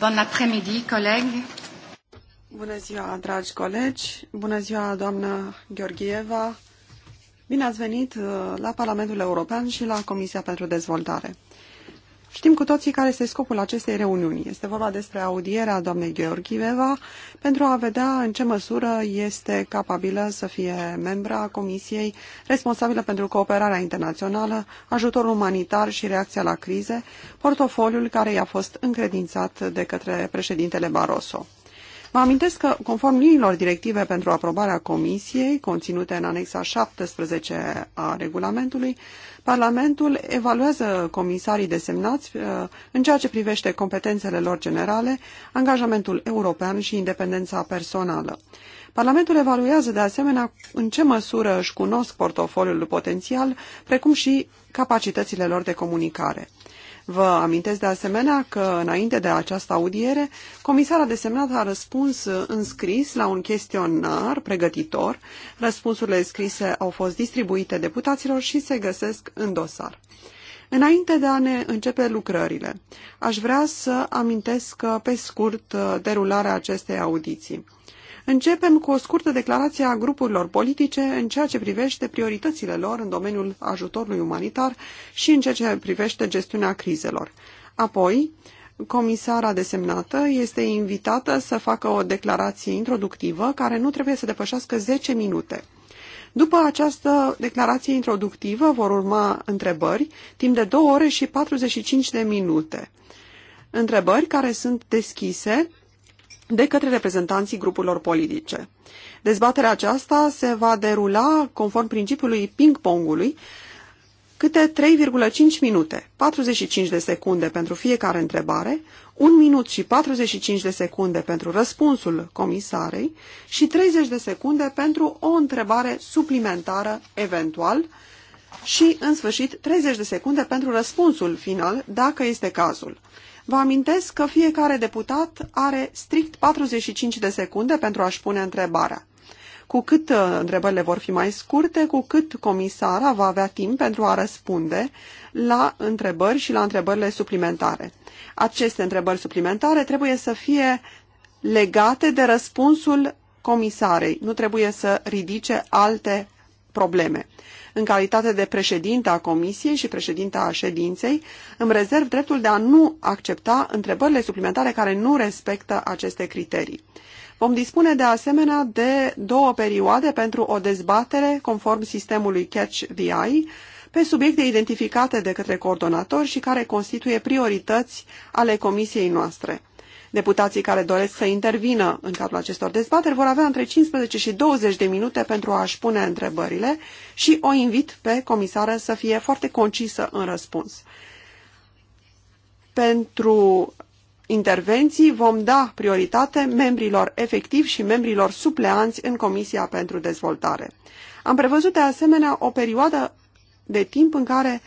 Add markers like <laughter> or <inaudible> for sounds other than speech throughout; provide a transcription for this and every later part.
Bon après-midi, colegi. Bună ziua, dragi colegi. Bună ziua, doamnă Gheorgheva. Bine ați venit uh, la Parlamentul European și la Comisia pentru Dezvoltare. Știm cu toții care este scopul acestei reuniuni. Este vorba despre audierea doamnei Gheorghiveva pentru a vedea în ce măsură este capabilă să fie membra Comisiei responsabilă pentru cooperarea internațională, ajutorul umanitar și reacția la crize, portofoliul care i-a fost încredințat de către președintele Barroso. Vă amintesc că, conform liniilor directive pentru aprobarea Comisiei, conținute în anexa 17 a regulamentului, Parlamentul evaluează comisarii desemnați uh, în ceea ce privește competențele lor generale, angajamentul european și independența personală. Parlamentul evaluează de asemenea în ce măsură își cunosc portofoliul potențial, precum și capacitățile lor de comunicare. Vă amintesc de asemenea că, înainte de această audiere, comisara desemnată a răspuns în scris la un chestionar pregătitor. Răspunsurile scrise au fost distribuite deputaților și se găsesc în dosar. Înainte de a ne începe lucrările, aș vrea să amintesc pe scurt derularea acestei audiții. Începem cu o scurtă declarație a grupurilor politice în ceea ce privește prioritățile lor în domeniul ajutorului umanitar și în ceea ce privește gestiunea crizelor. Apoi, comisara desemnată este invitată să facă o declarație introductivă care nu trebuie să depășească 10 minute. După această declarație introductivă vor urma întrebări timp de 2 ore și 45 de minute. Întrebări care sunt deschise de către reprezentanții grupurilor politice. Dezbaterea aceasta se va derula conform principiului ping-pongului, câte 3,5 minute, 45 de secunde pentru fiecare întrebare, 1 minut și 45 de secunde pentru răspunsul comisarei și 30 de secunde pentru o întrebare suplimentară eventual și, în sfârșit, 30 de secunde pentru răspunsul final, dacă este cazul. Vă amintesc că fiecare deputat are strict 45 de secunde pentru a-și pune întrebarea. Cu cât uh, întrebările vor fi mai scurte, cu cât comisara va avea timp pentru a răspunde la întrebări și la întrebările suplimentare. Aceste întrebări suplimentare trebuie să fie legate de răspunsul comisarei. Nu trebuie să ridice alte probleme în calitate de președinte a comisiei și președinte a ședinței, îmi rezerv dreptul de a nu accepta întrebările suplimentare care nu respectă aceste criterii. Vom dispune de asemenea de două perioade pentru o dezbatere conform sistemului Catch the Eye pe subiecte identificate de către coordonatori și care constituie priorități ale comisiei noastre. Deputații care doresc să intervină în cadrul acestor dezbateri vor avea între 15 și 20 de minute pentru a-și pune întrebările și o invit pe comisară să fie foarte concisă în răspuns. Pentru intervenții vom da prioritate membrilor efectivi și membrilor supleanți în Comisia pentru Dezvoltare. Am prevăzut de asemenea o perioadă de timp în care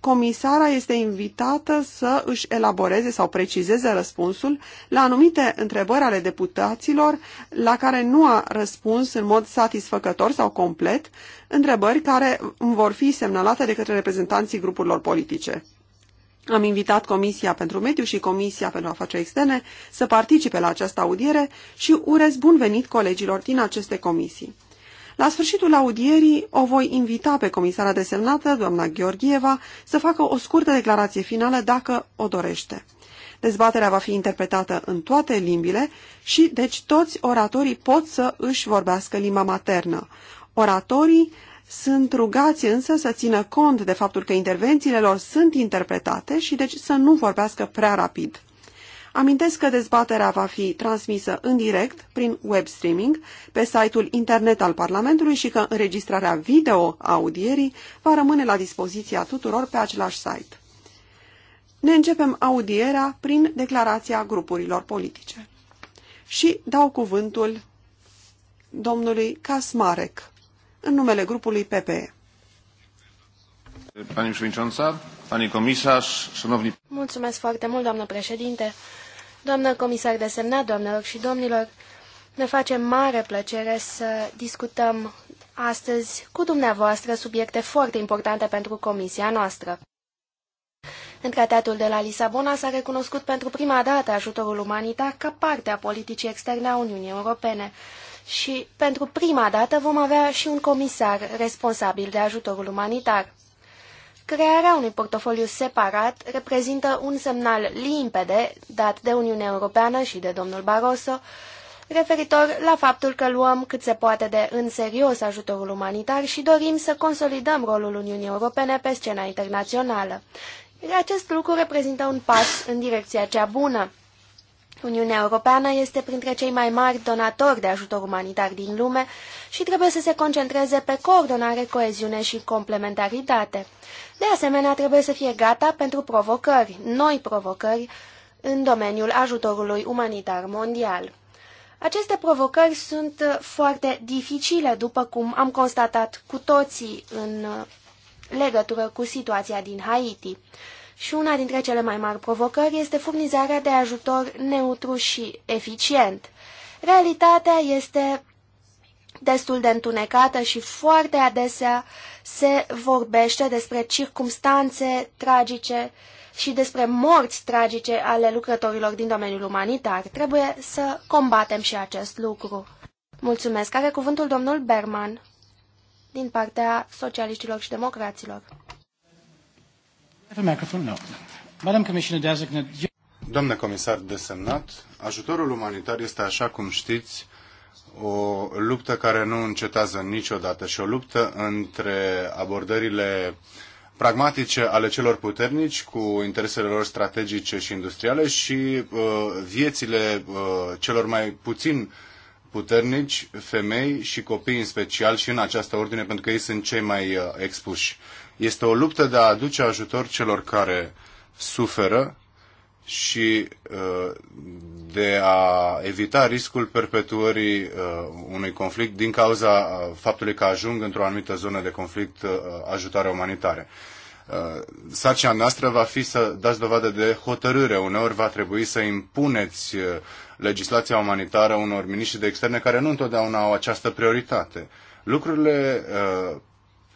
comisara este invitată să își elaboreze sau precizeze răspunsul la anumite întrebări ale deputaților la care nu a răspuns în mod satisfăcător sau complet, întrebări care vor fi semnalate de către reprezentanții grupurilor politice. Am invitat Comisia pentru Mediu și Comisia pentru Afaceri Externe să participe la această audiere și urez bun venit colegilor din aceste comisii. La sfârșitul audierii o voi invita pe comisara desemnată, doamna Gheorgheva, să facă o scurtă declarație finală dacă o dorește. Dezbaterea va fi interpretată în toate limbile și deci toți oratorii pot să își vorbească limba maternă. Oratorii sunt rugați însă să țină cont de faptul că intervențiile lor sunt interpretate și deci să nu vorbească prea rapid. Amintesc că dezbaterea va fi transmisă în direct prin web streaming pe site-ul internet al Parlamentului și că înregistrarea video a audierii va rămâne la dispoziția tuturor pe același site. Ne începem audierea prin declarația grupurilor politice. Și dau cuvântul domnului Kasmarek în numele grupului PPE. Pani Mulțumesc foarte mult, doamnă președinte. Doamnă comisar desemnat, doamnelor și domnilor, ne face mare plăcere să discutăm astăzi cu dumneavoastră subiecte foarte importante pentru comisia noastră. În tratatul de la Lisabona s-a recunoscut pentru prima dată ajutorul umanitar ca parte a politicii externe a Uniunii Europene și pentru prima dată vom avea și un comisar responsabil de ajutorul umanitar. Crearea unui portofoliu separat reprezintă un semnal limpede dat de Uniunea Europeană și de domnul Barroso referitor la faptul că luăm cât se poate de în serios ajutorul umanitar și dorim să consolidăm rolul Uniunii Europene pe scena internațională. Acest lucru reprezintă un pas în direcția cea bună. Uniunea Europeană este printre cei mai mari donatori de ajutor umanitar din lume și trebuie să se concentreze pe coordonare, coeziune și complementaritate. De asemenea, trebuie să fie gata pentru provocări, noi provocări, în domeniul ajutorului umanitar mondial. Aceste provocări sunt foarte dificile, după cum am constatat cu toții în legătură cu situația din Haiti și una dintre cele mai mari provocări este furnizarea de ajutor neutru și eficient. Realitatea este destul de întunecată și foarte adesea se vorbește despre circumstanțe tragice și despre morți tragice ale lucrătorilor din domeniul umanitar. Trebuie să combatem și acest lucru. Mulțumesc. Are cuvântul domnul Berman din partea socialiștilor și democraților. Doamnă comisar desemnat, ajutorul umanitar este, așa cum știți, o luptă care nu încetează niciodată și o luptă între abordările pragmatice ale celor puternici cu interesele lor strategice și industriale și uh, viețile uh, celor mai puțin puternici, femei și copii în special și în această ordine, pentru că ei sunt cei mai uh, expuși. Este o luptă de a aduce ajutor celor care suferă și uh, de a evita riscul perpetuării uh, unui conflict din cauza uh, faptului că ajung într-o anumită zonă de conflict ajutare umanitare. Sarcina noastră va fi să dați dovadă de hotărâre. Uneori va trebui să impuneți legislația umanitară unor miniștri de externe care nu întotdeauna au această prioritate. Lucrurile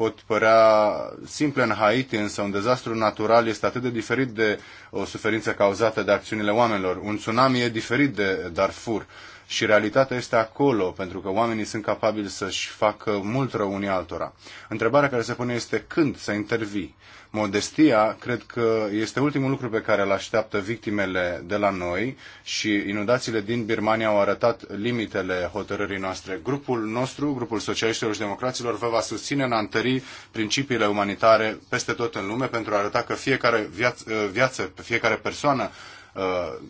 pot părea simple în Haiti, însă un dezastru natural este atât de diferit de o suferință cauzată de acțiunile oamenilor. Un tsunami e diferit de Darfur și realitatea este acolo, pentru că oamenii sunt capabili să-și facă mult rău unii altora. Întrebarea care se pune este când să intervii. Modestia, cred că este ultimul lucru pe care îl așteaptă victimele de la noi și inundațiile din Birmania au arătat limitele hotărârii noastre. Grupul nostru, grupul socialiștilor și democraților, vă va susține în a întări principiile umanitare peste tot în lume pentru a arăta că fiecare viață, viață fiecare persoană uh,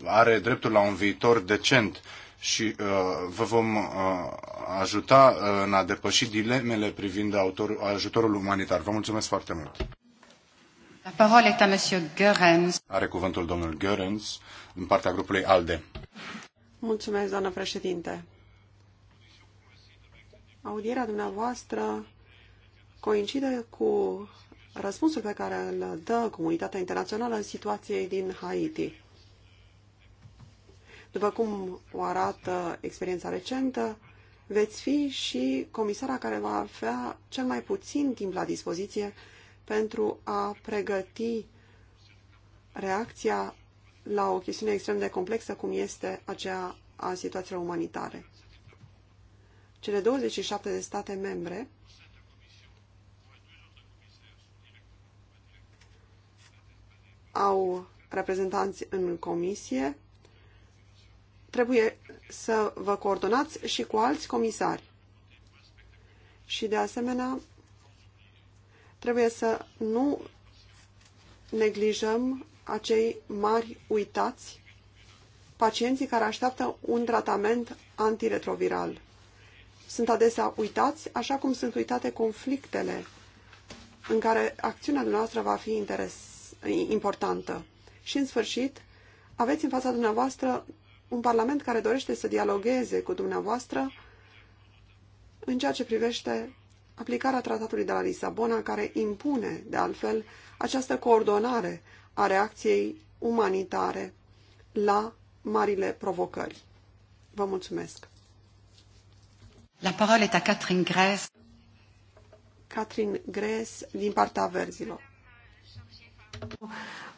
are dreptul la un viitor decent și uh, vă vom uh, ajuta uh, în a depăși dilemele privind autor, ajutorul umanitar. Vă mulțumesc foarte mult. La parole este à monsieur Görens. Are cuvântul domnul Görens în partea grupului ALDE. Mulțumesc, doamnă președinte. Audierea dumneavoastră coincide cu răspunsul pe care îl dă comunitatea internațională în situației din Haiti. După cum o arată experiența recentă, veți fi și comisara care va avea cel mai puțin timp la dispoziție pentru a pregăti reacția la o chestiune extrem de complexă cum este aceea a situațiilor umanitare. Cele 27 de state membre au reprezentanți în comisie trebuie să vă coordonați și cu alți comisari. Și de asemenea, trebuie să nu neglijăm acei mari uitați, pacienții care așteaptă un tratament antiretroviral. Sunt adesea uitați, așa cum sunt uitate conflictele în care acțiunea noastră va fi interes, importantă. Și în sfârșit, aveți în fața dumneavoastră un Parlament care dorește să dialogueze cu dumneavoastră în ceea ce privește aplicarea tratatului de la Lisabona, care impune, de altfel, această coordonare a reacției umanitare la marile provocări. Vă mulțumesc! La parole est à Catherine Gress. Catherine Gress, din partea verzilor.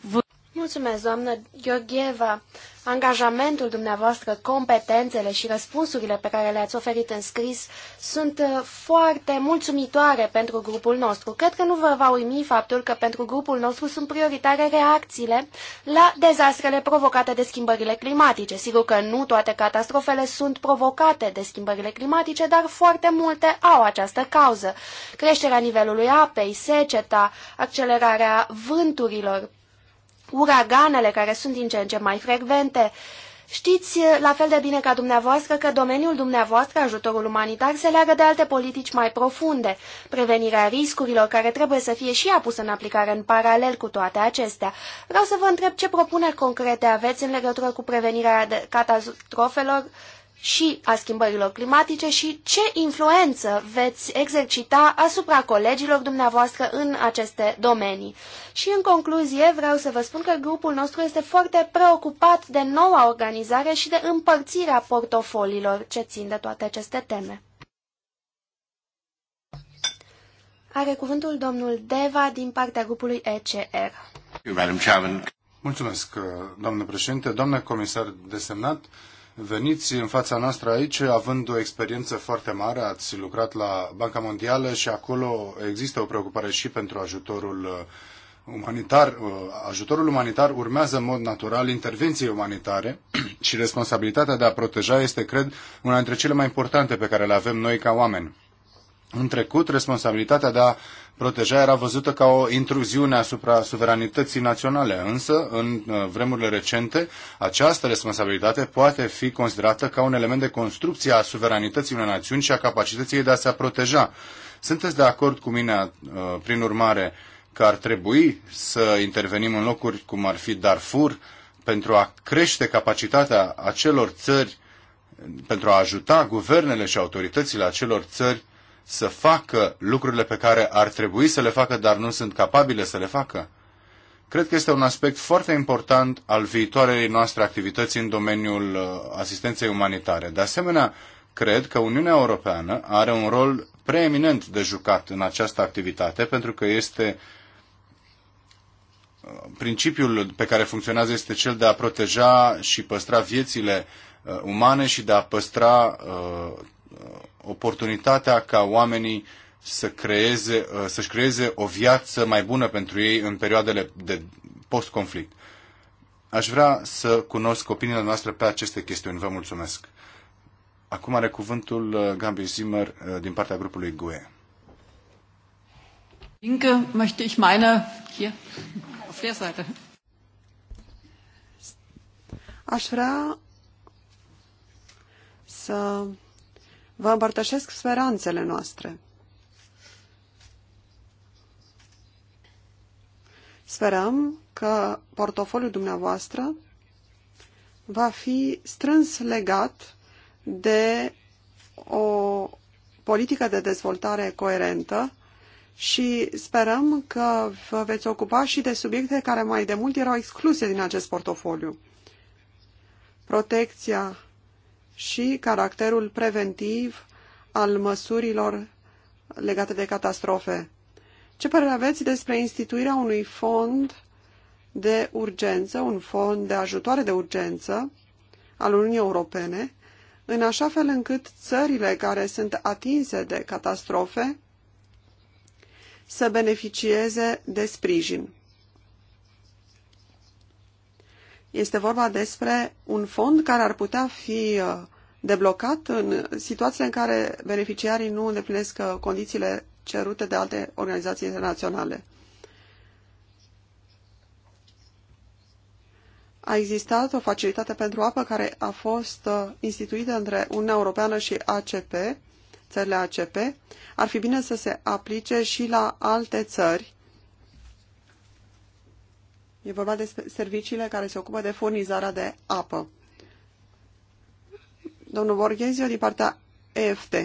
Vă Mulțumesc, doamnă Gheorgheva. Angajamentul dumneavoastră, competențele și răspunsurile pe care le-ați oferit în scris sunt uh, foarte mulțumitoare pentru grupul nostru. Cred că nu vă va uimi faptul că pentru grupul nostru sunt prioritare reacțiile la dezastrele provocate de schimbările climatice. Sigur că nu toate catastrofele sunt provocate de schimbările climatice, dar foarte multe au această cauză. Creșterea nivelului apei, seceta, accelerarea vânturilor, uraganele care sunt din ce în ce mai frecvente. Știți la fel de bine ca dumneavoastră că domeniul dumneavoastră, ajutorul umanitar, se leagă de alte politici mai profunde, prevenirea riscurilor care trebuie să fie și apusă în aplicare în paralel cu toate acestea. Vreau să vă întreb ce propuneri concrete aveți în legătură cu prevenirea catastrofelor și a schimbărilor climatice și ce influență veți exercita asupra colegilor dumneavoastră în aceste domenii. Și în concluzie vreau să vă spun că grupul nostru este foarte preocupat de noua organizare și de împărțirea portofoliilor ce țin de toate aceste teme. Are cuvântul domnul Deva din partea grupului ECR. Mulțumesc, doamnă președinte, doamnă comisar desemnat veniți în fața noastră aici având o experiență foarte mare, ați lucrat la Banca Mondială și acolo există o preocupare și pentru ajutorul uh, umanitar. Uh, ajutorul umanitar urmează în mod natural intervenției umanitare <clears throat> și responsabilitatea de a proteja este, cred, una dintre cele mai importante pe care le avem noi ca oameni. În trecut, responsabilitatea de a proteja era văzută ca o intruziune asupra suveranității naționale, însă, în uh, vremurile recente, această responsabilitate poate fi considerată ca un element de construcție a suveranității unei națiuni și a capacității de a se proteja. Sunteți de acord cu mine, uh, prin urmare, că ar trebui să intervenim în locuri cum ar fi Darfur pentru a crește capacitatea acelor țări, pentru a ajuta guvernele și autoritățile acelor țări să facă lucrurile pe care ar trebui să le facă, dar nu sunt capabile să le facă? Cred că este un aspect foarte important al viitoarei noastre activități în domeniul uh, asistenței umanitare. De asemenea, cred că Uniunea Europeană are un rol preeminent de jucat în această activitate, pentru că este uh, principiul pe care funcționează este cel de a proteja și păstra viețile uh, umane și de a păstra uh, oportunitatea ca oamenii să creeze, uh, să-și creeze o viață mai bună pentru ei în perioadele de post-conflict. Aș vrea să cunosc opiniile noastre pe aceste chestiuni. Vă mulțumesc. Acum are cuvântul uh, Gambi Zimmer uh, din partea grupului GUE. Linke möchte ich meine hier auf der Seite. Aș vrea să Vă împărtășesc speranțele noastre. Sperăm că portofoliul dumneavoastră va fi strâns legat de o politică de dezvoltare coerentă și sperăm că vă veți ocupa și de subiecte care mai de mult erau excluse din acest portofoliu. Protecția și caracterul preventiv al măsurilor legate de catastrofe. Ce părere aveți despre instituirea unui fond de urgență, un fond de ajutoare de urgență al Uniunii Europene, în așa fel încât țările care sunt atinse de catastrofe să beneficieze de sprijin. Este vorba despre un fond care ar putea fi uh, deblocat în situațiile în care beneficiarii nu îndeplinesc uh, condițiile cerute de alte organizații internaționale. A existat o facilitate pentru apă care a fost uh, instituită între Uniunea Europeană și ACP, țările ACP. Ar fi bine să se aplice și la alte țări E vorba de serviciile care se ocupă de furnizarea de apă. Domnul Borghezio, din partea EFT.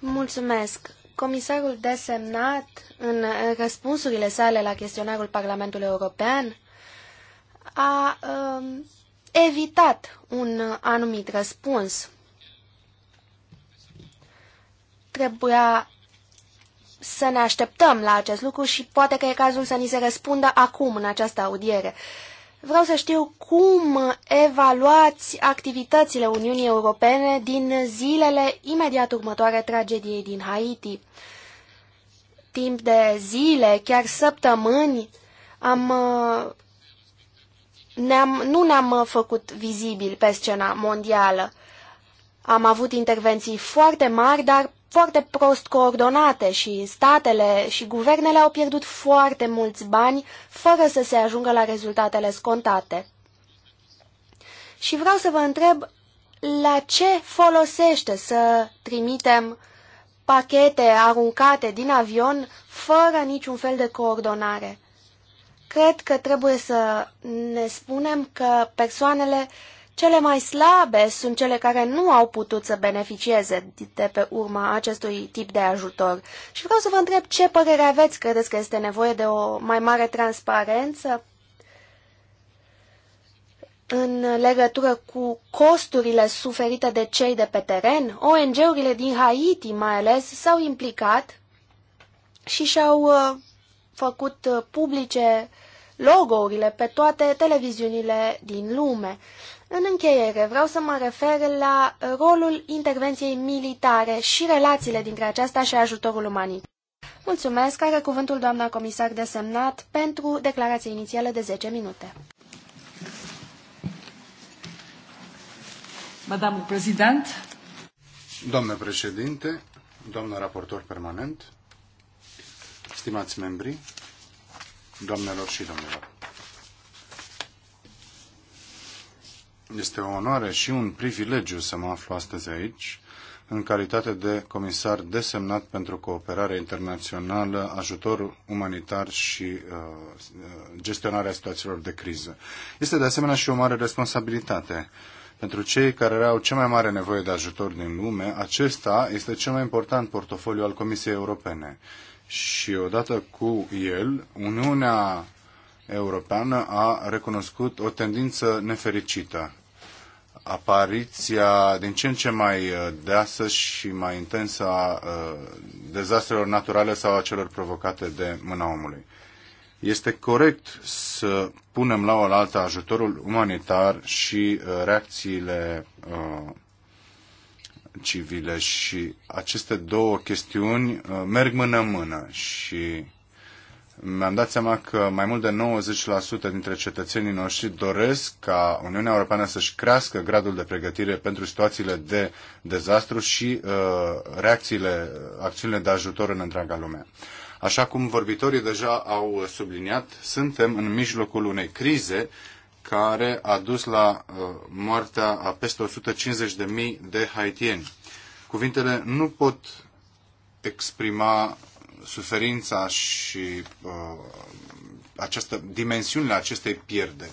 Mulțumesc. Comisarul desemnat, în răspunsurile sale la chestionarul Parlamentului European, a um, evitat un anumit răspuns. Trebuia să ne așteptăm la acest lucru și poate că e cazul să ni se răspundă acum, în această audiere. Vreau să știu cum evaluați activitățile Uniunii Europene din zilele imediat următoare tragediei din Haiti. Timp de zile, chiar săptămâni, am, ne -am, nu ne-am făcut vizibil pe scena mondială. Am avut intervenții foarte mari, dar foarte prost coordonate și statele și guvernele au pierdut foarte mulți bani fără să se ajungă la rezultatele scontate. Și vreau să vă întreb la ce folosește să trimitem pachete aruncate din avion fără niciun fel de coordonare. Cred că trebuie să ne spunem că persoanele uh, cele mai slabe sunt cele care nu au putut să beneficieze de pe urma acestui tip de ajutor. Și vreau să vă întreb ce părere aveți, credeți că este nevoie de o mai mare transparență în legătură cu costurile suferite de cei de pe teren? ONG-urile din Haiti mai ales s-au implicat și și-au uh, făcut uh, publice logourile pe toate televiziunile din lume. În încheiere, vreau să mă refer la rolul intervenției militare și relațiile dintre aceasta și ajutorul umanitar. Mulțumesc, are cuvântul doamna comisar desemnat pentru declarația inițială de 10 minute. Madame Prezident. Doamne președinte, doamnă raportor permanent, stimați membri, doamnelor și domnilor. Este o onoare și un privilegiu să mă aflu astăzi aici, în calitate de comisar desemnat pentru cooperare internațională, ajutor umanitar și uh, uh, gestionarea situațiilor de criză. Este de asemenea și o mare responsabilitate. Pentru cei care au cea mai mare nevoie de ajutor din lume, acesta este cel mai important portofoliu al Comisiei Europene. Și odată cu el, Uniunea Europeană a recunoscut o tendință nefericită. Apariția din ce în ce mai uh, deasă și mai intensă a uh, dezastrelor naturale sau a celor provocate de mâna omului. Este corect să punem la oaltă ajutorul umanitar și uh, reacțiile civile și aceste două chestiuni merg mână în mână și mi-am dat seama că mai mult de 90% dintre cetățenii noștri doresc ca Uniunea Europeană să-și crească gradul de pregătire pentru situațiile de dezastru și uh, reacțiile, acțiunile de ajutor în întreaga lume. Așa cum vorbitorii deja au subliniat, suntem în mijlocul unei crize care a dus la uh, moartea a peste 150.000 de haitieni. Cuvintele nu pot exprima suferința și uh, această, dimensiunile acestei pierderi.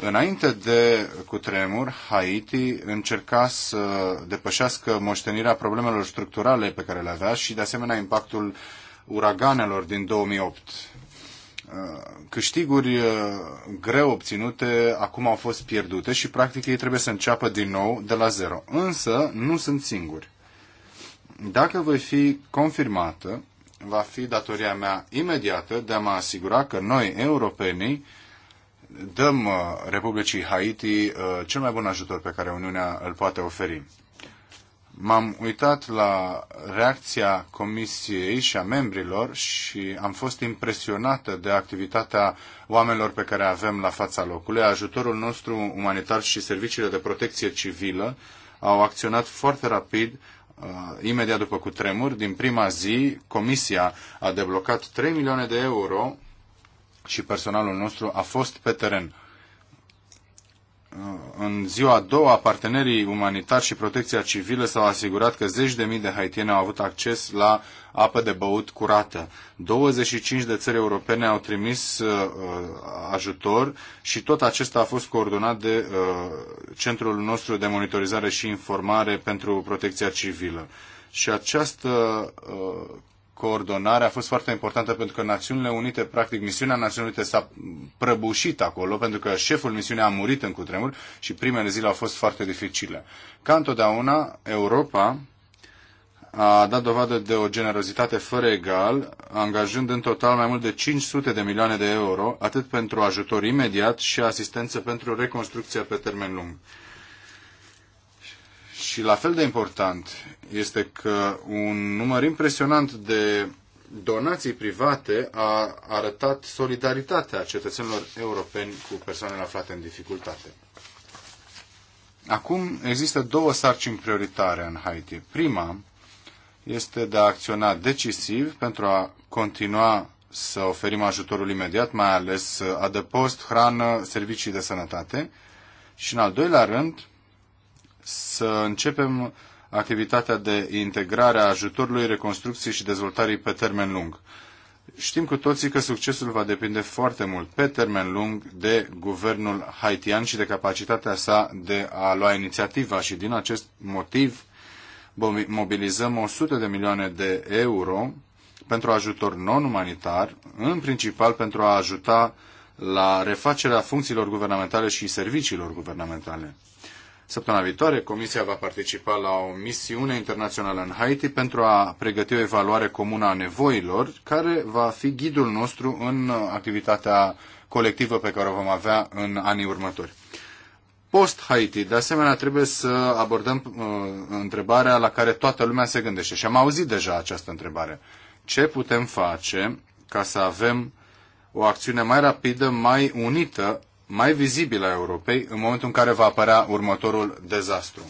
Înainte de cutremur, Haiti încerca să depășească moștenirea problemelor structurale pe care le avea și, de asemenea, impactul uraganelor din 2008. Uh, câștiguri uh, greu obținute acum au fost pierdute și, practic, ei trebuie să înceapă din nou de la zero. Însă, nu sunt singuri. Dacă voi fi confirmată, va fi datoria mea imediată de a mă asigura că noi, europenii, dăm uh, Republicii Haiti uh, cel mai bun ajutor pe care Uniunea îl poate oferi. M-am uitat la reacția Comisiei și a membrilor și am fost impresionată de activitatea oamenilor pe care avem la fața locului. Ajutorul nostru umanitar și serviciile de protecție civilă au acționat foarte rapid Uh, imediat după cutremur, din prima zi, Comisia a deblocat 3 milioane de euro și personalul nostru a fost pe teren. Uh, în ziua a doua, partenerii umanitari și protecția civilă s-au asigurat că zeci de mii de haitieni au avut acces la apă de băut curată. 25 de țări europene au trimis uh, uh, ajutor și tot acesta a fost coordonat de uh, Centrul nostru de monitorizare și informare pentru protecția civilă. Și această uh, coordonare a fost foarte importantă pentru că Națiunile Unite, practic, misiunea Națiunilor Unite s-a prăbușit acolo pentru că șeful misiunii a murit în cutremur și primele zile au fost foarte dificile. Ca întotdeauna, Europa a dat dovadă de o generozitate fără egal, angajând în total mai mult de 500 de milioane de euro, atât pentru ajutor imediat și asistență pentru reconstrucția pe termen lung. Și la fel de important este că un număr impresionant de donații private a arătat solidaritatea cetățenilor europeni cu persoanele aflate în dificultate. Acum există două sarcini prioritare în Haiti. Prima este de a acționa decisiv pentru a continua să oferim ajutorul imediat, mai ales adăpost, hrană, servicii de sănătate și, în al doilea rând, să începem activitatea de integrare a ajutorului, reconstrucției și dezvoltării pe termen lung. Știm cu toții că succesul va depinde foarte mult pe termen lung de guvernul haitian și de capacitatea sa de a lua inițiativa și din acest motiv mobilizăm 100 de milioane de euro pentru ajutor non-umanitar, în principal pentru a ajuta la refacerea funcțiilor guvernamentale și serviciilor guvernamentale. Săptămâna viitoare, Comisia va participa la o misiune internațională în Haiti pentru a pregăti o evaluare comună a nevoilor, care va fi ghidul nostru în activitatea colectivă pe care o vom avea în anii următori post-Haiti. De asemenea, trebuie să abordăm uh, întrebarea la care toată lumea se gândește. Și am auzit deja această întrebare. Ce putem face ca să avem o acțiune mai rapidă, mai unită, mai vizibilă a Europei în momentul în care va apărea următorul dezastru?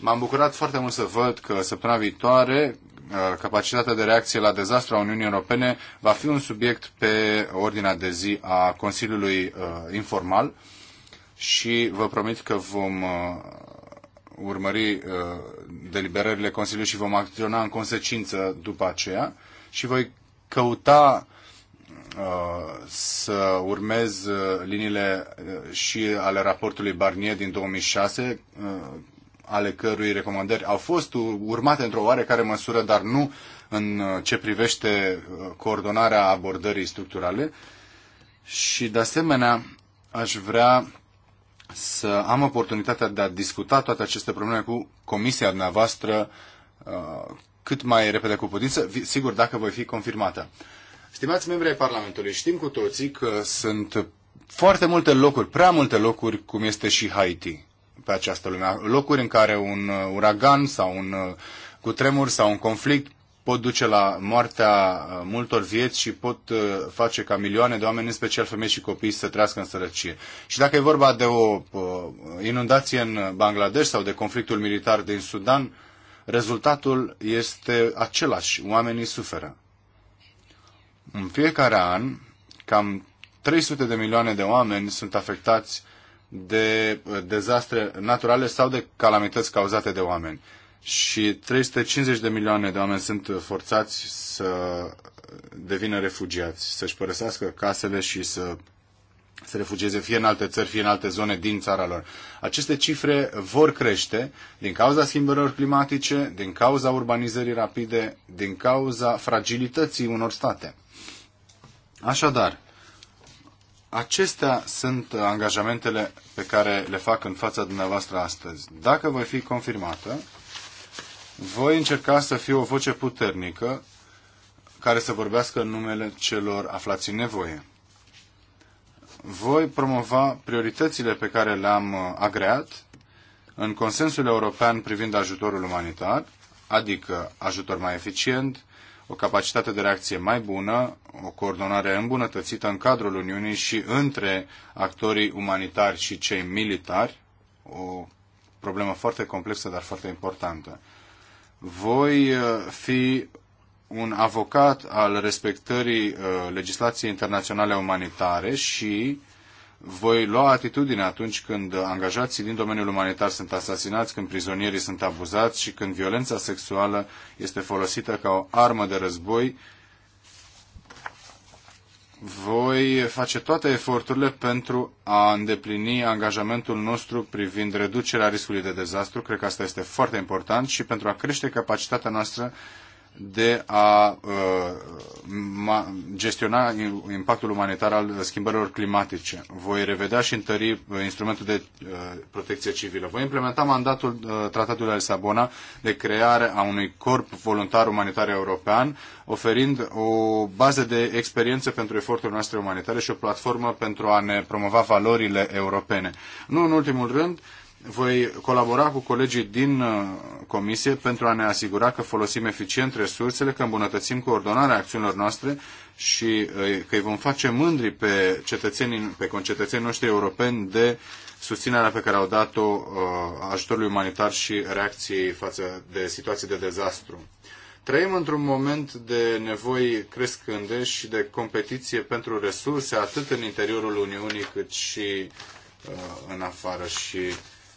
M-am bucurat foarte mult să văd că săptămâna viitoare uh, capacitatea de reacție la dezastru a Uniunii Europene va fi un subiect pe ordinea de zi a Consiliului uh, Informal. Uh, și vă promit că vom uh, urmări uh, deliberările Consiliului și vom acționa în consecință după aceea și voi căuta uh, să urmez liniile și ale raportului Barnier din 2006, ale cărui recomandări au fost urmate într-o oarecare măsură, dar nu în ce privește coordonarea abordării structurale. Și, de asemenea, aș vrea să am oportunitatea de a discuta toate aceste probleme cu comisia dumneavoastră uh, cât mai repede cu putință, sigur dacă voi fi confirmată. Stimați membri ai Parlamentului, știm cu toții că sunt foarte multe locuri, prea multe locuri, cum este și Haiti pe această lume. Locuri în care un uh, uragan sau un uh, cutremur sau un conflict pot duce la moartea uh, multor vieți și pot uh, face ca milioane de oameni, în special femei și copii, să trăiască în sărăcie. Și dacă e vorba de o uh, inundație în Bangladesh sau de conflictul militar din Sudan, rezultatul este același. Oamenii suferă. În fiecare an, cam 300 de milioane de oameni sunt afectați de dezastre naturale sau de calamități cauzate de oameni și 350 de milioane de oameni sunt forțați să devină refugiați, să-și părăsească casele și să se refugieze fie în alte țări, fie în alte zone din țara lor. Aceste cifre vor crește din cauza schimbărilor climatice, din cauza urbanizării rapide, din cauza fragilității unor state. Așadar, acestea sunt angajamentele pe care le fac în fața dumneavoastră astăzi. Dacă voi fi confirmată, voi încerca să fiu o voce puternică care să vorbească în numele celor aflați în nevoie. Voi promova prioritățile pe care le-am uh, agreat în consensul european privind ajutorul umanitar, adică ajutor mai eficient, o capacitate de reacție mai bună, o coordonare îmbunătățită în cadrul Uniunii și între actorii umanitari și cei militari, o problemă foarte complexă, dar foarte importantă voi uh, fi un avocat al respectării uh, legislației internaționale umanitare și voi lua atitudine atunci când angajații din domeniul umanitar sunt asasinați, când prizonierii sunt abuzați și când violența sexuală este folosită ca o armă de război voi face toate eforturile pentru a îndeplini angajamentul nostru privind reducerea riscului de dezastru, cred că asta este foarte important, și pentru a crește capacitatea noastră de a uh, gestiona impactul umanitar al schimbărilor climatice. Voi revedea și întări uh, instrumentul de uh, protecție civilă. Voi implementa mandatul Tratatului de Lisabona de creare a unui corp voluntar umanitar european, oferind o bază de experiență pentru eforturile noastre umanitare și o platformă pentru a ne promova valorile europene. Nu în ultimul rând, voi colabora cu colegii din uh, comisie pentru a ne asigura că folosim eficient resursele, că îmbunătățim coordonarea acțiunilor noastre și uh, că îi vom face mândri pe, cetățenii, pe concetățenii noștri europeni de susținerea pe care au dat-o uh, ajutorului umanitar și reacției față de situații de dezastru. Trăim într-un moment de nevoi crescânde și de competiție pentru resurse, atât în interiorul Uniunii cât și în afară și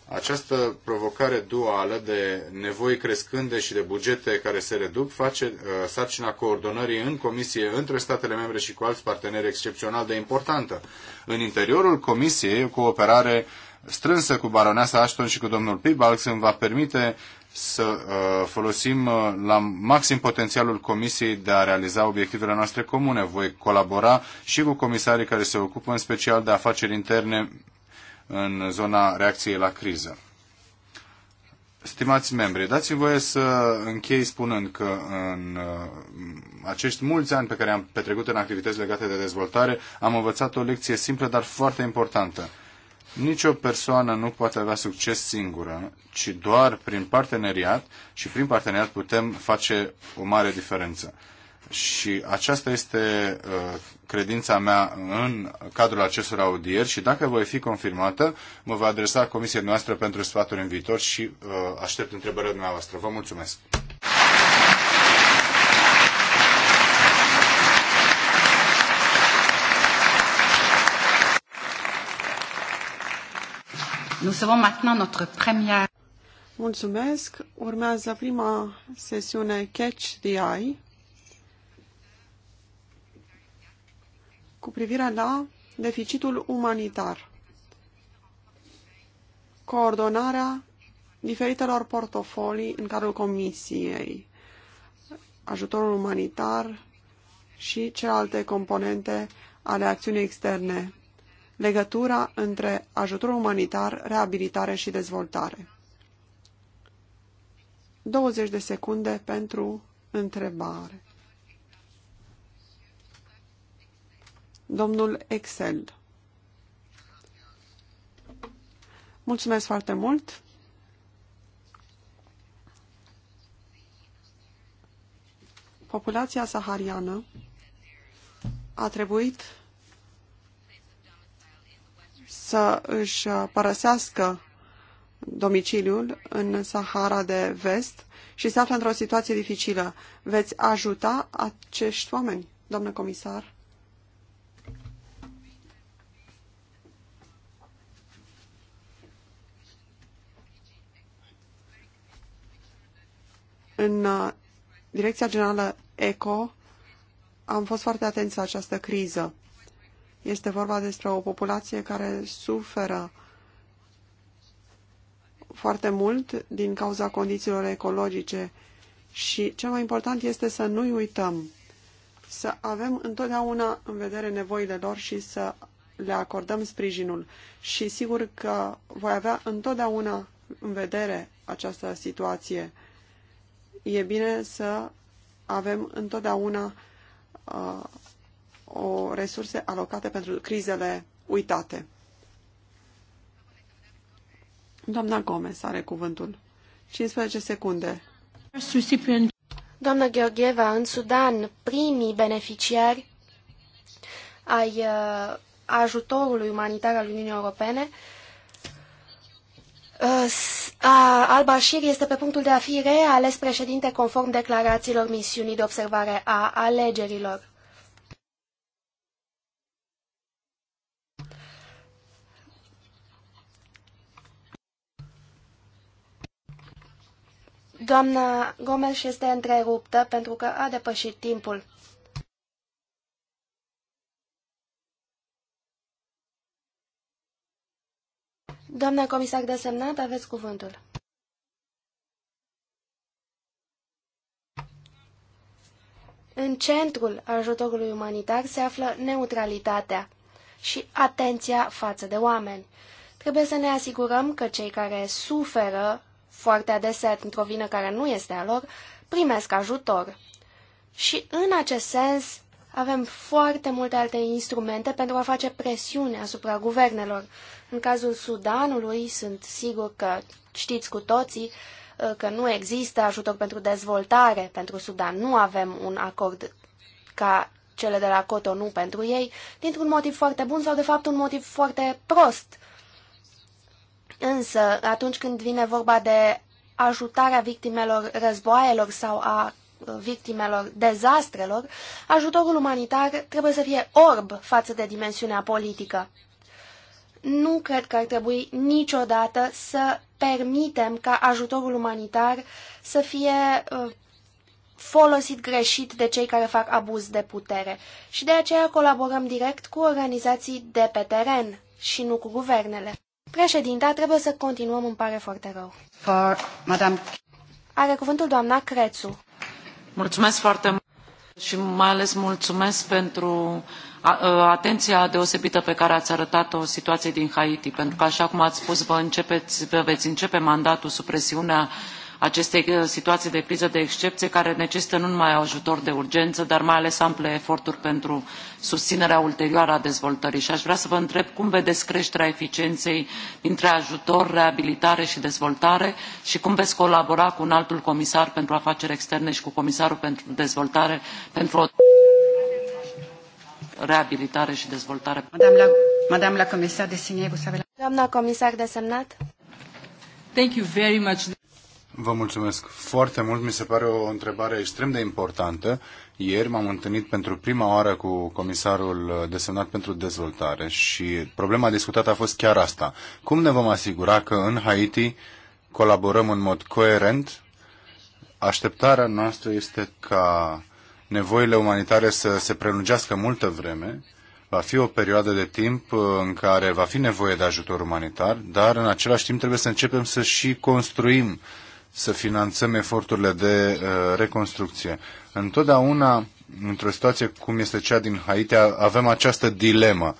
această provocare duală de nevoi crescânde și de bugete care se reduc face uh, sarcina coordonării în comisie între statele membre și cu alți parteneri excepțional de importantă. În interiorul comisiei, o cooperare strânsă cu baroneasa Ashton și cu domnul Pibalx îmi va permite să uh, folosim uh, la maxim potențialul Comisiei de a realiza obiectivele noastre comune. Voi colabora și cu comisarii care se ocupă în special de afaceri interne în zona reacției la criză. Stimați membri, dați-mi voie să închei spunând că în uh, acești mulți ani pe care am petrecut în activități legate de dezvoltare, am învățat o lecție simplă, dar foarte importantă. Nicio persoană nu poate avea succes singură, ci doar prin parteneriat și prin parteneriat putem face o mare diferență. Și aceasta este uh, credința mea în cadrul acestor audieri și dacă voi fi confirmată, mă va adresa comisiei noastre pentru sfaturi în viitor și uh, aștept întrebările dumneavoastră. Vă mulțumesc! Nous avons maintenant notre première. Mulțumesc. Urmează prima sesiune Catch the Eye. cu privire la deficitul umanitar, coordonarea diferitelor portofolii în cadrul Comisiei, ajutorul umanitar și celelalte componente ale acțiunii externe, legătura între ajutorul umanitar, reabilitare și dezvoltare. 20 de secunde pentru întrebare. Domnul Excel. Mulțumesc foarte mult. Populația sahariană a trebuit să își părăsească domiciliul în Sahara de Vest și se află într-o situație dificilă. Veți ajuta acești oameni, domnule comisar? În uh, Direcția Generală ECO am fost foarte atenți la această criză. Este vorba despre o populație care suferă foarte mult din cauza condițiilor ecologice și cel mai important este să nu-i uităm, să avem întotdeauna în vedere nevoile lor și să le acordăm sprijinul. Și sigur că voi avea întotdeauna în vedere această situație e bine să avem întotdeauna uh, o resurse alocate pentru crizele uitate. Doamna Gomez are cuvântul. 15 secunde. Doamna Gheorgheva, în Sudan, primii beneficiari ai uh, ajutorului umanitar al Uniunii Europene uh, Uh, Al-Bashir este pe punctul de a fi reales președinte conform declarațiilor misiunii de observare a alegerilor. Doamna Gomes este întreruptă pentru că a depășit timpul. Doamna comisar desemnat, aveți cuvântul. În centrul ajutorului umanitar se află neutralitatea și atenția față de oameni. Trebuie să ne asigurăm că cei care suferă foarte adesea într-o vină care nu este a lor, primesc ajutor. Și în acest sens, avem foarte multe alte instrumente pentru a face presiune asupra guvernelor. În cazul Sudanului, sunt sigur că știți cu toții uh, că nu există ajutor pentru dezvoltare pentru Sudan. Nu avem un acord ca cele de la Cotonou pentru ei, dintr-un motiv foarte bun sau, de fapt, un motiv foarte prost. Însă, atunci când vine vorba de ajutarea victimelor războaielor sau a victimelor dezastrelor, ajutorul umanitar trebuie să fie orb față de dimensiunea politică. Nu cred că ar trebui niciodată să permitem ca ajutorul umanitar să fie uh, folosit greșit de cei care fac abuz de putere și de aceea colaborăm direct cu organizații de pe teren și nu cu guvernele. Președinta, trebuie să continuăm, îmi pare foarte rău. For, madame... Are cuvântul doamna Crețu. Mulțumesc foarte mult și mai ales mulțumesc pentru atenția deosebită pe care ați arătat-o situației din Haiti, pentru că, așa cum ați spus, vă, începeți, vă veți începe mandatul sub presiunea aceste uh, situații de criză de excepție care necesită nu numai ajutor de urgență, dar mai ales ample eforturi pentru susținerea ulterioară a dezvoltării. Și aș vrea să vă întreb cum vedeți creșterea eficienței dintre ajutor, reabilitare și dezvoltare și cum veți colabora cu un altul comisar pentru afaceri externe și cu comisarul pentru dezvoltare pentru o reabilitare și dezvoltare. Madame comisar desemnat, vous Doamna comisar desemnat. Thank you very much. Vă mulțumesc foarte mult. Mi se pare o întrebare extrem de importantă. Ieri m-am întâlnit pentru prima oară cu comisarul desemnat pentru dezvoltare și problema discutată a fost chiar asta. Cum ne vom asigura că în Haiti colaborăm în mod coerent? Așteptarea noastră este ca nevoile umanitare să se prelungească multă vreme. Va fi o perioadă de timp uh, în care va fi nevoie de ajutor umanitar, dar în același timp trebuie să începem să și construim uh, să finanțăm eforturile de uh, reconstrucție. Întotdeauna, într-o situație cum este cea din Haiti, avem această dilemă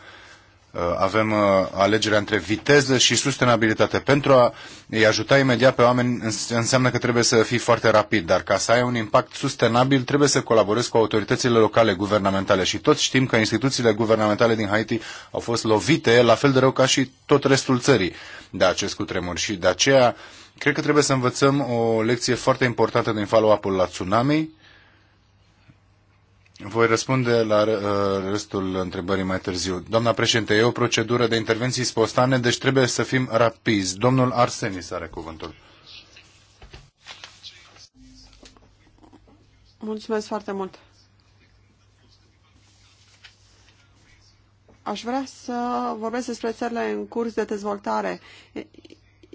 uh, avem uh, alegerea între viteză și sustenabilitate. Pentru a îi ajuta imediat pe oameni înseamnă că trebuie să fii foarte rapid, dar ca să ai un impact sustenabil trebuie să colaborezi cu autoritățile locale guvernamentale și toți știm că instituțiile guvernamentale din Haiti au fost lovite la fel de rău ca și tot restul țării de acest cutremur și de aceea uh, Cred că trebuie să învățăm o lecție foarte importantă din follow-up-ul la tsunami. Voi răspunde la uh, restul întrebării mai târziu. Doamna președinte, e o procedură de intervenții spostane, deci trebuie să fim rapizi. Domnul Arsenis are cuvântul. Mulțumesc foarte mult. Aș vrea să vorbesc despre țările în curs de dezvoltare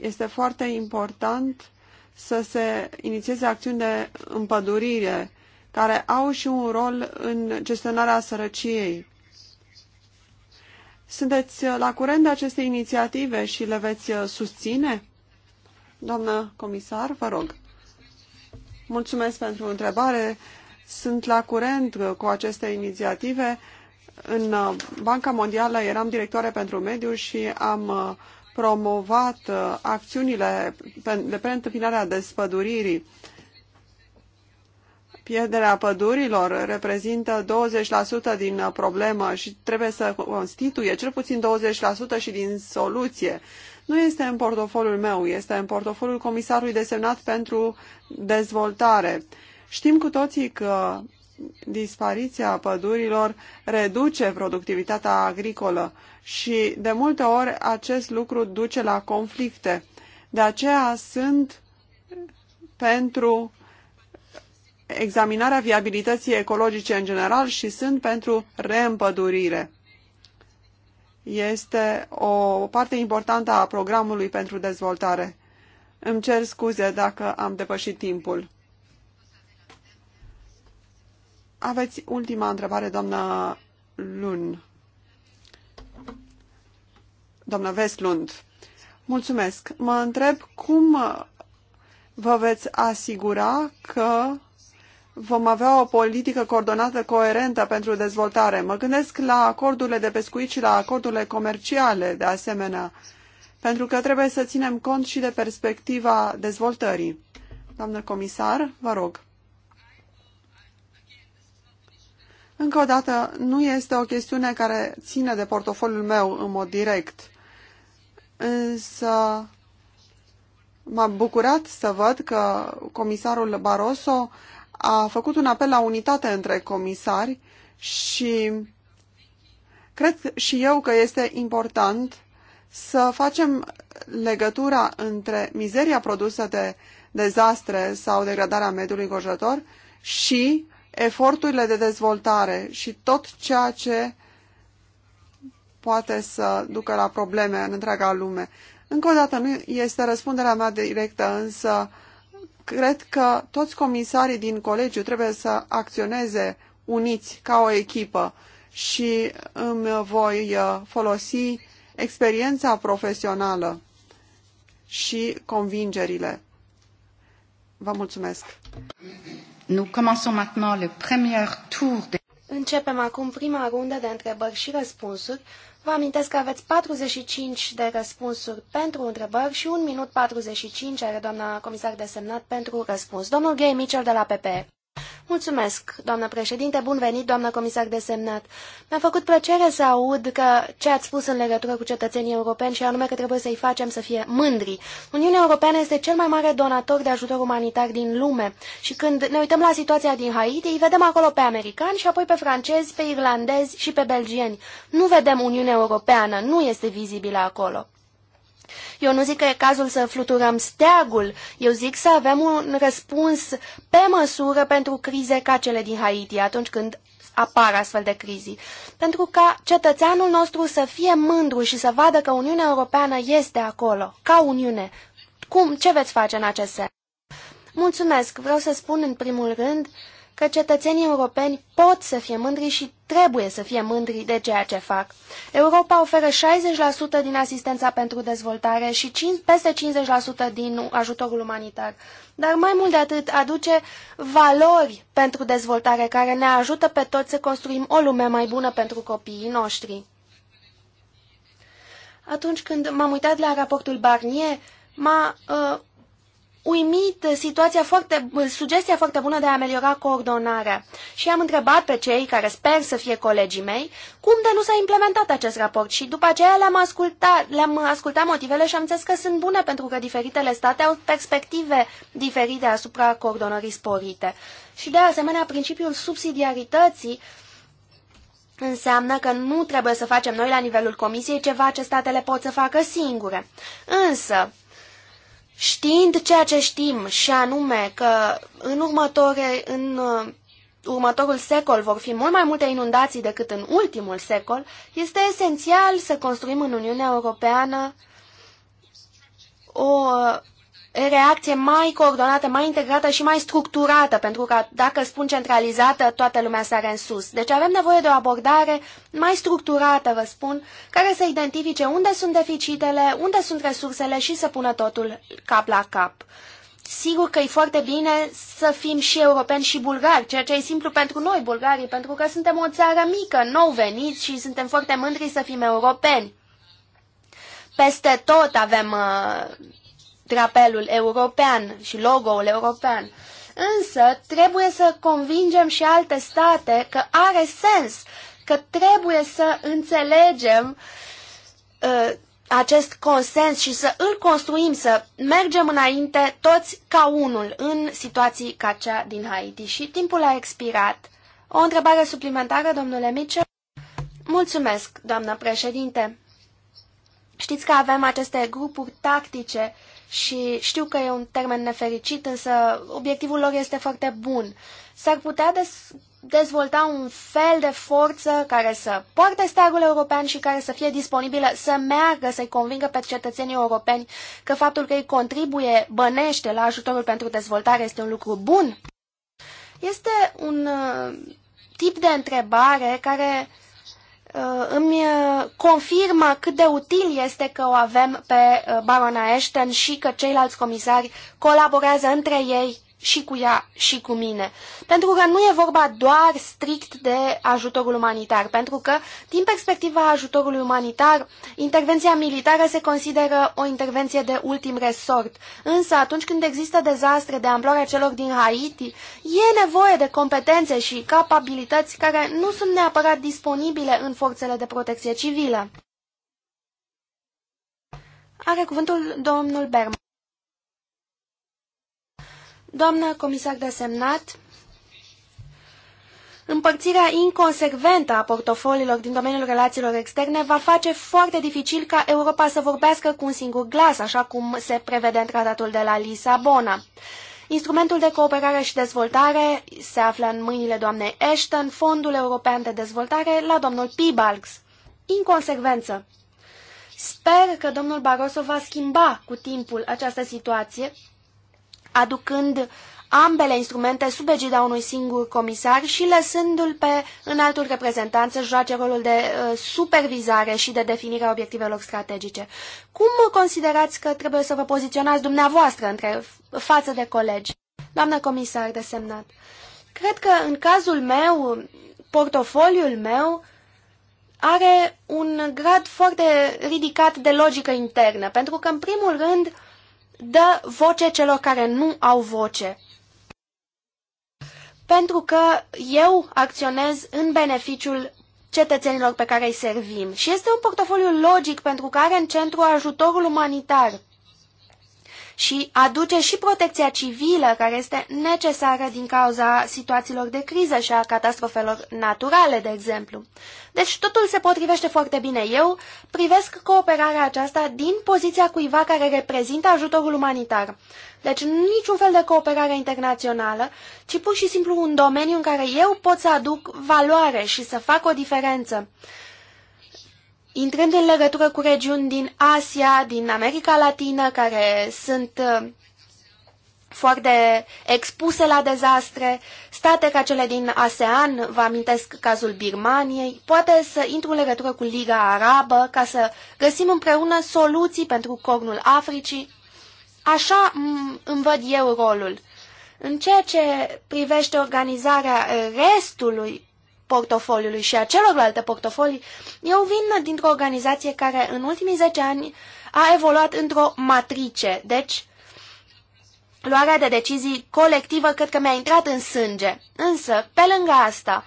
este foarte important să se inițieze acțiuni de împădurire care au și un rol în gestionarea sărăciei. Sunteți la curent de aceste inițiative și le veți susține? Doamnă comisar, vă rog. Mulțumesc pentru întrebare. Sunt la curent cu aceste inițiative. În Banca Mondială eram directoare pentru mediu și am promovat uh, acțiunile de preîntâmpinarea despăduririi. Pierderea pădurilor reprezintă 20% din uh, problemă și trebuie să constituie cel puțin 20% și din soluție. Nu este în portofoliul meu, este în portofoliul comisarului desemnat pentru dezvoltare. Știm cu toții că dispariția pădurilor reduce productivitatea agricolă și de multe ori acest lucru duce la conflicte. De aceea sunt pentru examinarea viabilității ecologice în general și sunt pentru reîmpădurire. Este o parte importantă a programului pentru dezvoltare. Îmi cer scuze dacă am depășit timpul. Aveți ultima întrebare, doamna Lun doamnă Vestlund, mulțumesc. Mă întreb cum vă veți asigura că vom avea o politică coordonată coerentă pentru dezvoltare. Mă gândesc la acordurile de pescuit și la acordurile comerciale, de asemenea, pentru că trebuie să ținem cont și de perspectiva dezvoltării. Doamnă comisar, vă rog. Încă o dată, nu este o chestiune care ține de portofoliul meu în mod direct însă m-a bucurat să văd că comisarul Barroso a făcut un apel la unitate între comisari și cred și eu că este important să facem legătura între mizeria produsă de dezastre sau degradarea mediului înconjurător și eforturile de dezvoltare și tot ceea ce uh, poate să ducă la probleme în întreaga lume. Încă o dată, nu este răspunderea mea directă, însă cred că toți comisarii din colegiu trebuie să acționeze uniți ca o echipă și îmi voi uh, folosi experiența profesională și convingerile. Vă mulțumesc. Începem acum prima rundă de întrebări și răspunsuri Vă amintesc că aveți 45 de răspunsuri pentru întrebări și 1 minut 45 are doamna comisar desemnat pentru răspuns. Domnul Gay Mitchell de la PPE. Mulțumesc, doamnă președinte, bun venit, doamnă comisar desemnat. Mi-a făcut plăcere să aud că ce ați spus în legătură cu cetățenii europeni și anume că trebuie să-i facem să fie mândri. Uniunea Europeană este cel mai mare donator de ajutor umanitar din lume și când ne uităm la situația din Haiti, îi vedem acolo pe americani și apoi pe francezi, pe irlandezi și pe belgieni. Nu vedem Uniunea Europeană, nu este vizibilă acolo. Eu nu zic că e cazul să fluturăm steagul, eu zic să avem un răspuns pe măsură pentru crize ca cele din Haiti, atunci când apar astfel de crizi. Pentru ca cetățeanul nostru să fie mândru și să vadă că Uniunea Europeană este acolo, ca Uniune. Cum, ce veți face în acest sens? Mulțumesc, vreau să spun în primul rând că cetățenii europeni pot să fie mândri și trebuie să fie mândri de ceea ce fac. Europa oferă 60% din asistența pentru dezvoltare și 5, peste 50% din ajutorul umanitar. Dar mai mult de atât aduce valori pentru dezvoltare care ne ajută pe toți să construim o lume mai bună pentru copiii noștri. Atunci când m-am uitat la raportul Barnier, m-a uh, uimit situația foarte, sugestia foarte bună de a ameliora coordonarea și am întrebat pe cei care sper să fie colegii mei cum de nu s-a implementat acest raport și după aceea le-am ascultat, le-am ascultat motivele și am înțeles că sunt bune pentru că diferitele state au perspective diferite asupra coordonării sporite. Și de asemenea principiul subsidiarității Înseamnă că nu trebuie să facem noi la nivelul comisiei ceva ce statele pot să facă singure. Însă, știind ceea ce știm și anume că în, următoare, în uh, următorul secol vor fi mult mai multe inundații decât în ultimul secol, este esențial să construim în Uniunea Europeană o uh, reacție mai coordonată, mai integrată și mai structurată, pentru că dacă spun centralizată, toată lumea sare în sus. Deci avem nevoie de o abordare mai structurată, vă spun, care să identifice unde sunt deficitele, unde sunt resursele și să pună totul cap la cap. Sigur că e foarte bine să fim și europeni și bulgari, ceea ce e simplu pentru noi, bulgarii, pentru că suntem o țară mică, nou veniți și suntem foarte mândri să fim europeni. Peste tot avem uh, drapelul european și logo-ul european. Însă trebuie să convingem și alte state că are sens, că trebuie să înțelegem uh, acest consens și să îl construim, să mergem înainte toți ca unul în situații ca cea din Haiti. Și timpul a expirat. O întrebare suplimentară, domnule Mitchell? Mulțumesc, doamnă președinte. Știți că avem aceste grupuri tactice și știu că e un termen nefericit, însă obiectivul lor este foarte bun. S-ar putea des dezvolta un fel de forță care să poarte steagul european și care să fie disponibilă să meargă, să-i convingă pe cetățenii europeni că faptul că ei contribuie bănește la ajutorul pentru dezvoltare este un lucru bun? Este un uh, tip de întrebare care Uh, îmi uh, confirmă cât de util este că o avem pe uh, barona Ashton și că ceilalți comisari colaborează între ei și cu ea și cu mine. Pentru că nu e vorba doar strict de ajutorul umanitar, pentru că, din perspectiva ajutorului umanitar, intervenția militară se consideră o intervenție de ultim resort. Însă, atunci când există dezastre de amploarea celor din Haiti, e nevoie de competențe și capabilități care nu sunt neapărat disponibile în forțele de protecție civilă. Are cuvântul domnul Berman. Doamnă comisar de Semnat, Împărțirea inconsecventă a portofoliilor din domeniul relațiilor externe va face foarte dificil ca Europa să vorbească cu un singur glas, așa cum se prevede în tratatul de la Lisabona. Instrumentul de cooperare și dezvoltare se află în mâinile doamnei Ashton, Fondul European de Dezvoltare la domnul Pibalgs. Inconsecvență. Sper că domnul Barroso va schimba cu timpul această situație aducând ambele instrumente sub egida unui singur comisar și lăsându-l pe înaltul reprezentant să joace rolul de uh, supervizare și de definire a obiectivelor strategice. Cum considerați că trebuie să vă poziționați dumneavoastră între, față de colegi? Doamnă comisar desemnat, cred că în cazul meu, portofoliul meu are un grad foarte ridicat de logică internă, pentru că, în primul rând, uh, dă voce celor care nu au voce. Pentru că eu acționez în beneficiul cetățenilor pe care îi servim și este un portofoliu logic pentru că are în centru ajutorul umanitar și aduce și protecția civilă care este necesară din cauza situațiilor de criză și a catastrofelor naturale, de exemplu. Deci totul se potrivește foarte bine. Eu privesc cooperarea aceasta din poziția cuiva care reprezintă ajutorul umanitar. Deci niciun fel de cooperare internațională, ci pur și simplu un domeniu în care eu pot să aduc valoare și să fac o diferență intrând în legătură cu regiuni din Asia, din America Latină, care sunt uh, foarte expuse la dezastre, state ca cele din ASEAN, vă amintesc cazul Birmaniei, poate să intru în legătură cu Liga Arabă ca să găsim împreună soluții pentru cornul Africii. Așa îmi văd eu rolul. În ceea ce privește organizarea restului portofoliului și a celorlalte portofolii, eu vin dintr-o organizație care în ultimii 10 ani a evoluat într-o matrice, deci luarea de decizii colectivă cred că mi-a intrat în sânge. Însă, pe lângă asta,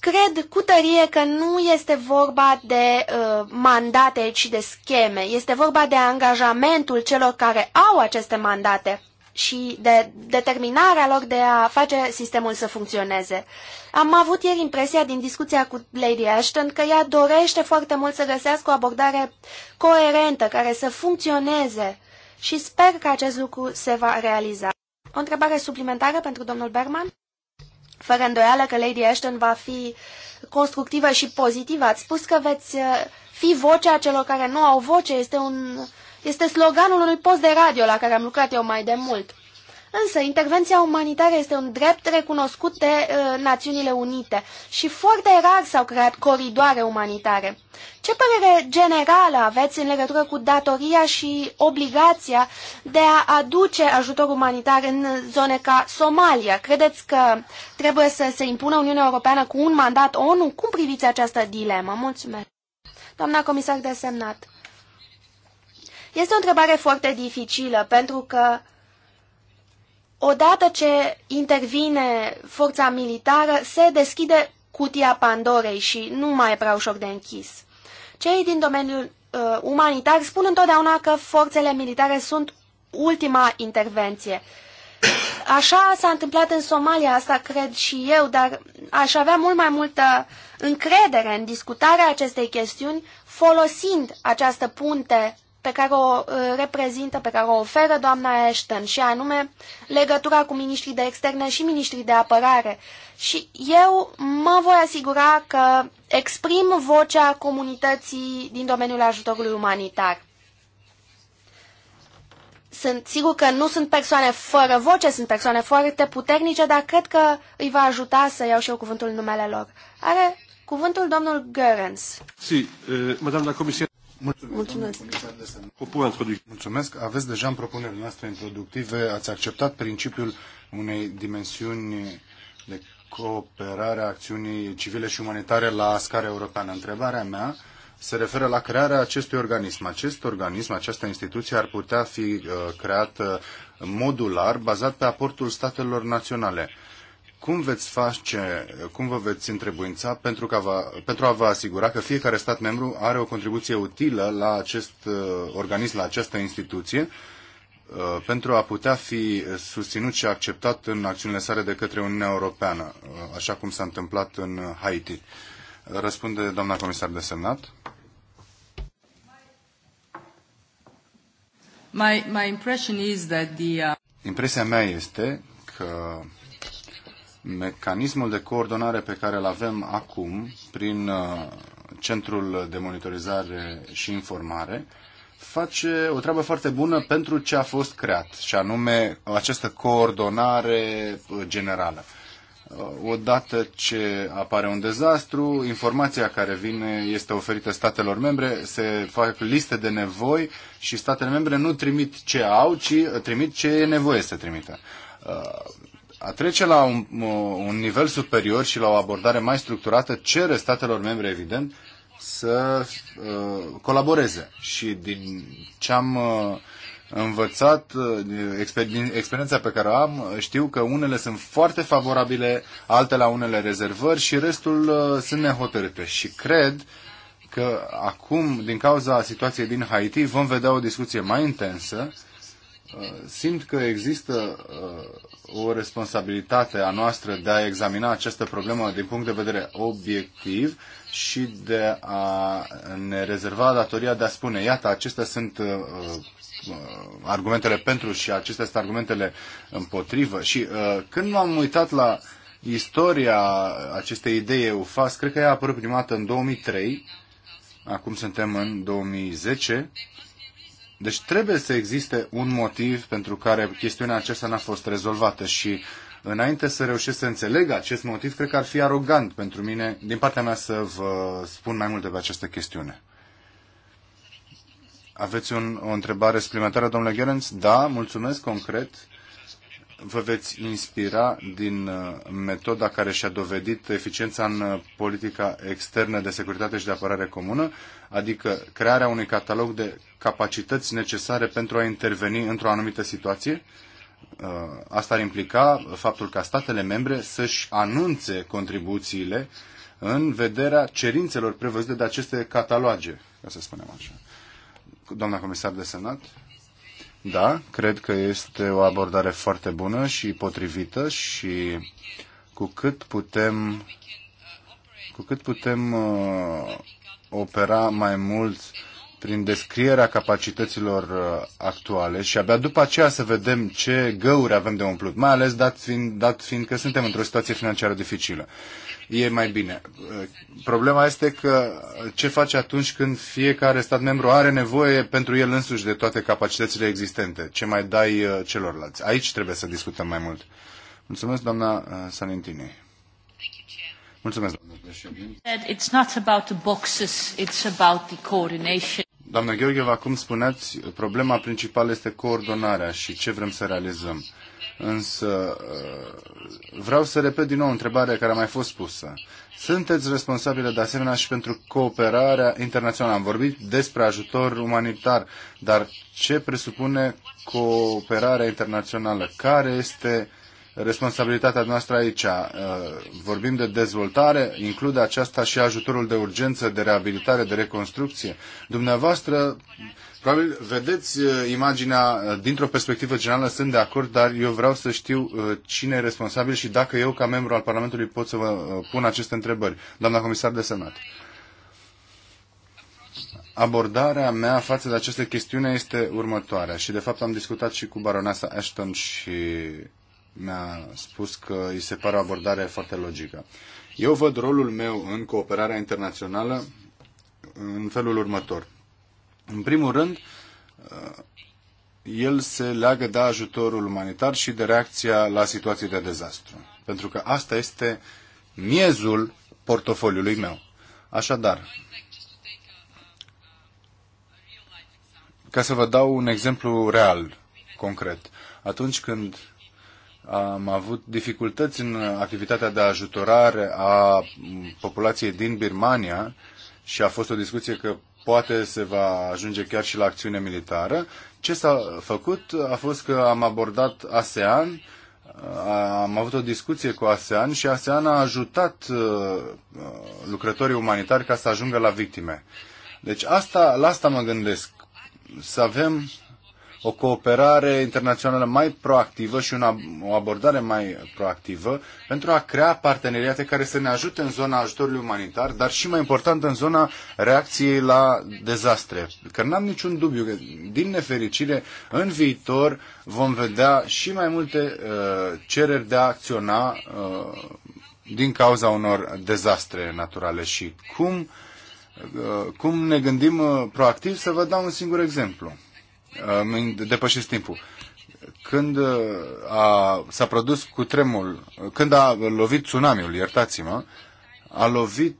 cred cu tărie că nu este vorba de uh, mandate, ci de scheme. Este vorba de angajamentul celor care au aceste mandate și de determinarea lor de a face sistemul să funcționeze. Am avut ieri impresia din discuția cu Lady Ashton că ea dorește foarte mult să găsească o abordare coerentă care să funcționeze și sper că acest lucru se va realiza. O întrebare suplimentară pentru domnul Berman? Fără îndoială că Lady Ashton va fi constructivă și pozitivă. Ați spus că veți uh, fi vocea celor care nu au voce. Este un este sloganul unui post de radio la care am lucrat eu mai de mult. Însă, intervenția umanitară este un drept recunoscut de uh, Națiunile Unite și foarte rar s-au creat coridoare umanitare. Ce părere generală aveți în legătură cu datoria și obligația de a aduce ajutor umanitar în zone ca Somalia? Credeți că trebuie să se impună Uniunea Europeană cu un mandat ONU? Cum priviți această dilemă? Mulțumesc! Doamna comisar desemnat. Este o întrebare foarte dificilă, pentru că odată ce intervine forța militară, se deschide cutia Pandorei și nu mai e prea ușor de închis. Cei din domeniul uh, umanitar spun întotdeauna că forțele militare sunt ultima intervenție. Așa s-a întâmplat în Somalia, asta cred și eu, dar aș avea mult mai multă încredere în discutarea acestei chestiuni folosind această punte pe care o uh, reprezintă, pe care o oferă doamna Ashton, și anume legătura cu ministrii de externe și ministrii de apărare. Și eu mă voi asigura că exprim vocea comunității din domeniul ajutorului umanitar. Sunt sigur că nu sunt persoane fără voce, sunt persoane foarte puternice, dar cred că îi va ajuta să iau și eu cuvântul numele lor. Are cuvântul domnul Görens. Si, uh, eh, madame la comisie. Mulțumesc. Mulțumesc. Aveți deja în propunerile noastre introductive, ați acceptat principiul unei dimensiuni de cooperare a acțiunii civile și umanitare la scară europeană. Întrebarea mea se referă la crearea acestui organism. Acest organism, această instituție ar putea fi uh, creată uh, modular, bazat pe aportul statelor naționale cum veți face, cum vă veți întrebuința pentru, ca va, pentru a vă asigura că fiecare stat membru are o contribuție utilă la acest uh, organism, la această instituție, uh, pentru a putea fi susținut și acceptat în acțiunile sale de către Uniunea Europeană, uh, așa cum s-a întâmplat în Haiti. Răspunde doamna comisar de My, my impression is that the, uh... Impresia mea este că Mecanismul de coordonare pe care îl avem acum prin uh, Centrul de Monitorizare și Informare face o treabă foarte bună pentru ce a fost creat, și anume această coordonare uh, generală. Uh, odată ce apare un dezastru, informația care vine este oferită statelor membre, se fac liste de nevoi și statele membre nu trimit ce au, ci trimit ce e nevoie să trimită a trece la un, un nivel superior și la o abordare mai structurată cere statelor membre, evident, să uh, colaboreze. Și din ce am uh, învățat, uh, exper din experiența pe care o am, uh, știu că unele sunt foarte favorabile, altele au unele rezervări și restul uh, sunt nehotărâte. Și cred că acum, din cauza situației din Haiti, vom vedea o discuție mai intensă Uh, simt că există uh, o responsabilitate a noastră de a examina această problemă din punct de vedere obiectiv și de a ne rezerva datoria de a spune, iată, acestea sunt uh, argumentele pentru și acestea sunt argumentele împotrivă. Și când m-am uitat la istoria acestei idei ufas cred că ea a apărut prima dată în 2003, acum suntem în 2010, deci trebuie să existe un motiv pentru care chestiunea aceasta n-a fost rezolvată și înainte să reușesc să înțeleg acest motiv, cred că ar fi arogant pentru mine, din partea mea, să vă spun mai multe pe această chestiune. Aveți un, o întrebare suplimentară, domnule Gerenț? Da, mulțumesc concret. Vă veți inspira din uh, metoda care și-a dovedit eficiența în uh, politica externă de securitate și de apărare comună adică crearea unui catalog de capacități necesare pentru a interveni într-o anumită situație. Uh, asta ar implica faptul ca statele membre să-și anunțe contribuțiile în vederea cerințelor prevăzute de aceste cataloge, ca să spunem așa. Doamna comisar de senat? Da, cred că este o abordare foarte bună și potrivită și cu cât putem cu cât putem uh, opera mai mult prin descrierea capacităților uh, actuale și abia după aceea să vedem ce găuri avem de umplut, mai ales dat fiind, dat fiind că suntem într-o situație financiară dificilă. E mai bine. Uh, problema este că ce face atunci când fiecare stat membru are nevoie pentru el însuși de toate capacitățile existente? Ce mai dai uh, celorlalți? Aici trebuie să discutăm mai mult. Mulțumesc, doamna Salentini. Mulțumesc, doamnă președinte. It's not about the boxes, it's about the coordination. Gheorgheva, cum spuneați, problema principală este coordonarea și ce vrem să realizăm. Însă uh, vreau să repet din nou întrebarea care a mai fost pusă. Sunteți responsabile de asemenea și pentru cooperarea internațională. Am vorbit despre ajutor umanitar, dar ce presupune cooperarea internațională? Care este responsabilitatea noastră aici. Uh, vorbim de dezvoltare, include aceasta și ajutorul de urgență, de reabilitare, de reconstrucție. Dumneavoastră, probabil vedeți uh, imaginea uh, dintr-o perspectivă generală, sunt de acord, dar eu vreau să știu cine e responsabil și dacă eu, ca membru al Parlamentului, pot să vă pun aceste întrebări. Doamna comisar de Senat. Abordarea mea față de această chestiune este următoarea și de fapt am discutat și cu baronesa Ashton și mi-a spus că îi se pare o abordare foarte logică. Eu văd rolul meu în cooperarea internațională în felul următor. În primul rând, el se leagă de ajutorul umanitar și de reacția la situații de dezastru. Pentru că asta este miezul portofoliului meu. Așadar, ca să vă dau un exemplu real, concret. Atunci când am avut dificultăți în activitatea de ajutorare a populației din Birmania și a fost o discuție că poate se va ajunge chiar și la acțiune militară. Ce s-a făcut a fost că am abordat ASEAN, am avut o discuție cu ASEAN și ASEAN a ajutat uh, lucrătorii umanitari ca să ajungă la victime. Deci asta, la asta mă gândesc, să avem o cooperare internațională mai proactivă și una, o abordare mai proactivă pentru a crea parteneriate care să ne ajute în zona ajutorului umanitar, dar și mai important în zona reacției la dezastre. Că n-am niciun dubiu că, din nefericire, în viitor vom vedea și mai multe uh, cereri de a acționa uh, din cauza unor dezastre naturale și cum, uh, cum ne gândim uh, proactiv, să vă dau un singur exemplu. Uh, depășesc timpul. Când uh, a, s-a produs cu tremul, uh, când a lovit tsunamiul, iertați-mă, a lovit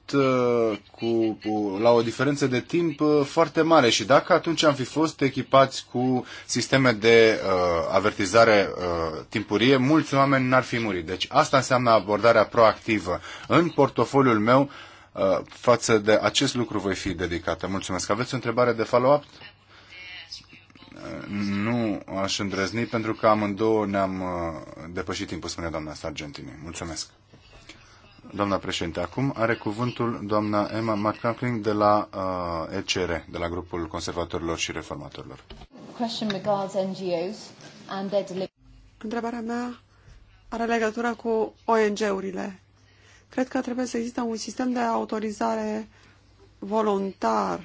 cu, cu, la o diferență de timp foarte mare și dacă atunci am fi fost echipați cu sisteme de uh, avertizare uh, timpurie, mulți oameni n-ar fi murit. Deci asta înseamnă abordarea proactivă. În portofoliul meu uh, față de acest lucru voi fi dedicată. Mulțumesc. Aveți o întrebare de follow-up? nu aș îndrăzni pentru că amândouă ne-am uh, depășit timpul, spune doamna Sargentini. Mulțumesc. Doamna președinte, acum are cuvântul doamna Emma McCaffling de la uh, ECR, de la grupul conservatorilor și reformatorilor. Întrebarea mea are legătură cu ONG-urile. Cred că trebuie să existe un sistem de autorizare voluntar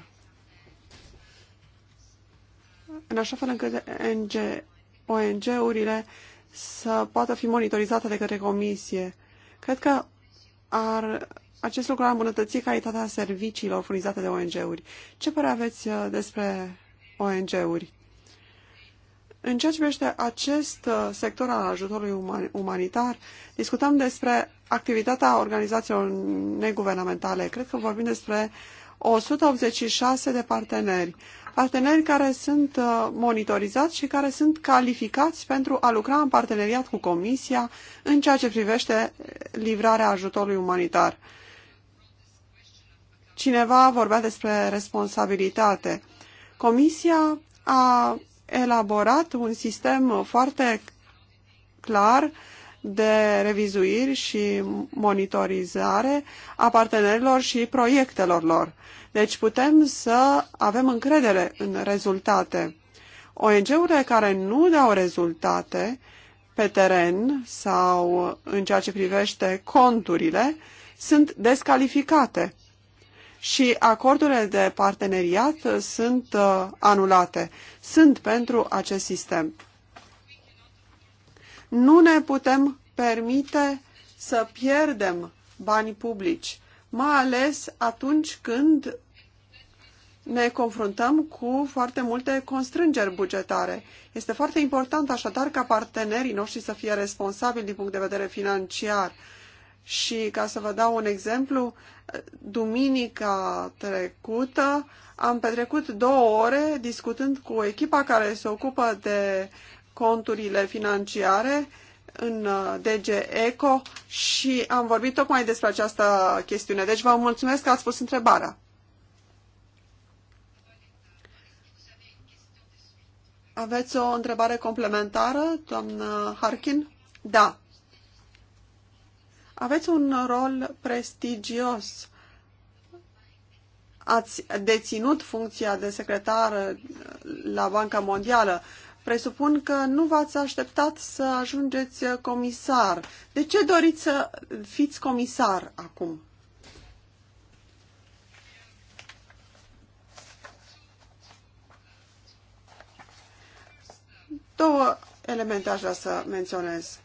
în așa fel încât ONG-urile să poată fi monitorizate de către comisie. Cred că ar, acest lucru ar îmbunătăți calitatea serviciilor furnizate de ONG-uri. Ce părere aveți uh, despre ONG-uri? În ceea ce privește acest uh, sector al ajutorului umanitar, discutăm despre activitatea organizațiilor neguvernamentale. Cred că vorbim despre 186 de parteneri parteneri care sunt uh, monitorizați și care sunt calificați pentru a lucra în parteneriat cu Comisia în ceea ce privește livrarea ajutorului umanitar. Cineva vorbea despre responsabilitate. Comisia a elaborat un sistem foarte clar de revizuiri și monitorizare a partenerilor și proiectelor lor. Deci putem să avem încredere în rezultate. ONG-urile care nu dau rezultate pe teren sau în ceea ce privește conturile sunt descalificate și acordurile de parteneriat sunt uh, anulate. Sunt pentru acest sistem. Nu ne putem permite să pierdem bani publici, mai ales atunci când ne confruntăm cu foarte multe constrângeri bugetare. Este foarte important așadar ca partenerii noștri să fie responsabili din punct de vedere financiar. Și ca să vă dau un exemplu, duminica trecută am petrecut două ore discutând cu echipa care se ocupă de conturile financiare în uh, DG ECO și am vorbit tocmai despre această chestiune. Deci vă mulțumesc că ați pus întrebarea. Aveți o întrebare complementară, doamnă Harkin? Da. Aveți un rol prestigios. Ați deținut funcția de secretar uh, la Banca Mondială. Presupun că nu v-ați așteptat să ajungeți comisar. De ce doriți să fiți comisar acum? Două elemente aș vrea să menționez.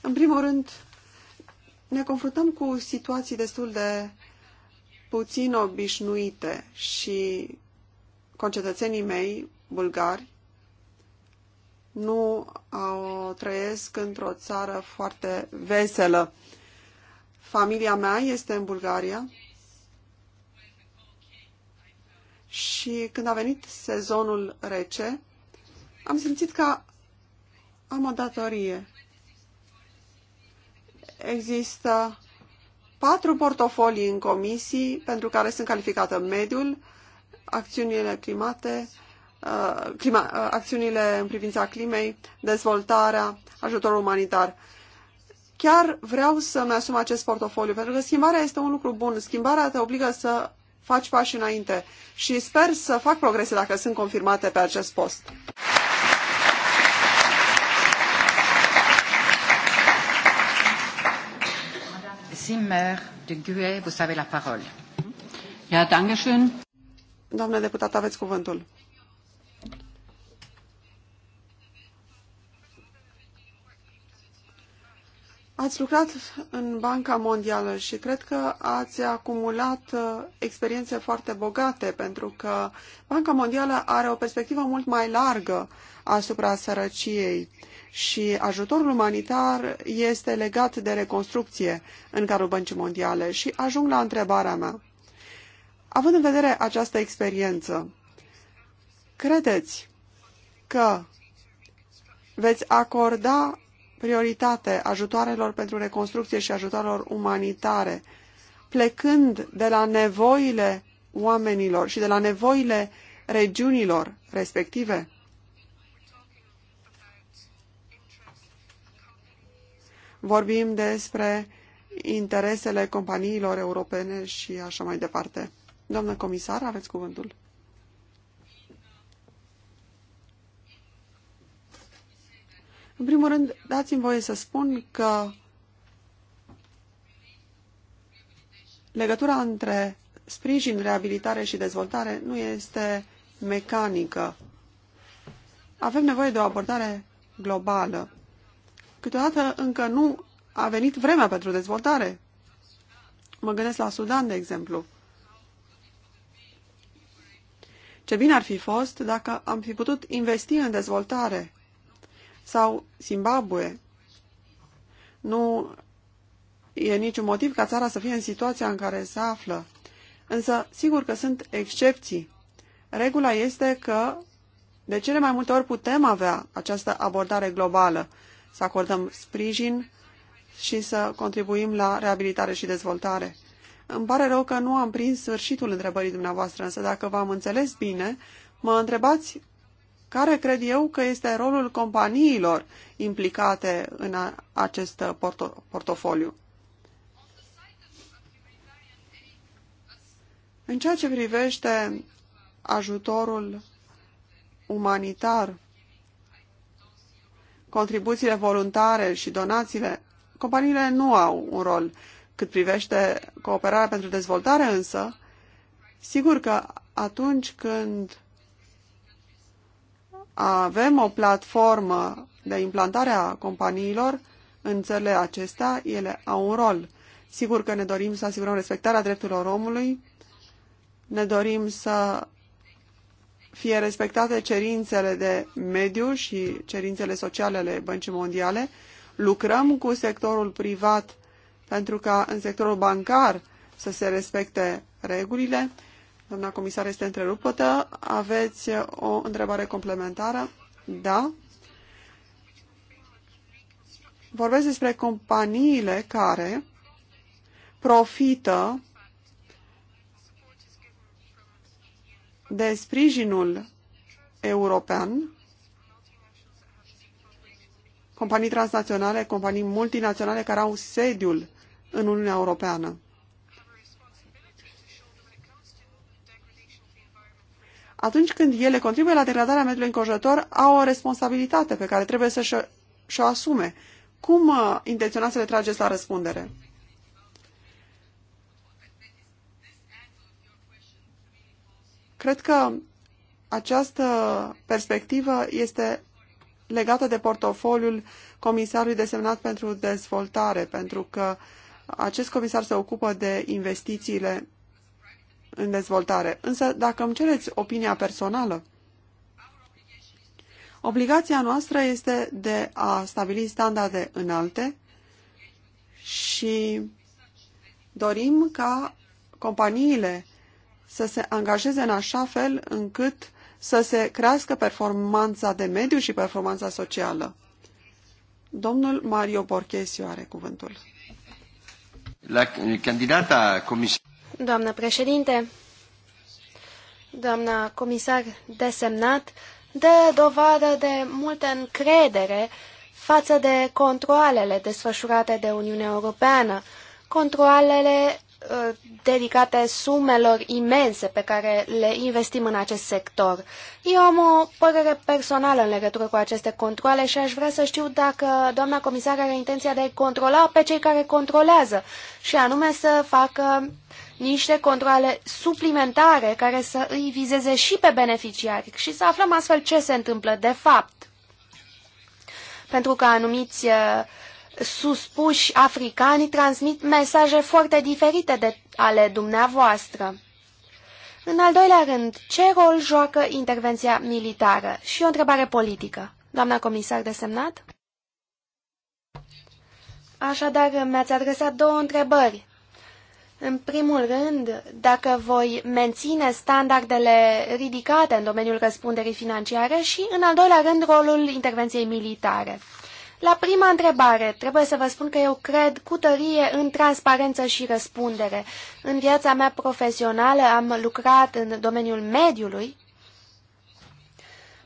În primul rând, ne confruntăm cu situații destul de puțin obișnuite și concetățenii mei, bulgari, nu au, trăiesc într-o țară foarte veselă. Familia mea este în Bulgaria și când a venit sezonul rece, am simțit că am o datorie. Există patru portofolii în comisii pentru care sunt calificată mediul, acțiunile climate, uh, clima, uh, acțiunile în privința climei, dezvoltarea, ajutorul umanitar. Chiar vreau să-mi asum acest portofoliu, pentru că schimbarea este un lucru bun. Schimbarea te obligă să faci pași înainte și sper să fac progrese dacă sunt confirmate pe acest post. Zimmer de GUE, vous avez la parole. Ja, danke schön. deputat, aveți cuvântul. Ați lucrat în Banca Mondială și cred că ați acumulat uh, experiențe foarte bogate, pentru că Banca Mondială are o perspectivă mult mai largă asupra sărăciei și ajutorul umanitar este legat de reconstrucție în cadrul Băncii Mondiale. Și ajung la întrebarea mea. Având în vedere această experiență, credeți că veți acorda prioritate ajutoarelor pentru reconstrucție și ajutoarelor umanitare, plecând de la nevoile oamenilor și de la nevoile regiunilor respective? vorbim despre interesele companiilor europene și așa mai departe. Doamnă comisar, aveți cuvântul. În primul rând, dați-mi voie să spun că legătura între sprijin, reabilitare și dezvoltare nu este mecanică. Avem nevoie de o abordare globală. Câteodată încă nu a venit vremea pentru dezvoltare. Mă gândesc la Sudan, de exemplu. Ce bine ar fi fost dacă am fi putut investi în dezvoltare. Sau Zimbabwe. Nu e niciun motiv ca țara să fie în situația în care se află. Însă, sigur că sunt excepții. Regula este că de cele mai multe ori putem avea această abordare globală să acordăm sprijin și să contribuim la reabilitare și dezvoltare. Îmi pare rău că nu am prins sfârșitul întrebării dumneavoastră, însă dacă v-am înțeles bine, mă întrebați care cred eu că este rolul companiilor implicate în acest porto portofoliu. În ceea ce privește ajutorul umanitar contribuțiile voluntare și donațiile, companiile nu au un rol. Cât privește cooperarea pentru dezvoltare însă, sigur că atunci când avem o platformă de implantare a companiilor, în țările acestea, ele au un rol. Sigur că ne dorim să asigurăm respectarea drepturilor omului, ne dorim să fie respectate cerințele de mediu și cerințele sociale ale Băncii Mondiale. Lucrăm cu sectorul privat pentru ca în sectorul bancar să se respecte regulile. Doamna comisar este întrerupătă. Aveți o întrebare complementară? Da. Vorbesc despre companiile care profită de sprijinul european, companii transnaționale, companii multinaționale care au sediul în Uniunea Europeană. Atunci când ele contribuie la degradarea mediului înconjurător, au o responsabilitate pe care trebuie să și-o asume. Cum uh, intenționați să le trageți la răspundere? Cred că această perspectivă este legată de portofoliul comisarului desemnat pentru dezvoltare, pentru că acest comisar se ocupă de investițiile în dezvoltare. Însă, dacă îmi cereți opinia personală, obligația noastră este de a stabili standarde înalte și dorim ca companiile să se angajeze în așa fel încât să se crească performanța de mediu și performanța socială. Domnul Mario Borchesiu are cuvântul. La candidata comisar... Doamnă președinte, doamna comisar desemnat, dă dovadă de multă încredere față de controalele desfășurate de Uniunea Europeană, controalele Uh, dedicate sumelor imense pe care le investim în acest sector. Eu am o părere personală în legătură cu aceste controle și aș vrea să știu dacă doamna comisar are intenția de a controla pe cei care controlează și anume să facă niște controle suplimentare care să îi vizeze și pe beneficiari și să aflăm astfel ce se întâmplă de fapt. Pentru că anumiți uh, suspuși africani transmit mesaje foarte diferite de ale dumneavoastră. În al doilea rând, ce rol joacă intervenția militară? Și o întrebare politică. Doamna comisar desemnat? Așadar, mi-ați adresat două întrebări. În primul rând, dacă voi menține standardele ridicate în domeniul răspunderii financiare și, în al doilea rând, rolul intervenției militare. La prima întrebare, trebuie să vă spun că eu cred cu tărie în transparență și răspundere. În viața mea profesională am lucrat în domeniul mediului,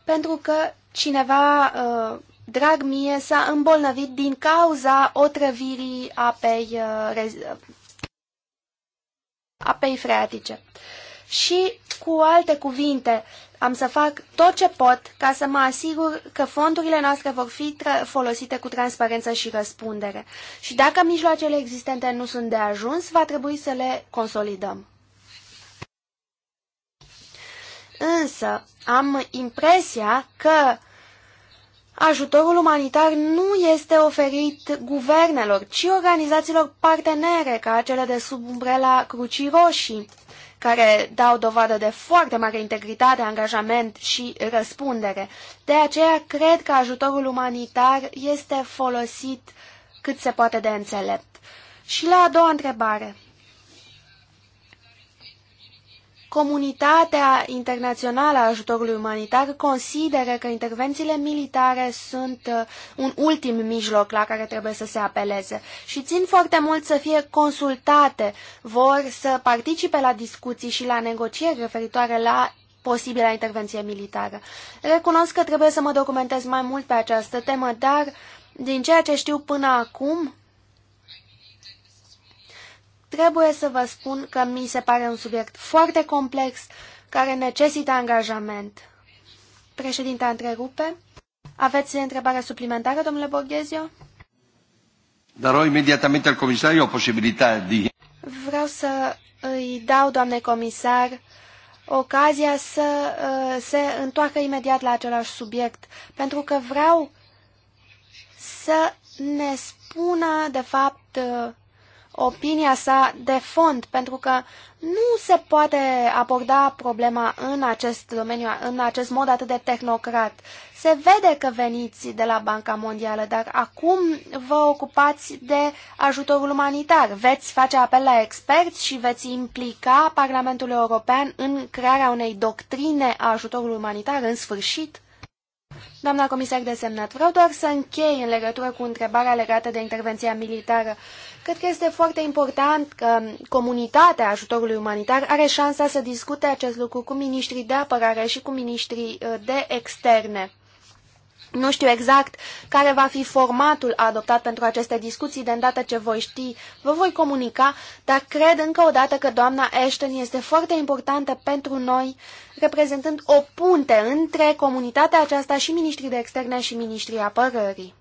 pentru că cineva, uh, drag mie, s-a îmbolnăvit din cauza otrăvirii apei, uh, apei freatice și, cu alte cuvinte, am să fac tot ce pot ca să mă asigur că fondurile noastre vor fi folosite cu transparență și răspundere. Și dacă mijloacele existente nu sunt de ajuns, va trebui să le consolidăm. Însă, am impresia că ajutorul umanitar nu este oferit guvernelor, ci organizațiilor partenere, ca cele de sub umbrela Crucii Roșii, care dau dovadă de foarte mare integritate, angajament și răspundere. De aceea, cred că ajutorul umanitar este folosit cât se poate de înțelept. Și la a doua întrebare. Comunitatea internațională a ajutorului umanitar consideră că intervențiile militare sunt uh, un ultim mijloc la care trebuie să se apeleze și țin foarte mult să fie consultate, vor să participe la discuții și la negocieri referitoare la posibilă intervenție militară. Recunosc că trebuie să mă documentez mai mult pe această temă, dar din ceea ce știu până acum, Trebuie să vă spun că mi se pare un subiect foarte complex care necesită angajament. Președinte, întrerupe. Aveți întrebare suplimentară, domnule Borghezio? Darò imediatamente, al o posibilitate de. Vreau să îi dau, doamne comisar, ocazia să uh, se întoarcă imediat la același subiect, pentru că vreau să ne spună, de fapt, uh, opinia sa de fond, pentru că nu se poate aborda problema în acest domeniu, în acest mod atât de tehnocrat. Se vede că veniți de la Banca Mondială, dar acum vă ocupați de ajutorul umanitar. Veți face apel la experți și veți implica Parlamentul European în crearea unei doctrine a ajutorului umanitar în sfârșit? Doamna comisar de semnat, vreau doar să închei în legătură cu întrebarea legată de intervenția militară. Cred că este foarte important că comunitatea ajutorului umanitar are șansa să discute acest lucru cu ministrii de apărare și cu ministrii uh, de externe. Nu știu exact care va fi formatul adoptat pentru aceste discuții, de îndată ce voi ști, vă voi comunica, dar cred încă o dată că doamna Ashton este foarte importantă pentru noi, reprezentând o punte între comunitatea aceasta și ministrii de externe și ministrii apărării.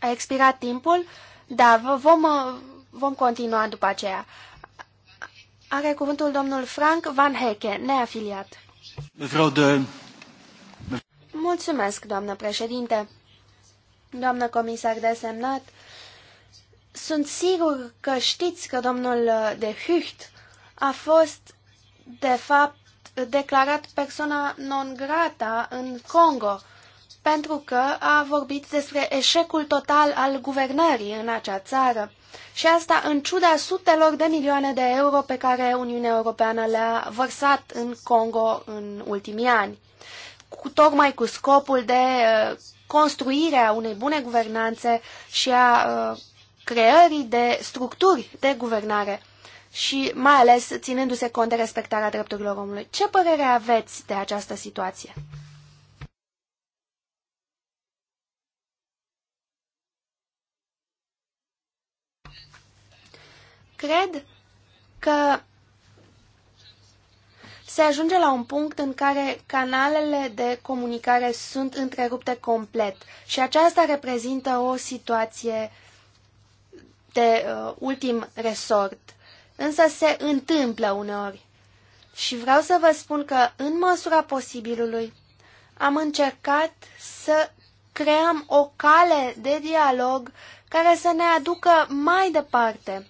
A expirat timpul? Da, vom, uh, vom continua după aceea. Are cuvântul domnul Frank Van Hecke, neafiliat. Vreau de Mulțumesc, doamnă președinte. Doamnă comisar desemnat, sunt sigur că știți că domnul de Hucht a fost, de fapt, declarat persona non grata în Congo, pentru că a vorbit despre eșecul total al guvernării în acea țară. Și asta în ciuda sutelor de milioane de euro pe care Uniunea Europeană le-a vărsat în Congo în ultimii ani cu tocmai cu scopul de uh, construirea unei bune guvernanțe și a uh, creării de structuri de guvernare și mai ales ținându-se cont de respectarea drepturilor omului. Ce părere aveți de această situație? Cred că se ajunge la un punct în care canalele de comunicare sunt întrerupte complet și aceasta reprezintă o situație de uh, ultim resort. Însă se întâmplă uneori. Și vreau să vă spun că, în măsura posibilului, am încercat să creăm o cale de dialog care să ne aducă mai departe.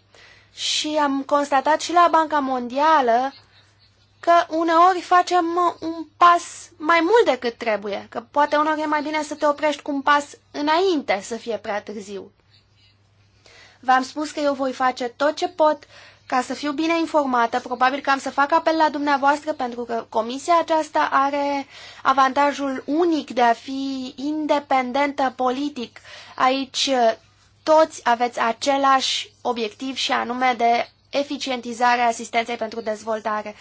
Și am constatat și la Banca Mondială că uneori facem un pas mai mult decât trebuie, că poate uneori e mai bine să te oprești cu un pas înainte să fie prea târziu. V-am spus că eu voi face tot ce pot ca să fiu bine informată, probabil că am să fac apel la dumneavoastră pentru că comisia aceasta are avantajul unic de a fi independentă politic. Aici eh, toți aveți același obiectiv și anume de eficientizare asistenței pentru dezvoltare.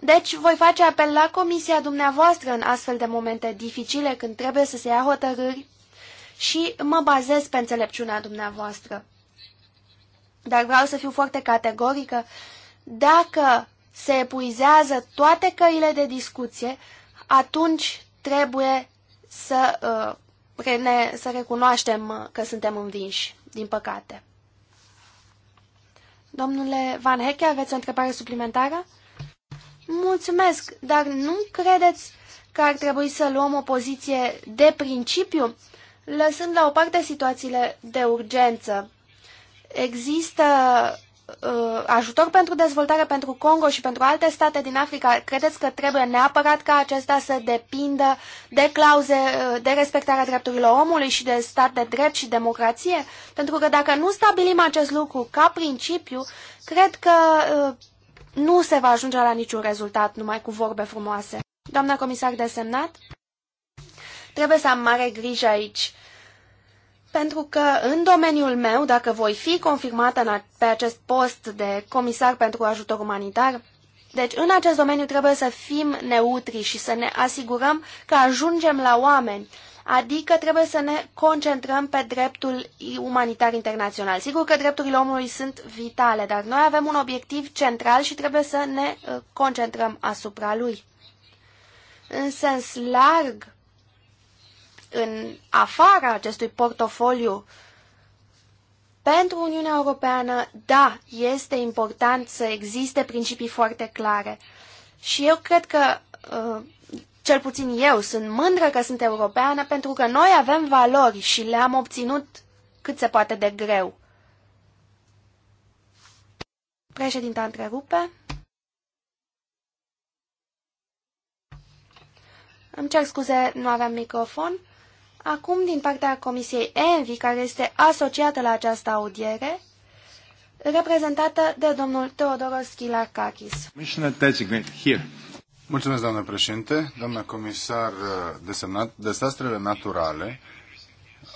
Deci voi face apel la comisia dumneavoastră în astfel de momente dificile când trebuie să se ia hotărâri și mă bazez pe înțelepciunea dumneavoastră. Dar vreau să fiu foarte categorică. Dacă se epuizează toate căile de discuție, atunci trebuie să, uh, ne, să recunoaștem uh, că suntem învinși, din păcate. Domnule Van Heche, aveți o întrebare suplimentară? Mulțumesc, dar nu credeți că ar trebui să luăm o poziție de principiu, lăsând la o parte situațiile de urgență? Există uh, ajutor pentru dezvoltare pentru Congo și pentru alte state din Africa, credeți că trebuie neapărat ca acesta să depindă de clauze uh, de respectarea drepturilor omului și de stat de drept și democrație? Pentru că dacă nu stabilim acest lucru ca principiu, cred că uh, nu se va ajunge la niciun rezultat numai cu vorbe frumoase. Doamna comisar desemnat, trebuie să am mare grijă aici, pentru că în domeniul meu, dacă voi fi confirmată pe acest post de comisar pentru ajutor umanitar, deci în acest domeniu trebuie să fim neutri și să ne asigurăm că ajungem la oameni, Adică trebuie să ne concentrăm pe dreptul umanitar internațional. Sigur că drepturile omului sunt vitale, dar noi avem un obiectiv central și trebuie să ne uh, concentrăm asupra lui. În sens larg, în afara acestui portofoliu, pentru Uniunea Europeană, da, este important să existe principii foarte clare. Și eu cred că uh, cel puțin eu sunt mândră că sunt europeană pentru că noi avem valori și le-am obținut cât se poate de greu. Președinta întrerupe. Îmi cer scuze, nu aveam microfon. Acum, din partea Comisiei ENVI, care este asociată la această audiere, reprezentată de domnul Teodoros Schilakakis. Commissioner designate here. Mulțumesc, doamnă președinte, doamnă comisar uh, desemnat. Dezastrele naturale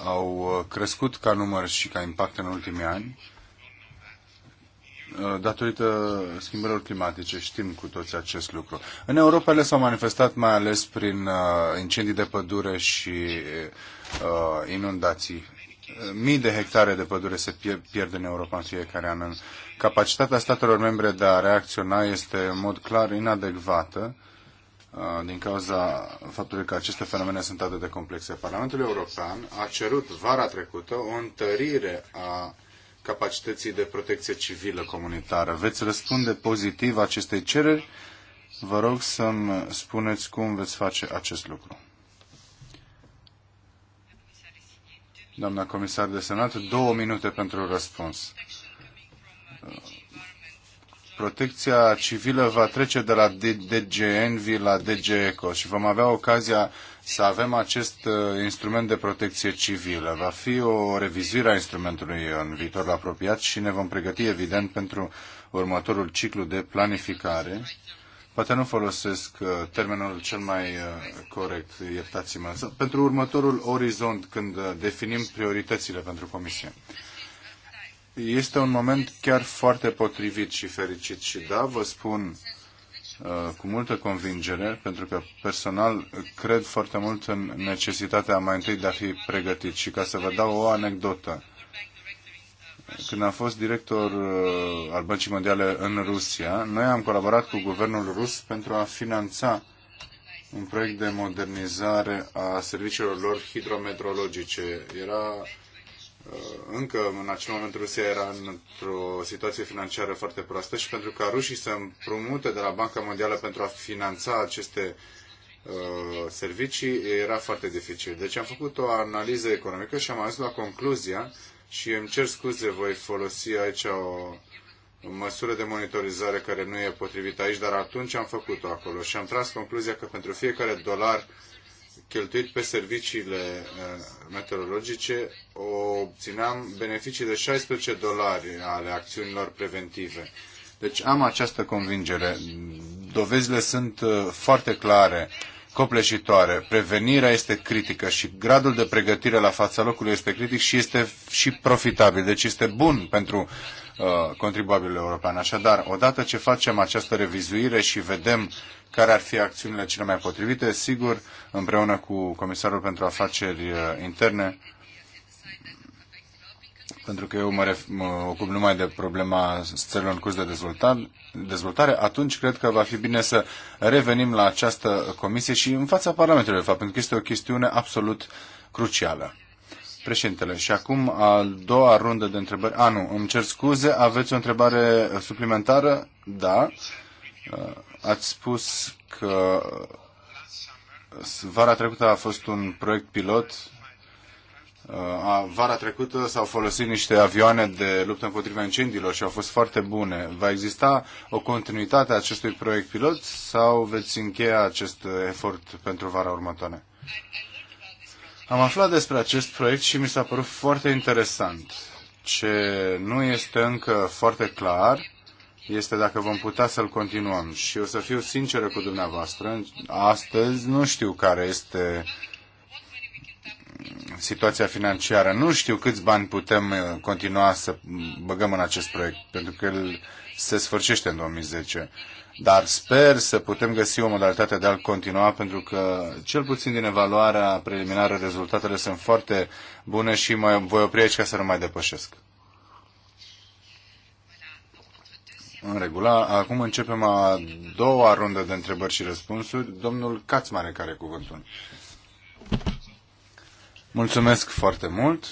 au uh, crescut ca număr și ca impact în ultimii ani uh, datorită schimbărilor climatice. Știm cu toți acest lucru. În Europa le s-au manifestat mai ales prin incendii de pădure și inundații mii de hectare de pădure se pierd în Europa în fiecare an. Capacitatea statelor membre de a reacționa este în mod clar inadecvată uh, din cauza faptului că aceste fenomene sunt atât de complexe. Parlamentul European a cerut vara trecută o întărire a capacității de protecție civilă comunitară. Veți răspunde pozitiv acestei cereri? Vă rog să-mi spuneți cum veți face acest lucru. doamna comisar de senat, două minute pentru răspuns. Protecția civilă va trece de la DG Envi la DG ECO și vom avea ocazia să avem acest uh, instrument de protecție civilă. Va fi o revizuire a instrumentului în viitorul apropiat și ne vom pregăti, evident, pentru următorul ciclu de planificare Poate nu folosesc uh, termenul cel mai uh, corect, iertați-mă. Pentru următorul orizont, când uh, definim prioritățile pentru Comisie. Este un moment chiar foarte potrivit și fericit și da, vă spun cu multă convingere, pentru că personal cred foarte mult în necesitatea mai întâi de a fi pregătit. Și ca să vă dau o anecdotă, când am fost director uh, al Băncii Mondiale în Rusia, noi am colaborat cu guvernul rus pentru a finanța un proiect de modernizare a serviciilor lor hidrometrologice. Era uh, încă în acel moment Rusia era într-o situație financiară foarte proastă și pentru ca rușii să împrumute de la Banca Mondială pentru a finanța aceste uh, servicii era foarte dificil. Deci am făcut o analiză economică și am ajuns la concluzia și îmi cer scuze, voi folosi aici o măsură de monitorizare care nu e potrivită aici, dar atunci am făcut-o acolo și am tras concluzia că pentru fiecare dolar cheltuit pe serviciile uh, meteorologice, obțineam beneficii de 16 dolari ale acțiunilor preventive. Deci am această convingere. Dovezile sunt uh, foarte clare copleșitoare. Prevenirea este critică și gradul de pregătire la fața locului este critic și este și profitabil. Deci este bun pentru uh, contribuabilul european. Așadar, odată ce facem această revizuire și vedem care ar fi acțiunile cele mai potrivite, sigur, împreună cu Comisarul pentru Afaceri uh, Interne, pentru că eu mă, ref, mă ocup numai de problema țărilor în curs de dezvoltare, dezvoltare, atunci cred că va fi bine să revenim la această comisie și în fața Parlamentului, de fapt, pentru că este o chestiune absolut crucială. Președintele, și acum a doua rundă de întrebări. A, nu, îmi cer scuze, aveți o întrebare suplimentară? Da. Uh, ați spus că vara trecută a fost un proiect pilot Uh, vara trecută s-au folosit niște avioane de luptă împotriva incendiilor și au fost foarte bune. Va exista o continuitate a acestui proiect pilot sau veți încheia acest efort pentru vara următoare? Am aflat despre acest proiect și mi s-a părut foarte interesant. Ce nu este încă foarte clar este dacă vom putea să-l continuăm. Și o să fiu sinceră cu dumneavoastră, astăzi nu știu care este uh, situația financiară. Nu știu câți bani putem uh, continua să băgăm în acest proiect, pentru că el se sfârșește în 2010. Dar sper să putem găsi o modalitate de a-l continua, pentru că, cel puțin din evaluarea preliminară, rezultatele sunt foarte bune și mă voi opri aici ca să nu mai depășesc. În regulă. Acum începem a doua rundă de întrebări și răspunsuri. Domnul Cațmare care cuvântul. Mulțumesc foarte mult.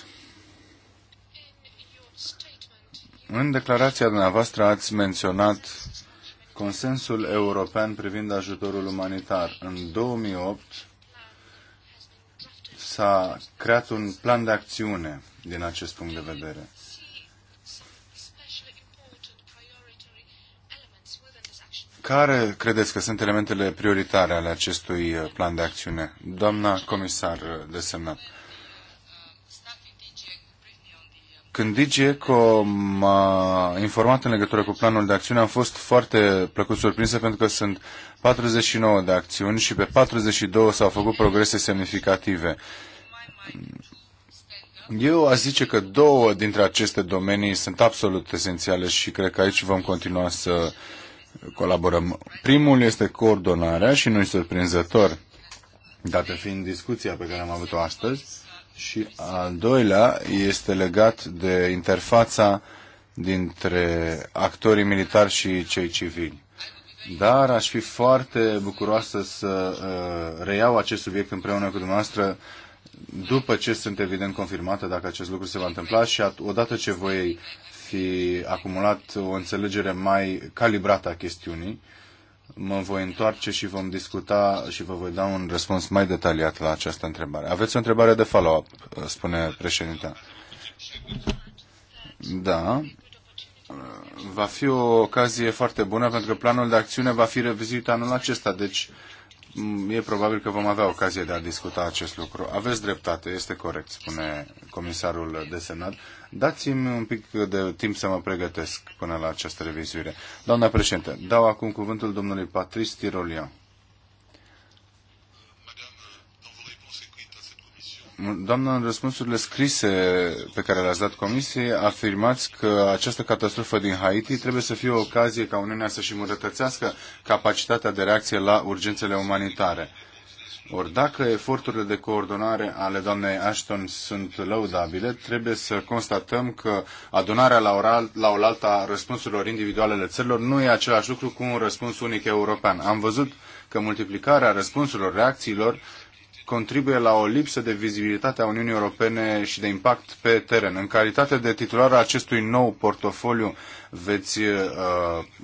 În declarația dumneavoastră ați menționat consensul european privind ajutorul umanitar. În 2008 s-a creat un plan de acțiune din acest punct de vedere. Care credeți că sunt elementele prioritare ale acestui plan de acțiune? Doamna comisar desemnat. Când DGECO m-a informat în legătură cu planul de acțiune, am fost foarte plăcut surprinsă pentru că sunt 49 de acțiuni și pe 42 s-au făcut progrese semnificative. Eu aș zice că două dintre aceste domenii sunt absolut esențiale și cred că aici vom continua să colaborăm. Primul este coordonarea și nu-i surprinzător, dată fiind discuția pe care am avut-o astăzi, și al doilea este legat de interfața dintre actorii militari și cei civili. Dar aș fi foarte bucuroasă să uh, reiau acest subiect împreună cu dumneavoastră după ce sunt evident confirmată dacă acest lucru se va întâmpla și odată ce voi fi acumulat o înțelegere mai calibrată a chestiunii mă voi întoarce și vom discuta și vă voi da un răspuns mai detaliat la această întrebare. Aveți o întrebare de follow-up, spune președintea. Da. Va fi o ocazie foarte bună pentru că planul de acțiune va fi revizuit anul acesta, deci e probabil că vom avea ocazie de a discuta acest lucru. Aveți dreptate, este corect, spune comisarul de senat. Dați-mi un pic de timp să mă pregătesc până la această revizuire. Doamna președinte, dau acum cuvântul domnului Patrice Tirolian. Doamna, în răspunsurile scrise pe care le-ați dat comisiei, afirmați că această catastrofă din Haiti trebuie să fie o ocazie ca Uniunea să-și îmbunătățească capacitatea de reacție la urgențele umanitare. Ori dacă eforturile de coordonare ale doamnei Ashton sunt lăudabile, trebuie să constatăm că adunarea la, oral, la oaltă a răspunsurilor individuale ale țărilor nu e același lucru cu un răspuns unic european. Am văzut că multiplicarea răspunsurilor, reacțiilor, contribuie la o lipsă de vizibilitate a Uniunii Europene și de impact pe teren. În calitate de titular acestui nou portofoliu, veți uh,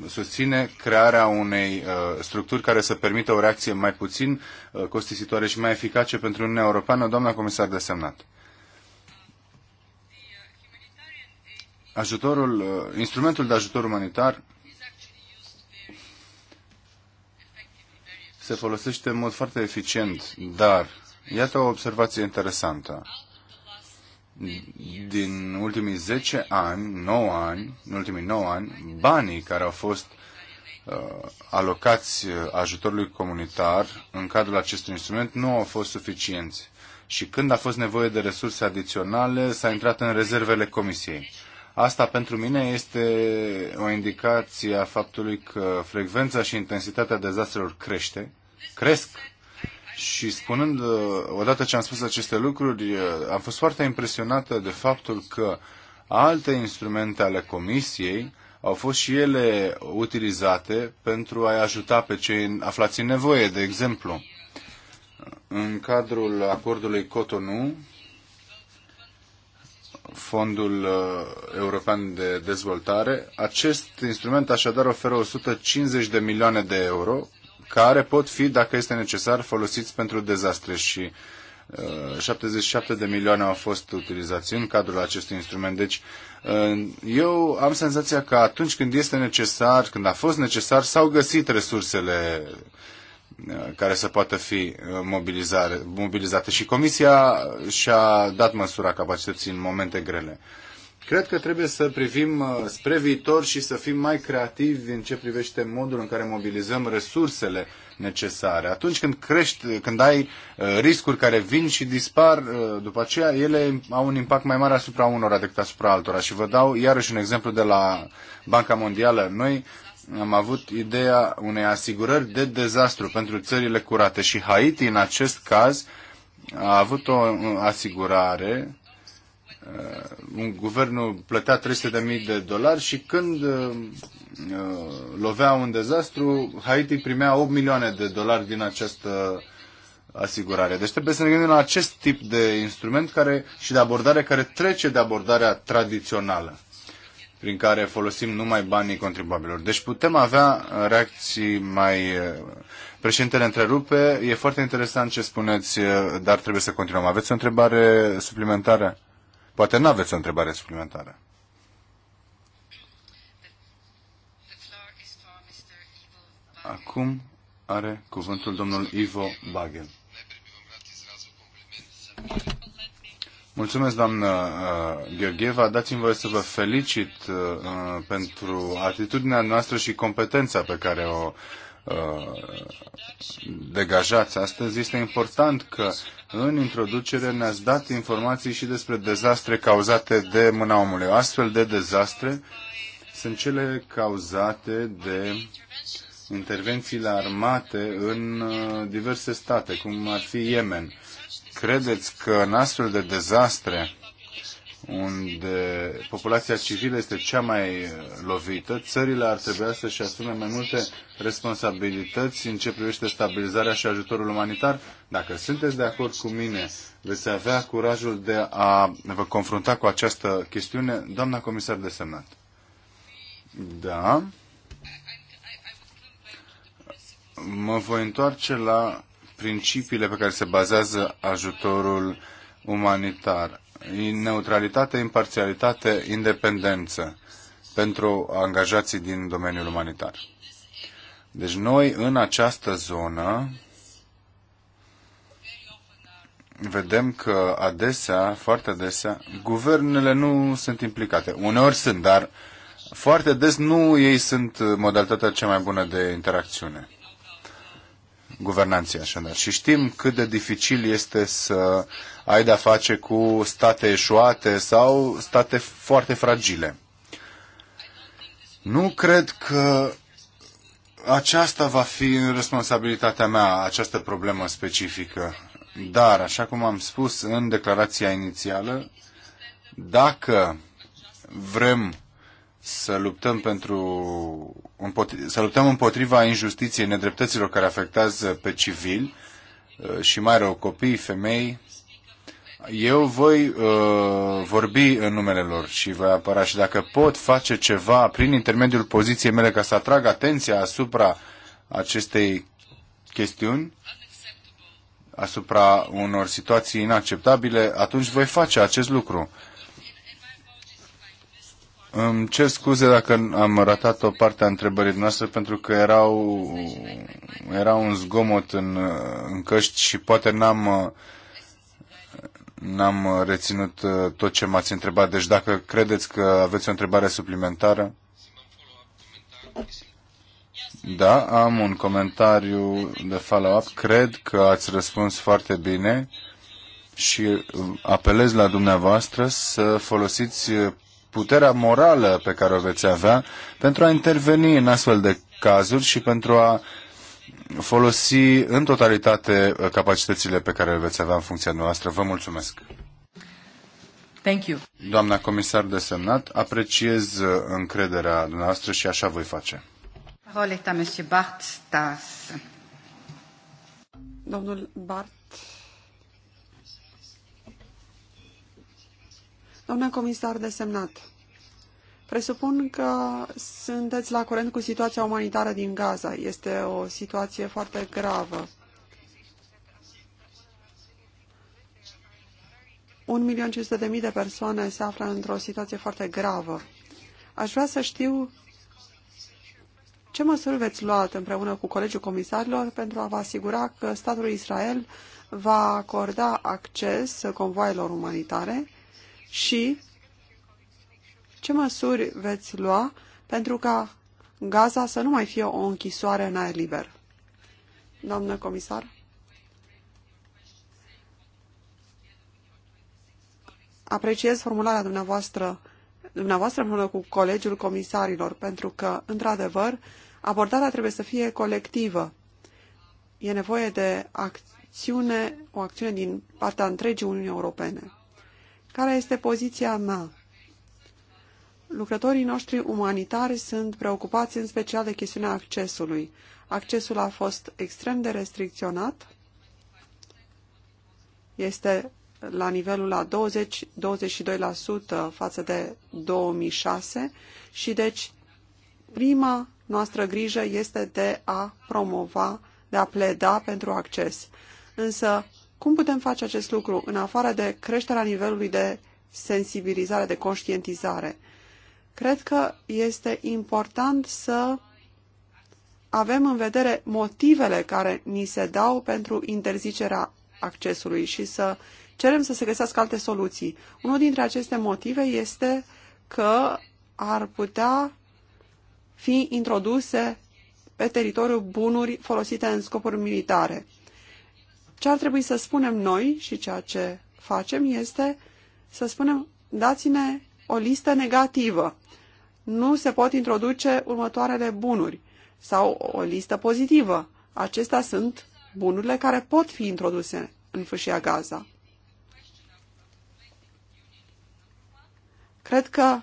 susține crearea unei uh, structuri care să permită o reacție mai puțin uh, costisitoare și mai eficace pentru Uniunea Europeană, doamna comisar de semnat. Ajutorul, uh, instrumentul de ajutor umanitar se folosește în mod foarte eficient, dar iată o observație interesantă. Din ultimii 10 ani, 9 ani, în ultimii 9 ani, banii care au fost uh, alocați uh, ajutorului comunitar în cadrul acestui instrument nu au fost suficienți. Și când a fost nevoie de resurse adiționale, s-a intrat în rezervele comisiei. Asta pentru mine este o indicație a faptului că frecvența și intensitatea dezastrelor crește, cresc. Și spunând, odată ce am spus aceste lucruri, am fost foarte impresionată de faptul că alte instrumente ale Comisiei au fost și ele utilizate pentru a-i ajuta pe cei aflați în nevoie. De exemplu, în cadrul acordului Cotonou, Fondul uh, European de Dezvoltare. Acest instrument așadar oferă 150 de milioane de euro care pot fi, dacă este necesar, folosiți pentru dezastre și uh, 77 de milioane au fost utilizați în cadrul acestui instrument. Deci uh, eu am senzația că atunci când este necesar, când a fost necesar, s-au găsit resursele Uh, care să poată fi uh, mobilizare, mobilizate. Și Comisia și-a dat măsura capacității în momente grele. Cred că trebuie să privim uh, spre viitor și să fim mai creativi în ce privește modul în care mobilizăm resursele necesare. Atunci când crești, când ai riscuri care vin și dispar, după aceea ele au un impact mai mare asupra unora decât asupra altora. Și vă dau iarăși un exemplu de la Banca Mondială. Noi am avut ideea unei asigurări de dezastru pentru țările curate și Haiti în acest caz a avut o asigurare uh, un guvernul plătea 300.000 de dolari și când uh, uh, lovea un dezastru, Haiti primea 8 milioane de dolari din această asigurare. Deci trebuie să ne gândim la acest tip de instrument care, și de abordare care trece de abordarea tradițională prin care folosim numai banii contribuabilor. Deci putem avea uh, reacții mai... Uh, președintele întrerupe, e foarte interesant ce spuneți, uh, dar trebuie să continuăm. Aveți o întrebare suplimentară? Poate nu aveți o întrebare suplimentară. Acum are cuvântul domnul Ivo Bagel. Mulțumesc, doamnă uh, Gheorgheva. Dați-mi voie să vă felicit uh, pentru atitudinea noastră și competența pe care o uh, degajați astăzi. Este important că în introducere ne-ați dat informații și despre dezastre cauzate de mâna omului. Astfel de dezastre sunt cele cauzate de intervențiile armate în diverse state, cum ar fi Yemen Credeți că în astfel de dezastre unde populația civilă este cea mai lovită, țările ar trebui să-și asume mai multe responsabilități în ce privește stabilizarea și ajutorul umanitar. Dacă sunteți de acord cu mine, veți avea curajul de a vă confrunta cu această chestiune, doamna comisar de semnat. Da. Mă voi întoarce la principiile pe care se bazează ajutorul umanitar. Neutralitate, imparțialitate, independență pentru angajații din domeniul umanitar. Deci noi în această zonă vedem că adesea, foarte adesea, guvernele nu sunt implicate. Uneori sunt, dar foarte des nu ei sunt modalitatea cea mai bună de interacțiune guvernanții așadar. Și știm cât de dificil este să ai de-a face cu state eșuate sau state foarte fragile. Nu cred că aceasta va fi responsabilitatea mea, această problemă specifică. Dar, așa cum am spus în declarația inițială, dacă vrem să luptăm, pentru, să luptăm împotriva injustiției, nedreptăților care afectează pe civili uh, și mai rău copii, femei. Eu voi uh, vorbi în numele lor și voi apăra și dacă pot face ceva prin intermediul poziției mele ca să atrag atenția asupra acestei chestiuni, asupra unor situații inacceptabile, atunci voi face acest lucru. Îmi cer scuze dacă am ratat o parte a întrebării noastre pentru că erau, era un zgomot în, în căști și poate n-am, n-am reținut tot ce m-ați întrebat. Deci dacă credeți că aveți o întrebare suplimentară. Da, am un comentariu de follow-up. Cred că ați răspuns foarte bine și apelez la dumneavoastră să folosiți puterea morală pe care o veți avea pentru a interveni în astfel de cazuri și pentru a folosi în totalitate uh, capacitățile pe care le veți avea în funcția noastră. Vă mulțumesc! Thank you. Doamna comisar desemnat, apreciez uh, încrederea noastră și așa voi face. Domnul Bart Domnule comisar desemnat, presupun că sunteți la curent cu situația umanitară din Gaza. Este o situație foarte gravă. Un milion de mii de persoane se află într-o situație foarte gravă. Aș vrea să știu ce măsuri veți lua împreună cu Colegiul Comisarilor pentru a vă asigura că statul Israel va acorda acces convoailor umanitare și ce măsuri veți lua pentru ca Gaza să nu mai fie o închisoare în aer liber? Doamnă comisar? Apreciez formularea dumneavoastră, dumneavoastră împreună cu colegiul comisarilor, pentru că, într-adevăr, abordarea trebuie să fie colectivă. E nevoie de acțiune, o acțiune din partea întregii Uniunii Europene. Care este poziția mea? Lucrătorii noștri umanitari sunt preocupați în special de chestiunea accesului. Accesul a fost extrem de restricționat. Este la nivelul la 20-22% față de 2006 și deci prima noastră grijă este de a promova, de a pleda pentru acces. Însă cum putem face acest lucru în afară de creșterea nivelului de sensibilizare, de conștientizare? Cred că este important să avem în vedere motivele care ni se dau pentru interzicerea accesului și să cerem să se găsească alte soluții. Unul dintre aceste motive este că ar putea fi introduse pe teritoriul bunuri folosite în scopuri militare. Ce ar trebui să spunem noi și ceea ce facem este să spunem dați-ne o listă negativă. Nu se pot introduce următoarele bunuri sau o listă pozitivă. Acestea sunt bunurile care pot fi introduse în fâșia Gaza. Cred că,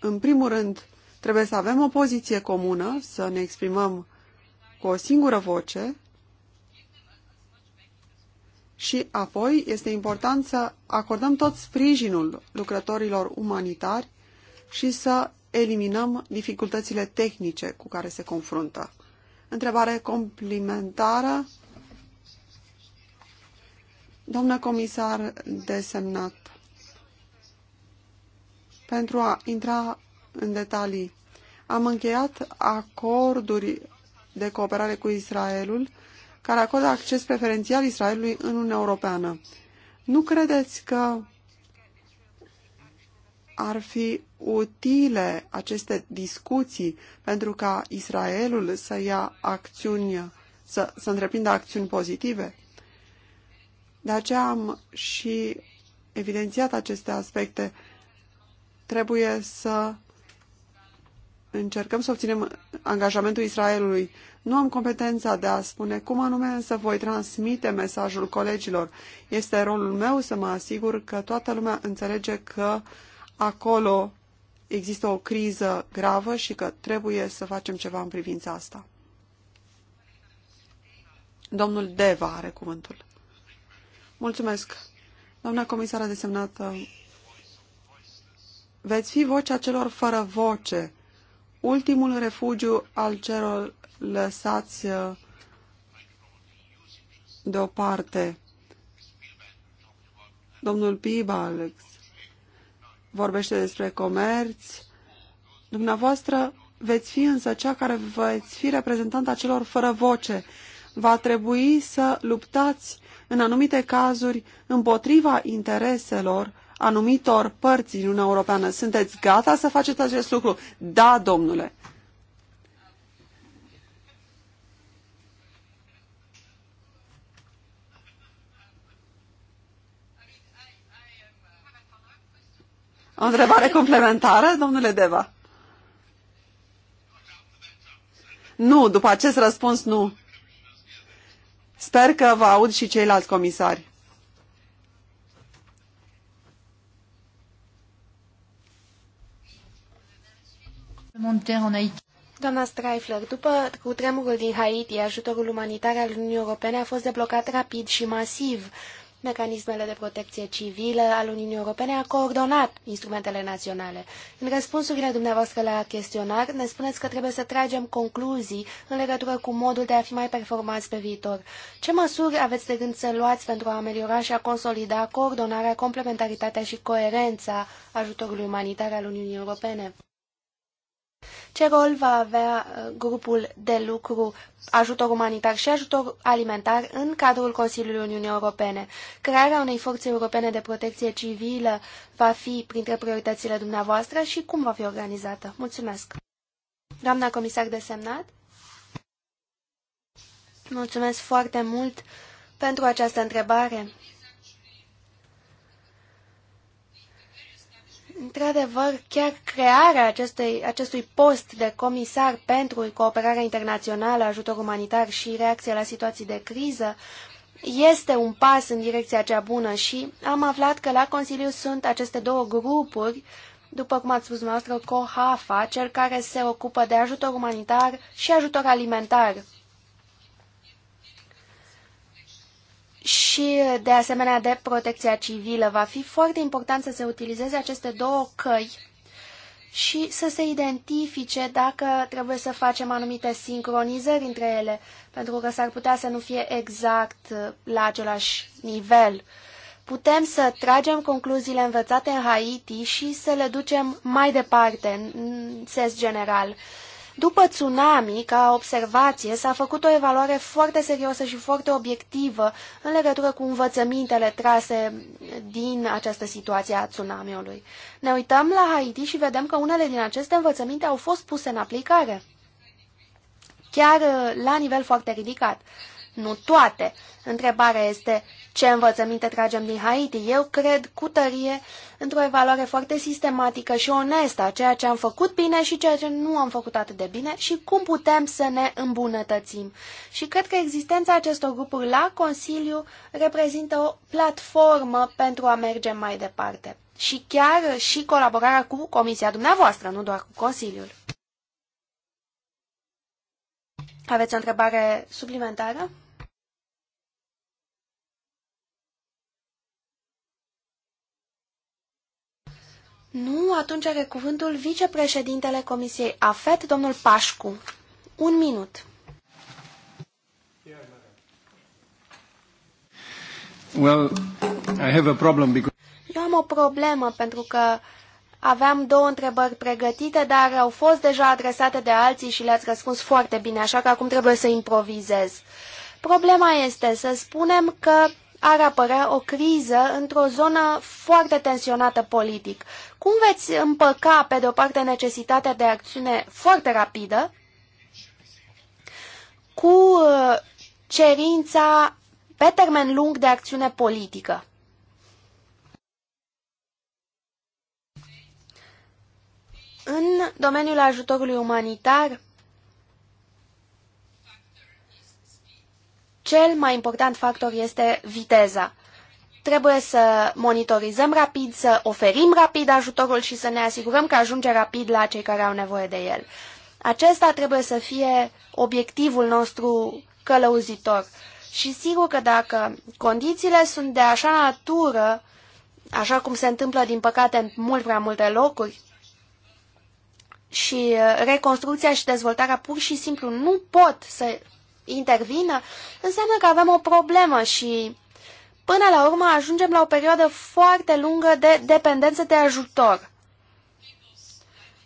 în primul rând, trebuie să avem o poziție comună, să ne exprimăm cu o singură voce și apoi este important să acordăm tot sprijinul lucrătorilor umanitari și să eliminăm dificultățile tehnice cu care se confruntă. Întrebare complimentară. Doamnă comisar desemnat, pentru a intra în detalii, am încheiat acorduri de cooperare cu Israelul care acordă acces preferențial Israelului în Uniunea Europeană. Nu credeți că ar fi utile aceste discuții pentru ca Israelul să ia acțiuni, să, să întreprindă acțiuni pozitive? De aceea am și evidențiat aceste aspecte. Trebuie să încercăm să obținem angajamentul Israelului nu am competența de a spune cum anume, însă voi transmite mesajul colegilor. Este rolul meu să mă asigur că toată lumea înțelege că acolo există o criză gravă și că trebuie să facem ceva în privința asta. Domnul Deva are cuvântul. Mulțumesc. Doamna comisară desemnată, veți fi vocea celor fără voce, ultimul refugiu al celor lăsați uh, deoparte. Domnul Pibalex vorbește despre comerț. Dumneavoastră veți fi însă cea care veți fi reprezentanta celor fără voce. Va trebui să luptați în anumite cazuri împotriva intereselor anumitor părți din Uniunea Europeană. Sunteți gata să faceți acest lucru? Da, domnule. O întrebare complementară, domnule Deva? Nu, după acest răspuns nu. Sper că vă aud și ceilalți comisari. Doamna Streifler, după cutremurul din Haiti, ajutorul umanitar al Uniunii Europene a fost deblocat rapid și masiv mecanismele de protecție civilă al Uniunii Europene a coordonat instrumentele naționale. În răspunsurile dumneavoastră la chestionar, ne spuneți că trebuie să tragem concluzii în legătură cu modul de a fi mai performanți pe viitor. Ce măsuri aveți de gând să luați pentru a ameliora și a consolida coordonarea, complementaritatea și coerența ajutorului umanitar al Uniunii Europene? Ce rol va avea uh, grupul de lucru ajutor umanitar și ajutor alimentar în cadrul Consiliului Uniunii Europene? Crearea unei forțe europene de protecție civilă va fi printre prioritățile dumneavoastră și cum va fi organizată? Mulțumesc! Doamna comisar desemnat, mulțumesc foarte mult pentru această întrebare. Într-adevăr, chiar crearea acestei, acestui post de comisar pentru cooperarea internațională, ajutor umanitar și reacția la situații de criză este un pas în direcția cea bună și am aflat că la Consiliu sunt aceste două grupuri, după cum ați spus dumneavoastră, COHAFA, cel care se ocupă de ajutor umanitar și ajutor alimentar. și, de asemenea, de protecția civilă. Va fi foarte important să se utilizeze aceste două căi și să se identifice dacă trebuie să facem anumite sincronizări între ele, pentru că s-ar putea să nu fie exact uh, la același nivel. Putem să tragem concluziile învățate în Haiti și să le ducem mai departe, în sens general. După tsunami, ca observație, s-a făcut o evaluare foarte serioasă și foarte obiectivă în legătură cu învățămintele trase din această situație a tsunamiului. Ne uităm la Haiti și vedem că unele din aceste învățăminte au fost puse în aplicare, chiar uh, la nivel foarte ridicat nu toate. Întrebarea este ce învățăminte tragem din Haiti. Eu cred cu tărie într-o evaluare foarte sistematică și onestă a ceea ce am făcut bine și ceea ce nu am făcut atât de bine și cum putem să ne îmbunătățim. Și cred că existența acestor grupuri la Consiliu reprezintă o platformă pentru a merge mai departe. Și chiar și colaborarea cu Comisia dumneavoastră, nu doar cu Consiliul. Aveți o întrebare suplimentară? Nu, atunci are cuvântul vicepreședintele Comisiei AFET, domnul Pașcu. Un minut. Well, I have a problem because... Eu am o problemă pentru că aveam două întrebări pregătite, dar au fost deja adresate de alții și le-ați răspuns foarte bine, așa că acum trebuie să improvizez. Problema este să spunem că ar apărea o criză într-o zonă foarte tensionată politic. Cum veți împăca, pe de o parte, necesitatea de acțiune foarte rapidă cu uh, cerința pe termen lung de acțiune politică? În domeniul ajutorului umanitar, cel mai important factor este viteza. Trebuie să monitorizăm rapid, să oferim rapid ajutorul și să ne asigurăm că ajunge rapid la cei care au nevoie de el. Acesta trebuie să fie obiectivul nostru călăuzitor. Și sigur că dacă condițiile sunt de așa natură, așa cum se întâmplă din păcate în mult prea multe locuri, și uh, reconstrucția și dezvoltarea pur și simplu nu pot să intervină, înseamnă că avem o problemă și până la urmă ajungem la o perioadă foarte lungă de dependență de ajutor.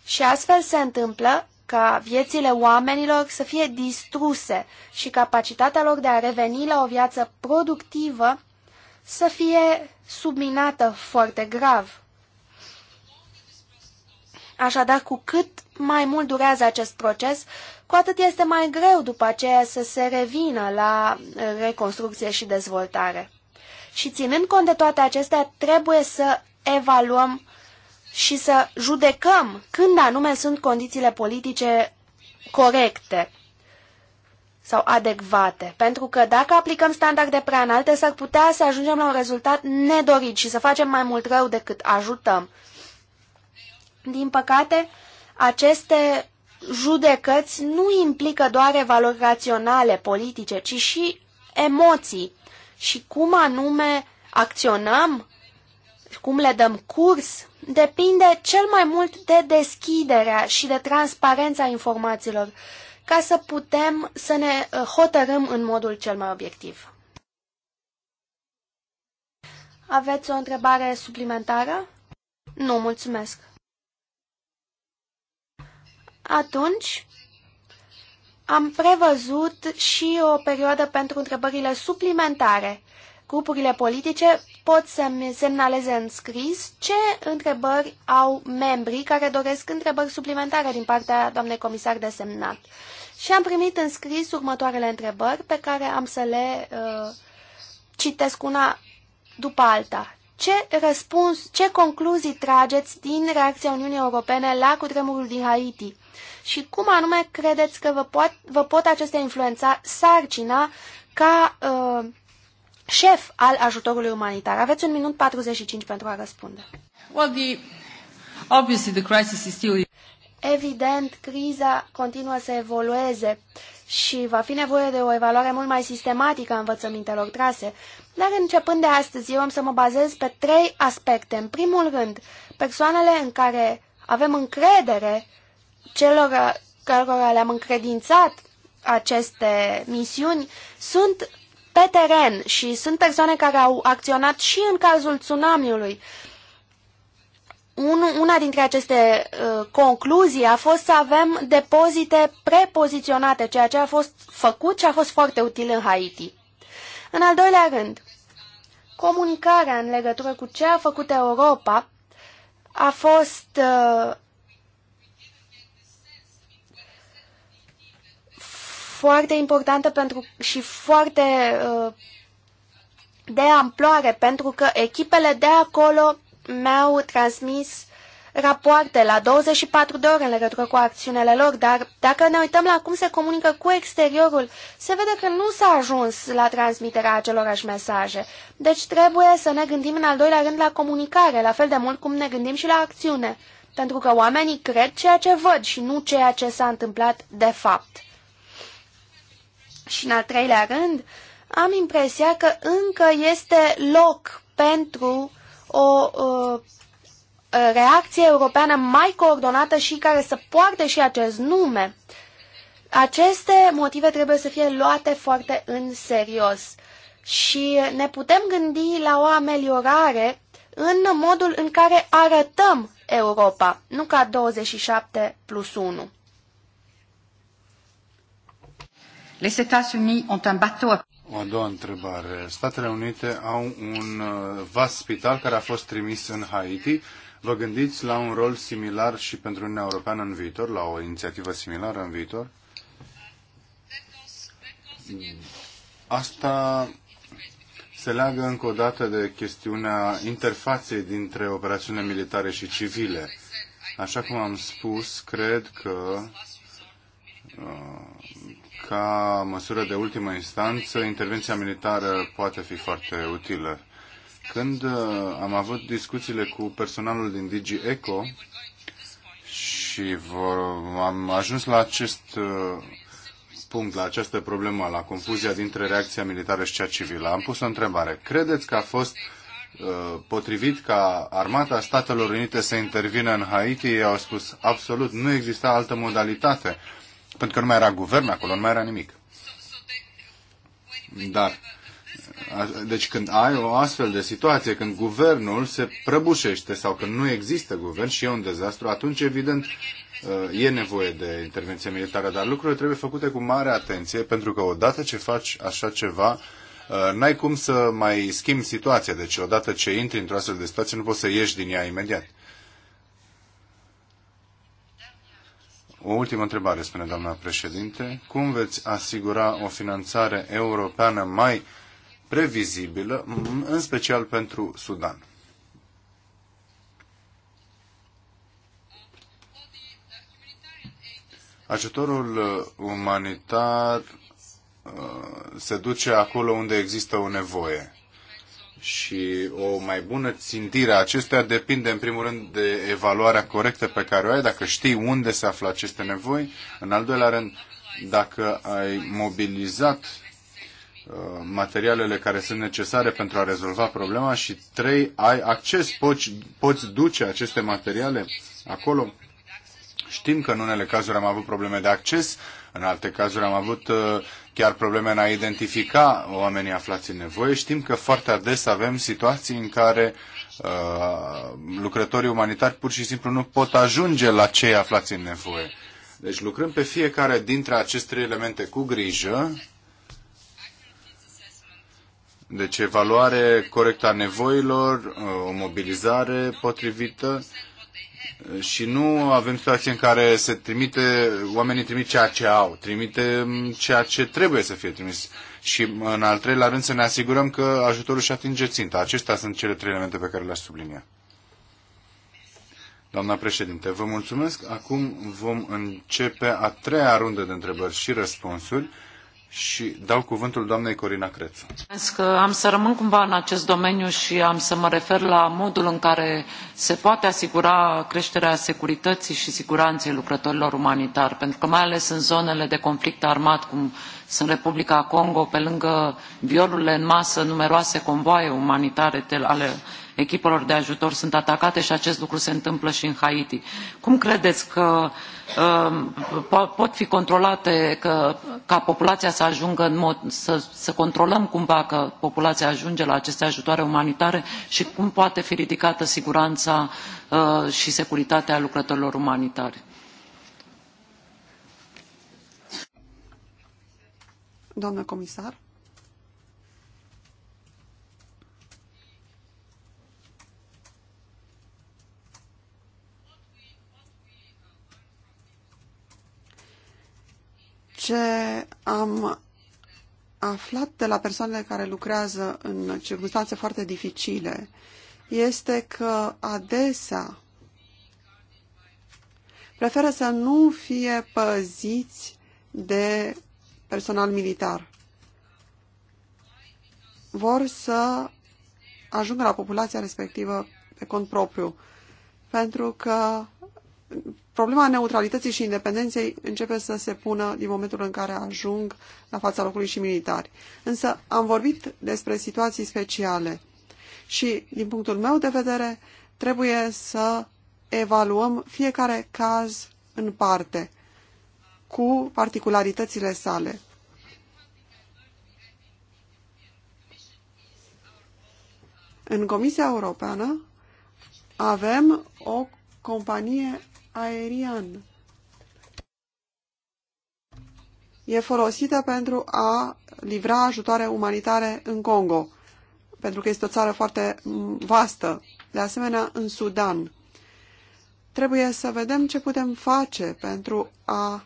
Și astfel se întâmplă ca viețile oamenilor să fie distruse și capacitatea lor de a reveni la o viață productivă să fie subminată foarte grav. Așadar, cu cât mai mult durează acest proces, cu atât este mai greu după aceea să se revină la uh, reconstrucție și dezvoltare. Și ținând cont de toate acestea, trebuie să evaluăm și să judecăm când anume sunt condițiile politice corecte sau adecvate. Pentru că dacă aplicăm standarde prea înalte, s-ar putea să ajungem la un rezultat nedorit și să facem mai mult rău decât ajutăm. Din păcate, aceste judecăți nu implică doar evaluări raționale, politice, ci și emoții și cum anume acționăm, cum le dăm curs, depinde cel mai mult de deschiderea și de transparența informațiilor, ca să putem să ne uh, hotărâm în modul cel mai obiectiv. Aveți o întrebare suplimentară? Nu, mulțumesc atunci am prevăzut și o perioadă pentru întrebările suplimentare. Grupurile politice pot să-mi semnaleze în scris ce întrebări au membrii care doresc întrebări suplimentare din partea doamnei comisar de semnat. Și am primit în scris următoarele întrebări pe care am să le uh, citesc una după alta. Ce răspuns, ce concluzii trageți din reacția Uniunii Europene la cutremurul din Haiti? Și cum anume credeți că vă pot, vă pot acestea influența sarcina ca uh, șef al ajutorului umanitar? Aveți un minut 45 pentru a răspunde. Well, the, obviously the crisis is still... Evident, criza continuă să evolueze și va fi nevoie de o evaluare mult mai sistematică a învățămintelor trase. Dar începând de astăzi, eu am să mă bazez pe trei aspecte. În primul rând, persoanele în care avem încredere celor cărora le-am încredințat aceste misiuni sunt pe teren și sunt persoane care au acționat și în cazul tsunamiului. Una dintre aceste uh, concluzii a fost să avem depozite prepoziționate, ceea ce a fost făcut și a fost foarte util în Haiti. În al doilea rând, comunicarea în legătură cu ce a făcut Europa a fost uh, foarte importantă pentru, și foarte uh, de amploare, pentru că echipele de acolo mi-au transmis rapoarte la 24 de ore în legătură cu acțiunile lor, dar dacă ne uităm la cum se comunică cu exteriorul, se vede că nu s-a ajuns la transmiterea acelorași mesaje. Deci trebuie să ne gândim în al doilea rând la comunicare, la fel de mult cum ne gândim și la acțiune, pentru că oamenii cred ceea ce văd și nu ceea ce s-a întâmplat de fapt. Și în al treilea rând, am impresia că încă este loc pentru o uh, reacție europeană mai coordonată și care să poarte și acest nume. Aceste motive trebuie să fie luate foarte în serios și ne putem gândi la o ameliorare în modul în care arătăm Europa, nu ca 27 plus 1. Les États-Unis ont un bateau o a doua întrebare. Statele Unite au un uh, vas spital care a fost trimis în Haiti. Vă gândiți la un rol similar și pentru Uniunea Europeană în viitor, la o inițiativă similară în viitor? Asta se leagă încă o dată de chestiunea interfaței dintre operațiunile militare și civile. Așa cum am spus, cred că uh, ca măsură de ultimă instanță, intervenția militară poate fi foarte utilă. Când uh, am avut discuțiile cu personalul din Digi Eco și vor, am ajuns la acest uh, punct, la această problemă, la confuzia dintre reacția militară și cea civilă, am pus o întrebare. Credeți că a fost uh, potrivit ca armata Statelor Unite să intervină în Haiti, ei au spus absolut, nu exista altă modalitate. Pentru că nu mai era guvern acolo, nu mai era nimic. Dar, deci când ai o astfel de situație, când guvernul se prăbușește sau când nu există guvern și e un dezastru, atunci evident uh, e nevoie de intervenție militară, dar lucrurile trebuie făcute cu mare atenție, pentru că odată ce faci așa ceva, uh, n-ai cum să mai schimbi situația. Deci odată ce intri într-o astfel de situație, nu poți să ieși din ea imediat. O ultimă întrebare, spune doamna președinte. Cum veți asigura o finanțare europeană mai previzibilă, în special pentru Sudan? Ajutorul uh, umanitar uh, se duce acolo unde există o nevoie și o mai bună țintire a acestea depinde în primul rând de evaluarea corectă pe care o ai, dacă știi unde se află aceste nevoi, în al doilea rând dacă ai mobilizat uh, materialele care sunt necesare pentru a rezolva problema și trei, ai acces, poți, poți duce aceste materiale acolo. Știm că în unele cazuri am avut probleme de acces, în alte cazuri am avut uh, chiar probleme în a identifica oamenii aflați în nevoie. Știm că foarte ades avem situații în care uh, lucrătorii umanitari pur și simplu nu pot ajunge la cei aflați în nevoie. Deci lucrăm pe fiecare dintre aceste trei elemente cu grijă. Deci evaluare corectă a nevoilor, uh, o mobilizare potrivită și nu avem situații în care se trimite, oamenii trimit ceea ce au, trimite ceea ce trebuie să fie trimis. Și în al treilea rând să ne asigurăm că ajutorul și atinge ținta. Acestea sunt cele trei elemente pe care le-aș sublinia. Doamna președinte, vă mulțumesc. Acum vom începe a treia rundă de întrebări și răspunsuri și dau cuvântul doamnei Corina Crețu. Am să rămân cumva în acest domeniu și am să mă refer la modul în care se poate asigura creșterea securității și siguranței lucrătorilor umanitari, pentru că mai ales în zonele de conflict armat, cum sunt Republica Congo, pe lângă violurile în masă, numeroase convoaie umanitare ale echipelor de ajutor sunt atacate și acest lucru se întâmplă și în Haiti. Cum credeți că Um, pot fi controlate că, ca populația să ajungă în mod, să, să controlăm cumva că populația ajunge la aceste ajutoare umanitare și cum poate fi ridicată siguranța uh, și securitatea lucrătorilor umanitari. Doamnă comisar. ce am aflat de la persoanele care lucrează în circunstanțe foarte dificile este că adesea preferă să nu fie păziți de personal militar. Vor să ajungă la populația respectivă pe cont propriu, pentru că problema neutralității și independenței începe să se pună din momentul în care ajung la fața locului și militari. Însă am vorbit despre situații speciale și, din punctul meu de vedere, trebuie să evaluăm fiecare caz în parte, cu particularitățile sale. În Comisia Europeană avem o companie aerian e folosită pentru a livra ajutoare umanitare în Congo, pentru că este o țară foarte mm, vastă, de asemenea în Sudan. Trebuie să vedem ce putem face pentru a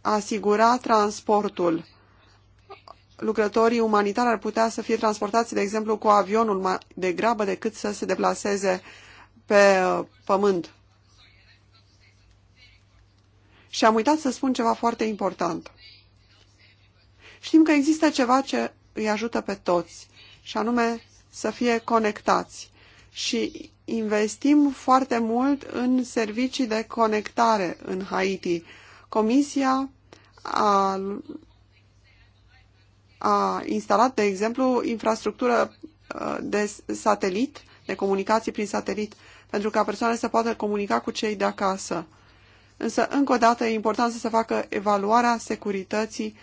asigura transportul lucrătorii umanitari ar putea să fie transportați, de exemplu, cu avionul mai degrabă decât să se deplaseze pe uh, pământ. Și am uitat să spun ceva foarte important. Știm că există ceva ce îi ajută pe toți, și anume să fie conectați. Și investim foarte mult în servicii de conectare în Haiti. Comisia a a instalat, de exemplu, infrastructură uh, de satelit, de comunicații prin satelit, pentru ca persoanele să poată comunica cu cei de acasă. Însă, încă o dată, e important să se facă evaluarea securității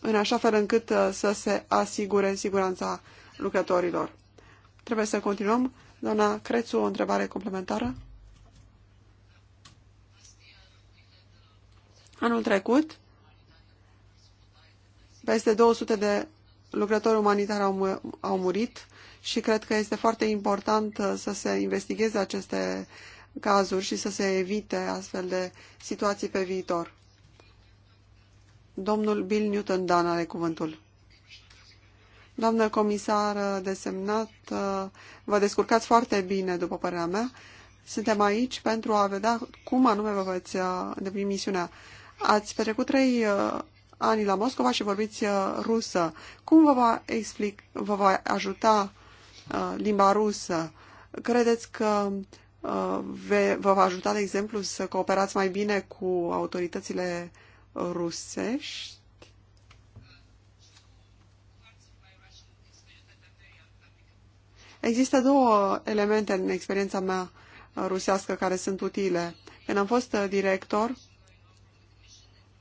în așa fel încât uh, să se asigure siguranța lucrătorilor. Trebuie să continuăm. Doamna Crețu, o întrebare complementară? Anul trecut peste 200 de lucrători umanitari au, au murit și cred că este foarte important uh, să se investigheze aceste cazuri și să se evite astfel de situații pe viitor. Domnul Bill Newton Dan are cuvântul. Doamnă comisar uh, desemnat, uh, vă descurcați foarte bine, după părerea mea. Suntem aici pentru a vedea cum anume vă veți îndeplini misiunea. Ați petrecut trei ani la Moscova și vorbiți uh, rusă. Cum vă va, explic, vă va ajuta uh, limba rusă? Credeți că uh, vă va ajuta, de exemplu, să cooperați mai bine cu autoritățile rusești? Există două elemente în experiența mea rusească care sunt utile. Când am fost director,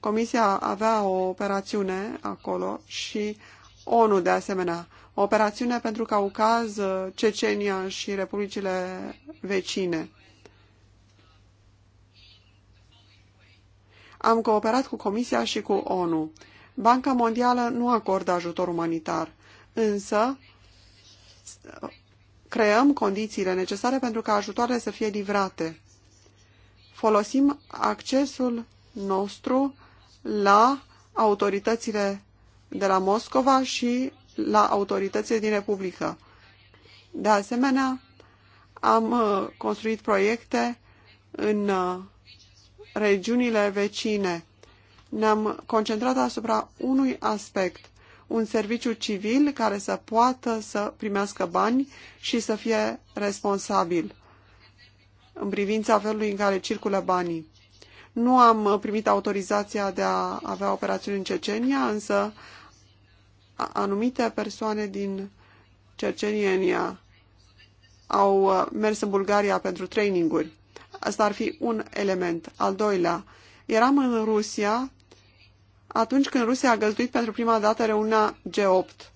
Comisia avea o operațiune acolo și ONU de asemenea. O operațiune pentru Caucaz, Cecenia și republicile vecine. Am cooperat cu Comisia și cu ONU. Banca Mondială nu acordă ajutor umanitar, însă creăm condițiile necesare pentru ca ajutoarele să fie livrate. Folosim accesul nostru la autoritățile de la Moscova și la autoritățile din Republică. De asemenea, am uh, construit proiecte în uh, regiunile vecine. Ne-am concentrat asupra unui aspect, un serviciu civil care să poată să primească bani și să fie responsabil în privința felului în care circulă banii. Nu am primit autorizația de a avea operațiuni în Cecenia, însă anumite persoane din Cecenia au uh, mers în Bulgaria pentru traininguri. Asta ar fi un element. Al doilea, eram în Rusia atunci când Rusia a găzduit pentru prima dată reuniunea G8.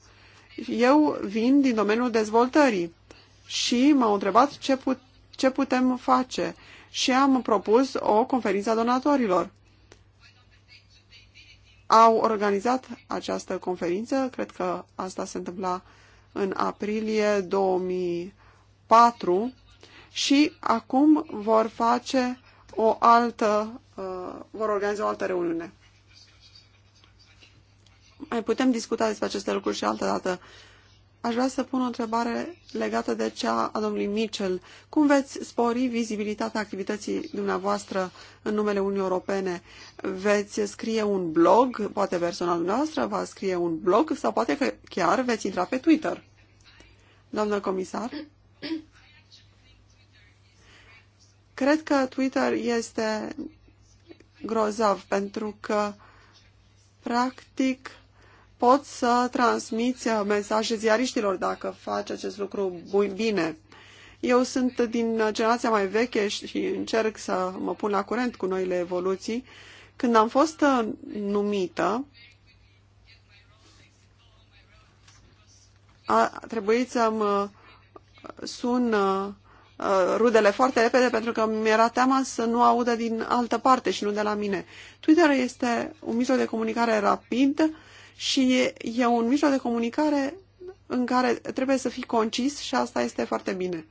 Eu vin din domeniul dezvoltării și m-au întrebat ce, put- ce putem face și am propus o conferință a donatorilor. Au organizat această conferință, cred că asta se întâmpla în aprilie 2004 și acum vor face o altă, uh, vor organiza o altă reuniune. Mai putem discuta despre aceste lucruri și altă dată, Aș vrea să pun o întrebare legată de cea a domnului Mitchell. Cum veți spori vizibilitatea activității dumneavoastră în numele Uniunii Europene? Veți scrie un blog, poate personal dumneavoastră va scrie un blog sau poate că chiar veți intra pe Twitter? Doamnă comisar? Cred că Twitter este grozav pentru că practic poți să transmiți mesaje ziariștilor dacă faci acest lucru bine. Eu sunt din generația mai veche și încerc să mă pun la curent cu noile evoluții. Când am fost numită, a trebuit să-mi sun uh, rudele foarte repede pentru că mi-era teama să nu audă din altă parte și nu de la mine. Twitter este un mijloc de comunicare rapid și e un mijloc de comunicare în care trebuie să fii concis și asta este foarte bine.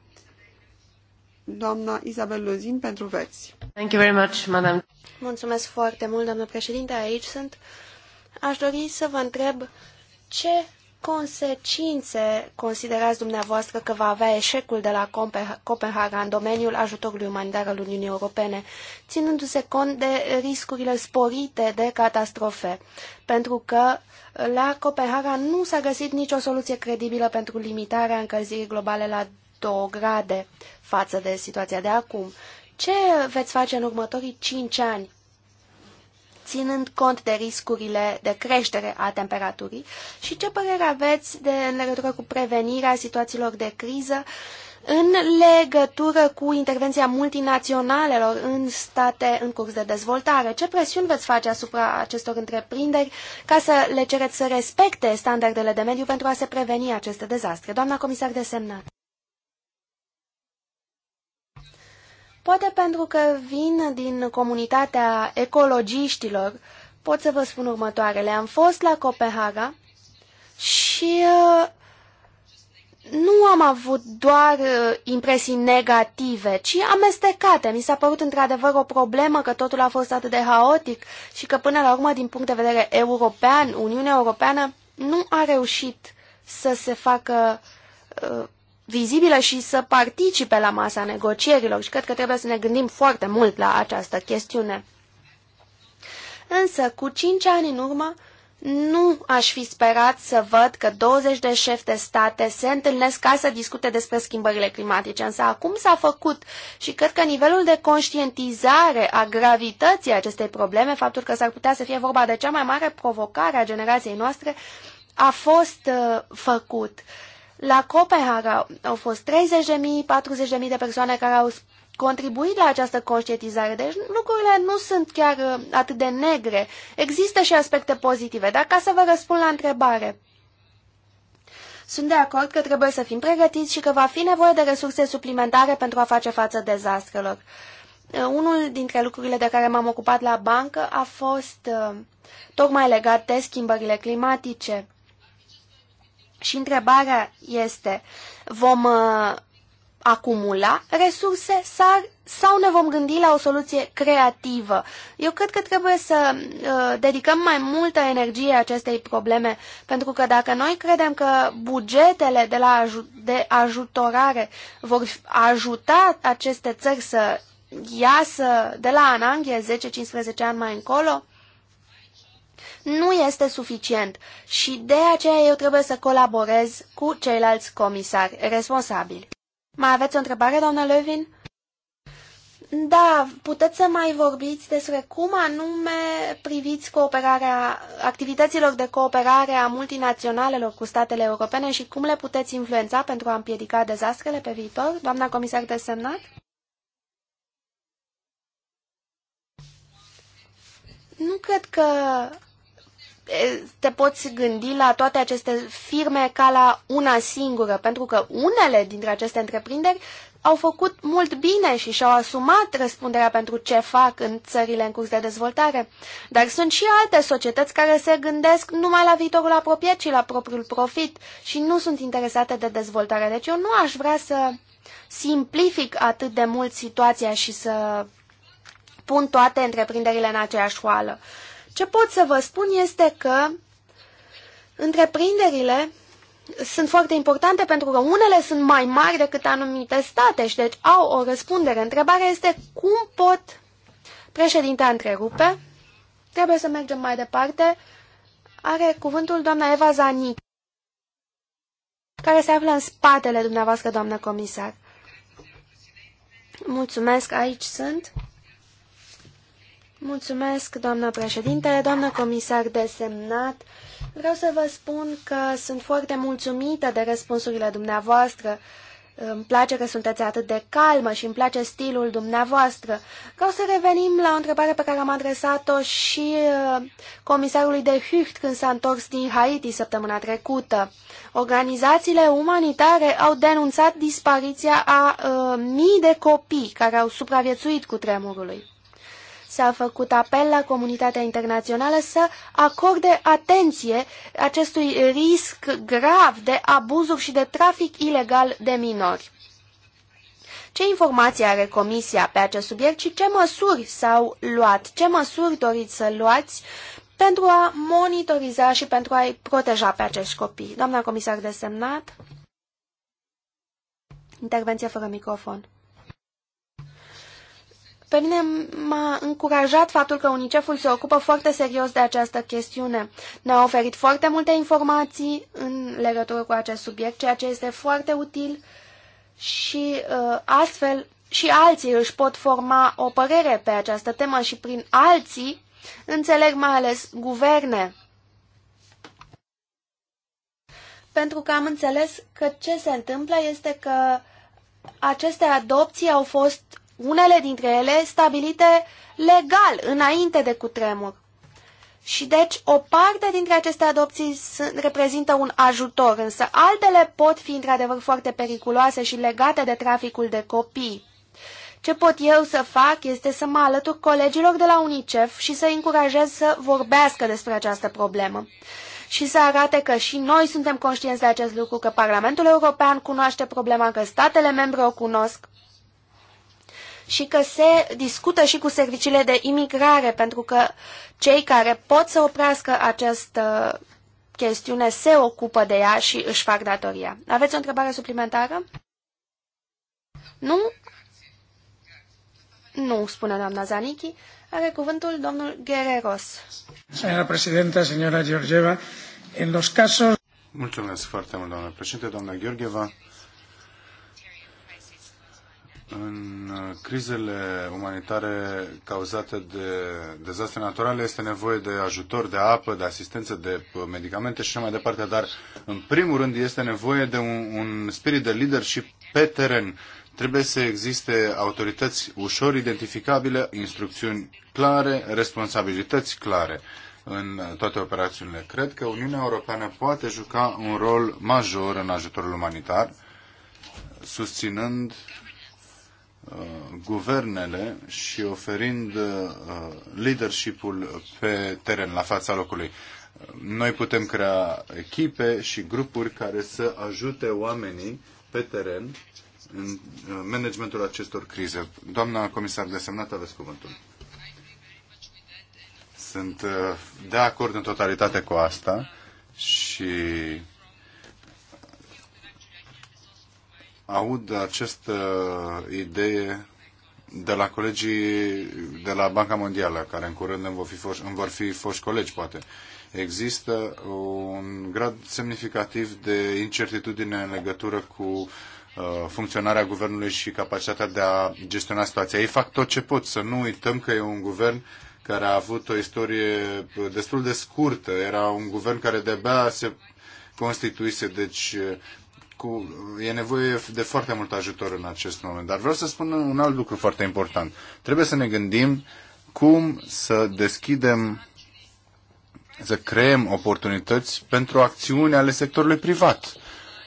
Doamna Isabel Lozin pentru Veți. Thank you very much, madam. Mulțumesc foarte mult, doamnă președinte. Aici sunt. Aș dori să vă întreb ce consecințe considerați dumneavoastră că va avea eșecul de la Copenhaga în domeniul ajutorului umanitar al Uniunii Europene, ținându-se cont de riscurile sporite de catastrofe? Pentru că la Copenhaga nu s-a găsit nicio soluție credibilă pentru limitarea încălzirii globale la 2 grade față de situația de acum. Ce veți face în următorii 5 ani ținând cont de riscurile de creștere a temperaturii și ce părere aveți de, în legătură cu prevenirea situațiilor de criză în legătură cu intervenția multinaționalelor în state în curs de dezvoltare. Ce presiuni veți face asupra acestor întreprinderi ca să le cereți să respecte standardele de mediu pentru a se preveni aceste dezastre? Doamna comisar desemnat. Poate pentru că vin din comunitatea ecologiștilor, pot să vă spun următoarele. Am fost la Copenhaga și uh, nu am avut doar uh, impresii negative, ci amestecate. Mi s-a părut într-adevăr o problemă că totul a fost atât de haotic și că până la urmă, din punct de vedere european, Uniunea Europeană nu a reușit să se facă uh, vizibilă și să participe la masa negocierilor și cred că trebuie să ne gândim foarte mult la această chestiune. Însă, cu cinci ani în urmă, nu aș fi sperat să văd că 20 de șefi de state se întâlnesc ca să discute despre schimbările climatice, însă acum s-a făcut și cred că nivelul de conștientizare a gravității acestei probleme, faptul că s-ar putea să fie vorba de cea mai mare provocare a generației noastre, a fost uh, făcut. Uh, la Copenhaga au fost 30.000, 40.000 de persoane care au contribuit la această conștientizare. Deci lucrurile nu sunt chiar uh, atât de negre. Există și aspecte pozitive. Dar ca să vă răspund la întrebare, sunt de acord că trebuie să fim pregătiți și că va fi nevoie de resurse suplimentare pentru a face față dezastrelor. Uh, unul dintre lucrurile de care m-am ocupat la bancă a fost uh, tocmai legat de schimbările climatice. Și întrebarea este, vom uh, acumula resurse sau, sau ne vom gândi la o soluție creativă? Eu cred că trebuie să uh, dedicăm mai multă energie acestei probleme, pentru că dacă noi credem că bugetele de, la aj- de ajutorare vor ajuta aceste țări să iasă de la ananghie 10-15 ani mai încolo, nu este suficient și de aceea eu trebuie să colaborez cu ceilalți comisari responsabili. Mai aveți o întrebare, doamnă Levin? Da, puteți să mai vorbiți despre cum anume priviți cooperarea, activităților de cooperare a multinaționalelor cu statele europene și cum le puteți influența pentru a împiedica dezastrele pe viitor, doamna comisar desemnat? Nu cred că te poți gândi la toate aceste firme ca la una singură, pentru că unele dintre aceste întreprinderi au făcut mult bine și și-au asumat răspunderea pentru ce fac în țările în curs de dezvoltare. Dar sunt și alte societăți care se gândesc numai la viitorul apropiat și la propriul profit și nu sunt interesate de dezvoltare. Deci eu nu aș vrea să simplific atât de mult situația și să pun toate întreprinderile în aceeași oală. Uh, ce pot să vă spun este că întreprinderile sunt foarte importante pentru că unele sunt mai mari decât anumite state și deci au o răspundere. Întrebarea este cum pot președinte întrerupe. Trebuie să mergem mai departe. Are cuvântul doamna Eva Zanic, care se află în spatele dumneavoastră, doamnă comisar. Mulțumesc, aici sunt. Mulțumesc, doamnă președinte, doamnă comisar desemnat. Vreau să vă spun că sunt foarte mulțumită de răspunsurile dumneavoastră. Îmi place că sunteți atât de calmă și îmi place stilul dumneavoastră. Vreau să revenim la o întrebare pe care am adresat-o și uh, comisarului de Hucht când s-a întors din Haiti săptămâna trecută. Organizațiile umanitare au denunțat dispariția a uh, mii de copii care au supraviețuit cu tremurului. S-a făcut apel la comunitatea internațională să acorde atenție acestui risc grav de abuzuri și de trafic ilegal de minori. Ce informații are Comisia pe acest subiect și ce măsuri s-au luat? Ce măsuri doriți să luați pentru a monitoriza și pentru a-i proteja pe acești copii? Doamna comisar desemnat? Intervenție fără microfon. Pe mine m-a încurajat faptul că unicef se ocupă foarte serios de această chestiune. Ne-a oferit foarte multe informații în legătură cu acest subiect, ceea ce este foarte util și uh, astfel și alții își pot forma o părere pe această temă și prin alții înțeleg mai ales guverne. Pentru că am înțeles că ce se întâmplă este că aceste adopții au fost unele dintre ele stabilite legal, înainte de cutremur. Și deci o parte dintre aceste adopții reprezintă un ajutor, însă altele pot fi într-adevăr foarte periculoase și legate de traficul de copii. Ce pot eu să fac este să mă alătur colegilor de la UNICEF și să încurajez să vorbească despre această problemă și să arate că și noi suntem conștienți de acest lucru, că Parlamentul European cunoaște problema, că statele membre o cunosc și că se discută și cu serviciile de imigrare, pentru că cei care pot să oprească această chestiune se ocupă de ea și își fac datoria. Aveți o întrebare suplimentară? Nu? Nu, spune doamna Zanichi. Are cuvântul domnul Guerreros. Señora președintă, señora Georgieva, în los casos... Mulțumesc foarte mult, doamna președinte, doamna Georgieva. În uh, crizele umanitare cauzate de dezastre naturale este nevoie de ajutor, de apă, de asistență, de uh, medicamente și așa mai departe, dar în primul rând este nevoie de un, un spirit de leadership pe teren. Trebuie să existe autorități ușor identificabile, instrucțiuni clare, responsabilități clare în toate operațiunile. Cred că Uniunea Europeană poate juca un rol major în ajutorul umanitar, susținând Uh, guvernele și oferind uh, leadership-ul pe teren, la fața locului. Noi putem crea echipe și grupuri care să ajute oamenii pe teren în uh, managementul acestor crize. Doamna comisar desemnată, aveți cuvântul. Sunt de acord în totalitate cu asta și aud această idee de la colegii de la Banca Mondială, care în curând îmi vor fi foști, îmi vor fi foști colegi, poate. Există un grad semnificativ de incertitudine în legătură cu uh, funcționarea guvernului și capacitatea de a gestiona situația. Ei fac tot ce pot, să nu uităm că e un guvern care a avut o istorie destul de scurtă. Era un guvern care de-abia se constituise, deci cu, e nevoie de foarte mult ajutor în acest moment. Dar vreau să spun un alt lucru foarte important. Trebuie să ne gândim cum să deschidem, să creăm oportunități pentru acțiuni ale sectorului privat.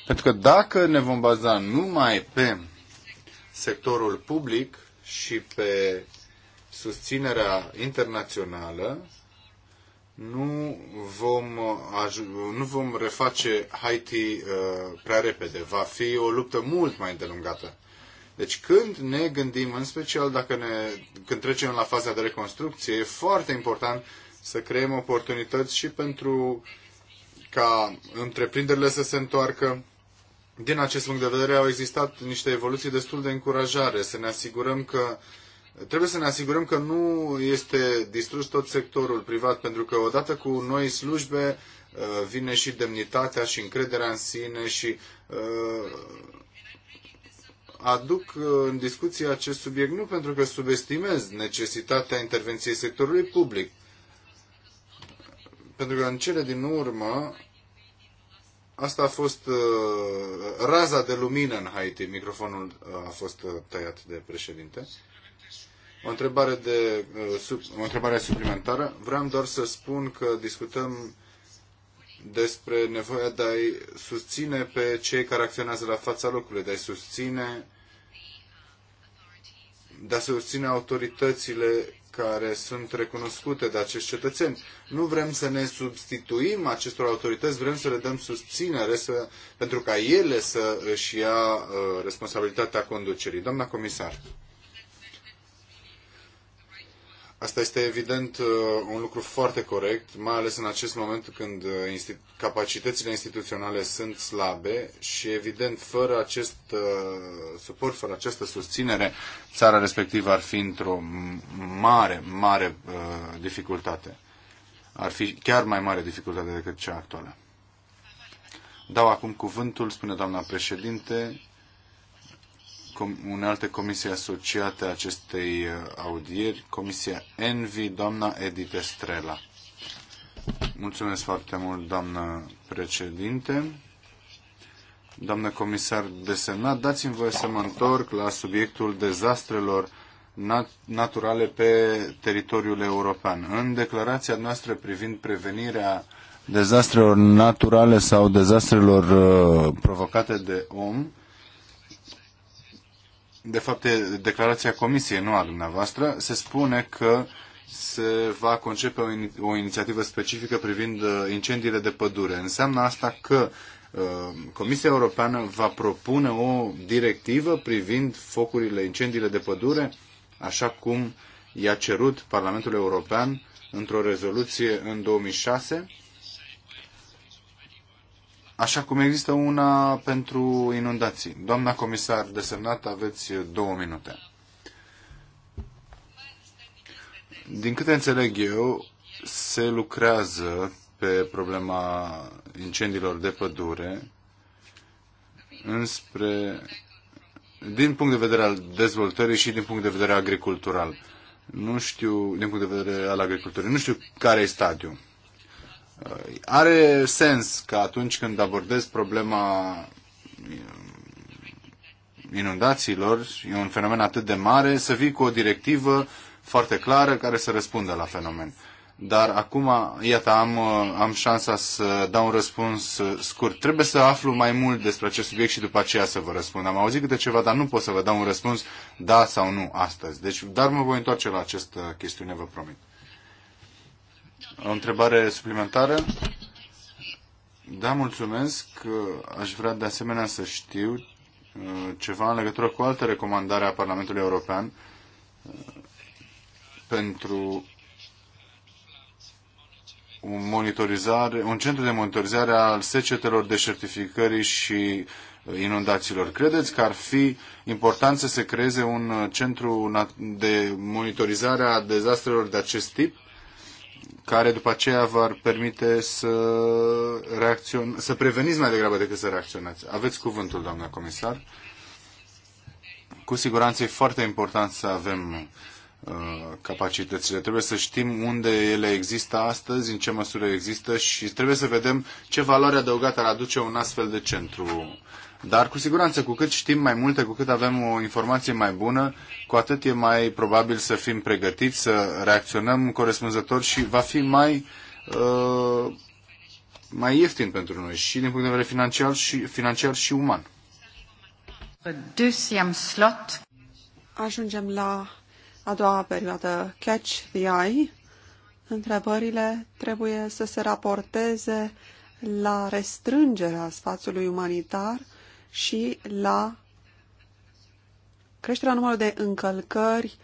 Pentru că dacă ne vom baza numai pe sectorul public și pe susținerea internațională, nu vom, nu vom reface Haiti uh, prea repede. Va fi o luptă mult mai îndelungată. Deci când ne gândim, în special dacă ne, când trecem la faza de reconstrucție, e foarte important să creăm oportunități și pentru ca întreprinderile să se întoarcă. Din acest punct de vedere au existat niște evoluții destul de încurajare, să ne asigurăm că uh, Trebuie să ne asigurăm că nu este distrus tot sectorul privat, pentru că odată cu noi slujbe uh, vine și demnitatea și încrederea în sine și uh, aduc uh, în discuție acest subiect nu pentru că subestimez necesitatea intervenției sectorului public, pentru că în cele din urmă asta a fost uh, raza de lumină în Haiti. Microfonul uh, a fost uh, tăiat de președinte. O întrebare, de, uh, o întrebare suplimentară. Vreau doar să spun că discutăm despre nevoia de a-i susține pe cei care acționează la fața locului, de a-i susține, de a susține autoritățile care sunt recunoscute de acești cetățeni. Nu vrem să ne substituim acestor autorități, vrem să le dăm susținere să, pentru ca ele să își ia uh, responsabilitatea conducerii. Doamna comisar. Asta este evident uh, un lucru foarte corect, mai ales în acest moment când uh, capacitățile instituționale sunt slabe și evident fără acest uh, suport, fără această susținere, țara respectivă ar fi într-o mare, mare dificultate. Ar fi chiar mai mare dificultate decât cea actuală. Dau acum cuvântul, spune doamna președinte, unealte comisii asociate acestei uh, audieri, Comisia Envi, doamna Edith Estrela. Mulțumesc foarte mult, doamnă președinte. Doamnă comisar desemnat, dați-mi voie să mă întorc la subiectul dezastrelor naturale pe teritoriul european. În declarația noastră privind prevenirea dezastrelor naturale sau dezastrelor uh, provocate de om, de fapt e declarația Comisiei, nu a dumneavoastră, se spune că se va concepe o, in, o inițiativă specifică privind uh, incendiile de pădure. Înseamnă asta că uh, Comisia Europeană va propune o directivă privind focurile, incendiile de pădure, așa cum i-a cerut Parlamentul European într-o rezoluție în 2006 așa cum există una pentru inundații. Doamna comisar desemnat, aveți două minute. Din câte înțeleg eu, se lucrează pe problema incendiilor de pădure înspre din punct de vedere al dezvoltării și din punct de vedere agricultural. Nu știu, din punct de vedere al agriculturii, nu știu care e stadiul. Are sens că atunci când abordez problema eh, inundațiilor, e un fenomen atât de mare, să vii cu o directivă foarte clară care să răspundă la fenomen. Dar acum, iată, am, eh, am șansa să dau un răspuns eh, scurt. Trebuie să aflu mai mult despre acest subiect și după aceea să vă răspund. Am auzit câte ceva, dar nu pot să vă dau un răspuns da sau nu astăzi. Deci, dar mă voi întoarce la această chestiune, vă promit. O întrebare suplimentară? Da, mulțumesc. Aș vrea de asemenea să știu uh, ceva în legătură cu alte recomandare a Parlamentului European uh, pentru un, monitorizare, un centru de monitorizare al secetelor de certificări și uh, inundațiilor. Credeți că ar fi important să se creeze un centru de monitorizare a dezastrelor de acest tip? care după aceea v-ar permite să, reacțion- să preveniți mai degrabă decât să reacționați. Aveți cuvântul, doamna comisar. Cu siguranță e foarte important să avem uh, capacitățile. Trebuie să știm unde ele există astăzi, în ce măsură există și trebuie să vedem ce valoare adăugată ar aduce un astfel de centru dar cu siguranță, cu cât știm mai multe, cu cât avem o informație mai bună, cu atât e mai probabil să fim pregătiți, să reacționăm corespunzător și va fi mai, uh, mai ieftin pentru noi și din punct de vedere financiar și, financiar și uman. Slot. Ajungem la a doua perioadă, Catch the Eye. Întrebările trebuie să se raporteze la restrângerea spațiului umanitar și la creșterea numărului de încălcări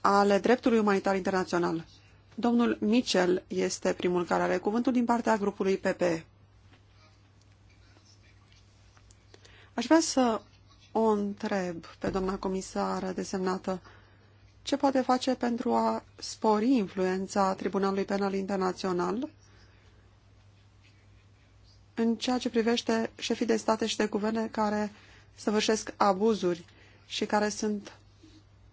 ale dreptului umanitar internațional. Domnul Mitchell este primul care are cuvântul din partea grupului PP. Aș vrea să o întreb pe doamna comisară desemnată ce poate face pentru a spori influența Tribunalului Penal Internațional în ceea ce privește șefii de state și de guverne care săvârșesc abuzuri și care sunt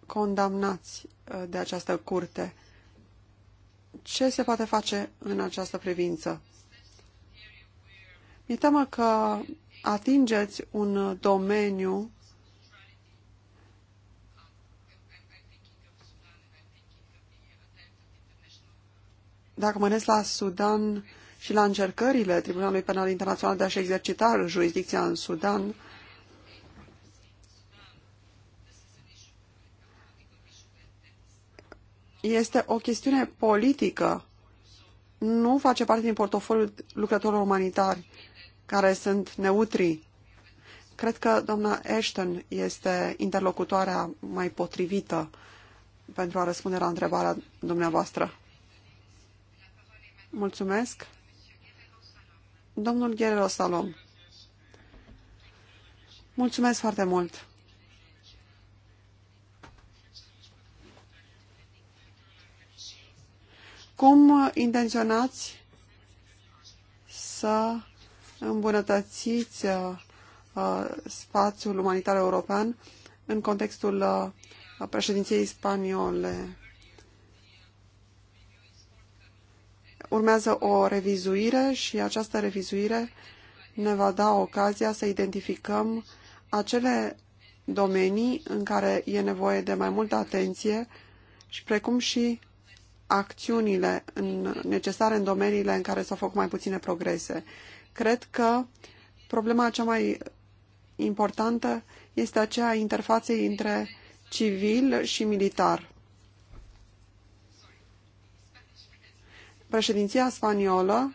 condamnați uh, de această curte. Ce se poate face în această privință? Mi-e teamă că atingeți un domeniu dacă mă la Sudan, și la încercările Tribunalului Penal Internațional de a-și exercita jurisdicția în Sudan, este o chestiune politică. Nu face parte din portofoliul lucrătorilor umanitari care sunt neutri. Cred că doamna Ashton este interlocutoarea mai potrivită pentru a răspunde la întrebarea dumneavoastră. Mulțumesc. Domnul Guerrero Salom. Mulțumesc foarte mult. Cum intenționați să îmbunătățiți uh, uh, spațiul umanitar european în contextul uh, președinției spaniole? urmează o revizuire și această revizuire ne va da ocazia să identificăm acele domenii în care e nevoie de mai multă atenție și precum și acțiunile în, necesare în domeniile în care s-au făcut mai puține progrese. Cred că problema cea mai importantă este aceea a interfaței între civil și militar. președinția spaniolă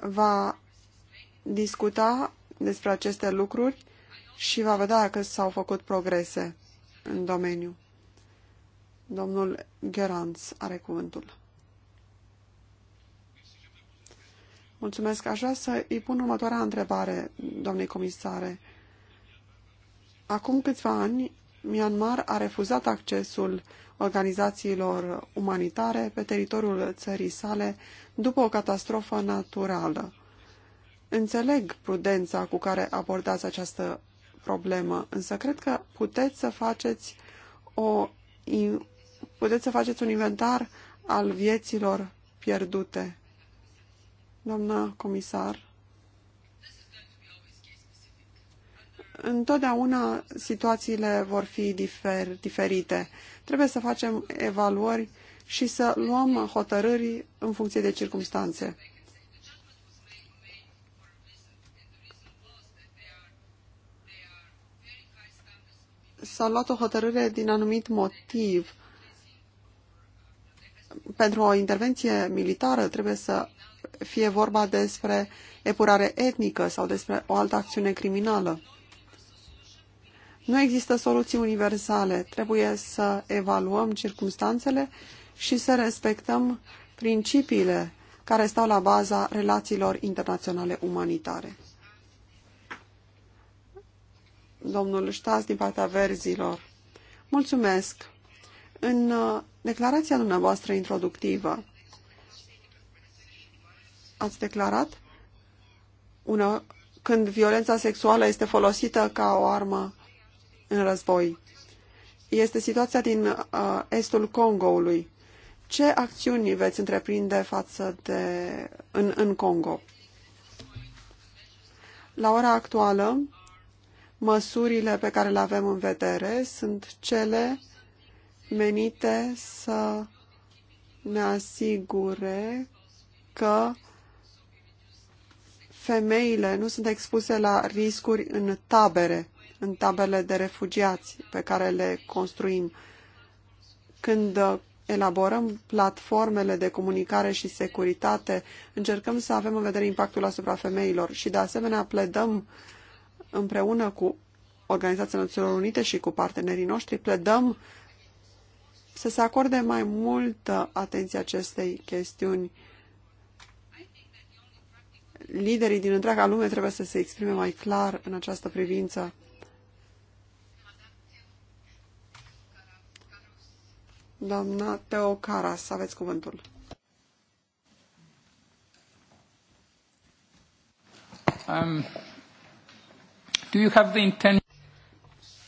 va discuta despre aceste lucruri și va vedea că s-au făcut progrese în domeniu. Domnul Gheranț are cuvântul. Mulțumesc. Aș vrea să îi pun următoarea întrebare, doamnei comisare. Acum câțiva ani Myanmar a refuzat accesul organizațiilor umanitare pe teritoriul țării sale după o catastrofă naturală. Înțeleg prudența cu care abordați această problemă, însă cred că puteți să faceți o puteți să faceți un inventar al vieților pierdute. Doamna comisar, întotdeauna situațiile vor fi difer, diferite. Trebuie să facem evaluări și să luăm hotărâri în funcție de circumstanțe. S-a luat o hotărâre din anumit motiv. Pentru o intervenție militară trebuie să fie vorba despre epurare etnică sau despre o altă acțiune criminală. Nu există soluții universale. Trebuie să evaluăm circumstanțele și să respectăm principiile care stau la baza relațiilor internaționale umanitare. Domnul Ștas din partea verzilor. Mulțumesc. În uh, declarația dumneavoastră introductivă ați declarat una, când violența sexuală este folosită ca o armă în război. Este situația din uh, estul Congoului. Ce acțiuni veți întreprinde față de în, în Congo? La ora actuală, măsurile pe care le avem în vedere sunt cele menite să ne asigure că femeile nu sunt expuse la riscuri în tabere în tabele de refugiați pe care le construim. Când uh, elaborăm platformele de comunicare și securitate, încercăm să avem în vedere impactul asupra femeilor și de asemenea pledăm împreună cu Organizația Națiunilor Unite și cu partenerii noștri, pledăm să se acorde mai multă atenție acestei chestiuni. Liderii din întreaga lume trebuie să se exprime mai clar în această privință. Doamna Teocaras, aveți cuvântul. Um, do you have the intent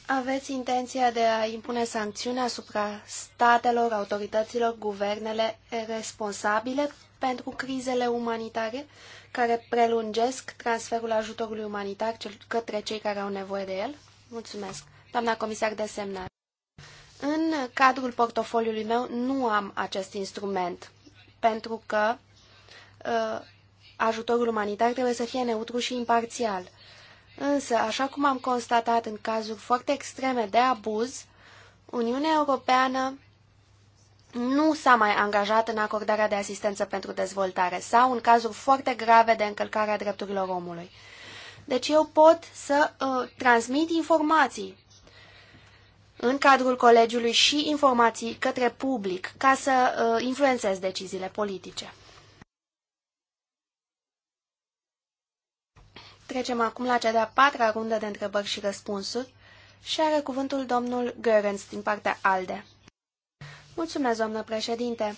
aveți intenția de a impune sancțiuni asupra statelor, autorităților, guvernele responsabile pentru crizele umanitare care prelungesc transferul ajutorului umanitar către cei care au nevoie de el? Mulțumesc. Doamna comisar de semnat. În cadrul portofoliului meu nu am acest instrument, pentru că uh, ajutorul umanitar trebuie să fie neutru și imparțial. Însă, așa cum am constatat în cazuri foarte extreme de abuz, Uniunea Europeană nu s-a mai angajat în acordarea de asistență pentru dezvoltare sau în cazuri foarte grave de încălcare a drepturilor omului. Deci eu pot să uh, transmit informații în cadrul colegiului și informații către public ca să uh, influențeze deciziile politice. Trecem acum la cea de-a patra rundă de întrebări și răspunsuri și are cuvântul domnul Görens din partea ALDE. Mulțumesc, domnul președinte!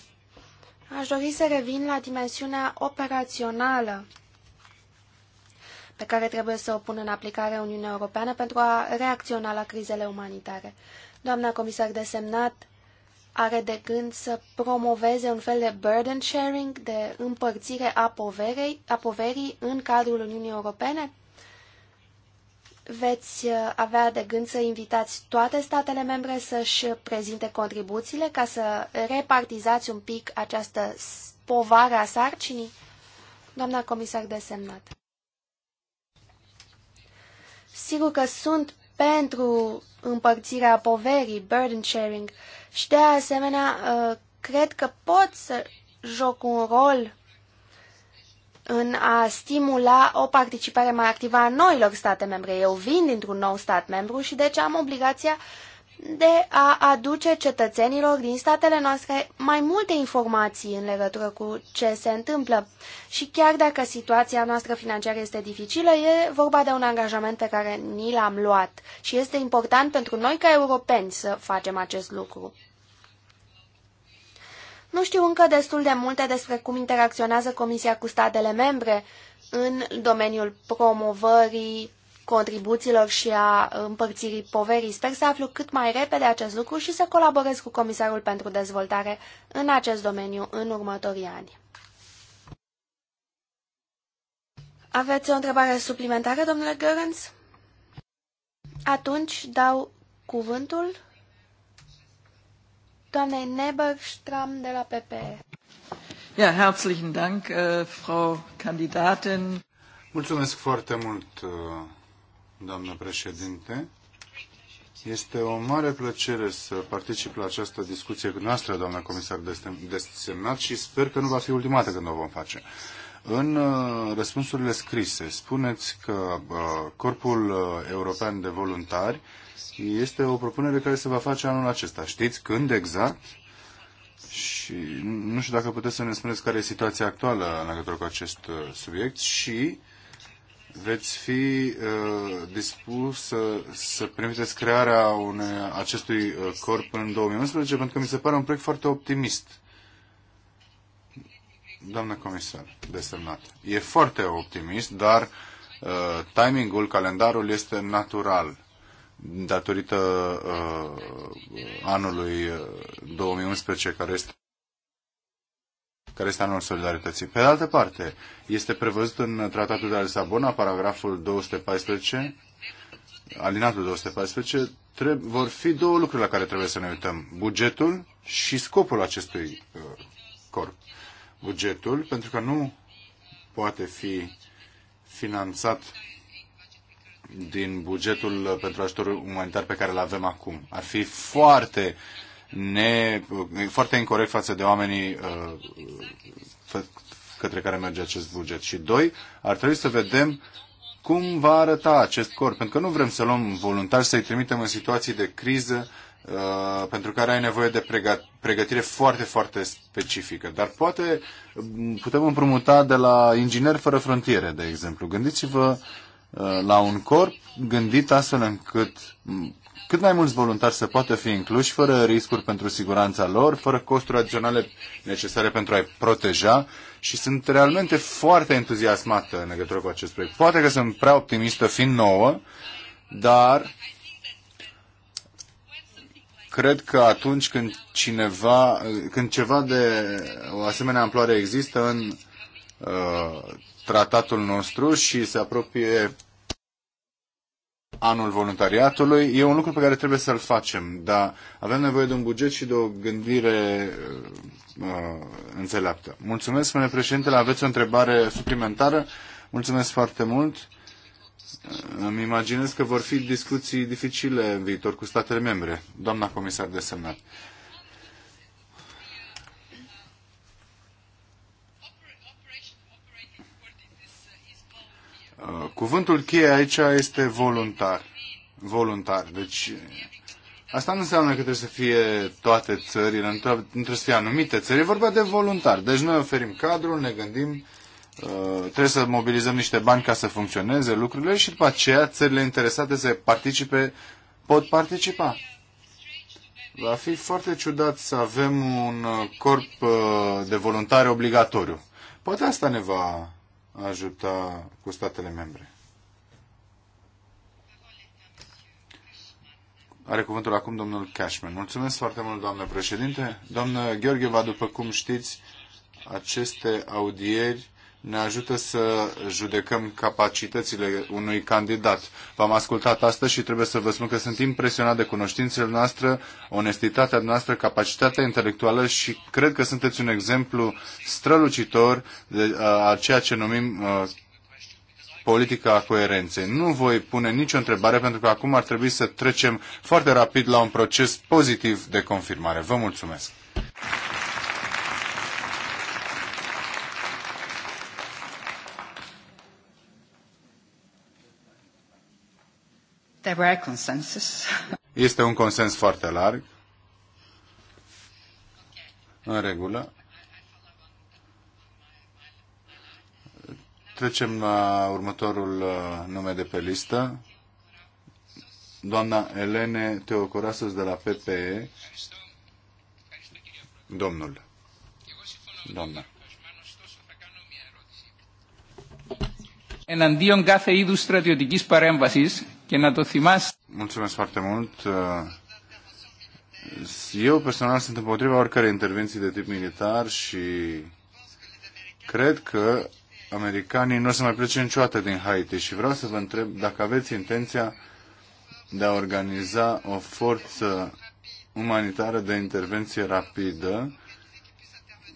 Aș dori să revin la dimensiunea operațională pe care trebuie să o pună în aplicare Uniunea Europeană pentru a reacționa la crizele umanitare. Doamna comisar desemnat are de gând să promoveze un fel de burden sharing, de împărțire a, poverei, a poverii în cadrul Uniunii Europene? Veți uh, avea de gând să invitați toate statele membre să-și prezinte contribuțiile ca să repartizați un pic această povară a sarcinii? Doamna comisar desemnat. Sigur că sunt pentru împărțirea poverii, burden sharing, și de asemenea uh, cred că pot să joc un rol în a stimula o participare mai activă a noilor state membre. Eu vin dintr-un nou stat membru și deci am obligația de a aduce cetățenilor din statele noastre mai multe informații în legătură cu ce se întâmplă. Și chiar dacă situația noastră financiară este dificilă, e vorba de un angajament pe care ni l-am luat și este important pentru noi ca europeni să facem acest lucru. Nu știu încă destul de multe despre cum interacționează Comisia cu statele membre în domeniul promovării contribuțiilor și a împărțirii poverii. Sper să aflu cât mai repede acest lucru și să colaborez cu Comisarul pentru Dezvoltare în acest domeniu în următorii ani. Aveți o întrebare suplimentară, domnule Gărânț? Atunci dau cuvântul doamnei Neberstram de la PPE. Ja, herzlichen Dank, äh, Frau Kandidatin. Mulțumesc foarte mult, doamnă președinte. Este o mare plăcere să particip la această discuție cu noastră, doamnă comisar desemnat, și sper că nu va fi ultima dată când o vom face. În uh, răspunsurile scrise, spuneți că uh, Corpul uh, European de Voluntari este o propunere care se va face anul acesta. Știți când exact? Și nu știu dacă puteți să ne spuneți care e situația actuală în legătură cu acest subiect și veți fi uh, dispus să, să primiteți crearea une, acestui uh, corp în 2011? Pentru că mi se pare un proiect foarte optimist. Doamna comisar, desemnat. E foarte optimist, dar uh, timingul, calendarul este natural datorită uh, anului 2011 uh, care este care este anul solidarității. Pe de altă parte, este prevăzut în Tratatul de la Lisabona, paragraful 214, alinatul 214, vor fi două lucruri la care trebuie să ne uităm. Bugetul și scopul acestui uh, corp. Bugetul, pentru că nu poate fi finanțat din bugetul uh, pentru ajutor umanitar pe care îl avem acum. Ar fi foarte uh, ne, foarte incorrect față de oamenii uh, către care merge acest buget. Și doi, ar trebui să vedem cum va arăta acest corp, pentru că nu vrem să luăm voluntari, să-i trimitem în situații de criză uh, pentru care ai nevoie de pregătire foarte, foarte specifică. Dar poate mm, putem împrumuta de la Ingineri Fără Frontiere, de exemplu. Gândiți-vă uh, la un corp gândit astfel încât mm, cât mai mulți voluntari să poată fi incluși fără riscuri pentru siguranța lor, fără costuri adiționale necesare pentru a-i proteja și sunt realmente foarte entuziasmată în legătură cu acest proiect. Poate că sunt prea optimistă fiind nouă, dar cred că atunci când cineva, când ceva de o asemenea amploare există în uh, tratatul nostru și se apropie anul voluntariatului. E un lucru pe care trebuie să-l facem, dar avem nevoie de un buget și de o gândire uh, uh înțeleaptă. Mulțumesc, domnule președinte, Aveți o întrebare suplimentară? Mulțumesc foarte mult. Uh, îmi imaginez că vor fi discuții dificile în viitor cu statele membre, doamna comisar desemnat. Uh, cuvântul cheie aici este voluntar. Voluntar. Deci asta nu înseamnă că trebuie să fie toate țările, nu trebuie să fie anumite țări, e vorba de voluntar. Deci noi oferim cadrul, ne gândim, uh, trebuie să mobilizăm niște bani ca să funcționeze lucrurile și după aceea țările interesate să participe pot participa. Va fi foarte ciudat să avem un corp uh, de voluntari obligatoriu. Poate asta ne va ajuta cu statele membre. Are cuvântul acum domnul Cashman. Mulțumesc foarte mult, doamnă președinte. Doamnă Gheorgheva, după cum știți, aceste audieri ne ajută să judecăm capacitățile unui candidat. V-am ascultat astăzi și trebuie să vă spun că sunt impresionat de cunoștințele noastre, onestitatea noastră, capacitatea intelectuală și cred că sunteți un exemplu strălucitor de uh, a ceea ce numim uh, politica coerenței. Nu voi pune nicio întrebare pentru că acum ar trebui să trecem foarte rapid la un proces pozitiv de confirmare. Vă mulțumesc! Este un consens foarte larg. În regulă. Trecem la următorul uh, nume de pe listă. Doamna Elene Teocurasus de la PPE. Domnul. Doamna. Εναντίον κάθε είδους στρατιωτικής παρέμβασης και Mulțumesc foarte mult. Eu personal sunt împotriva oricărei intervenții de tip militar și cred că americanii nu o să mai plece niciodată din Haiti și vreau să vă întreb dacă aveți intenția de a organiza o forță umanitară de intervenție rapidă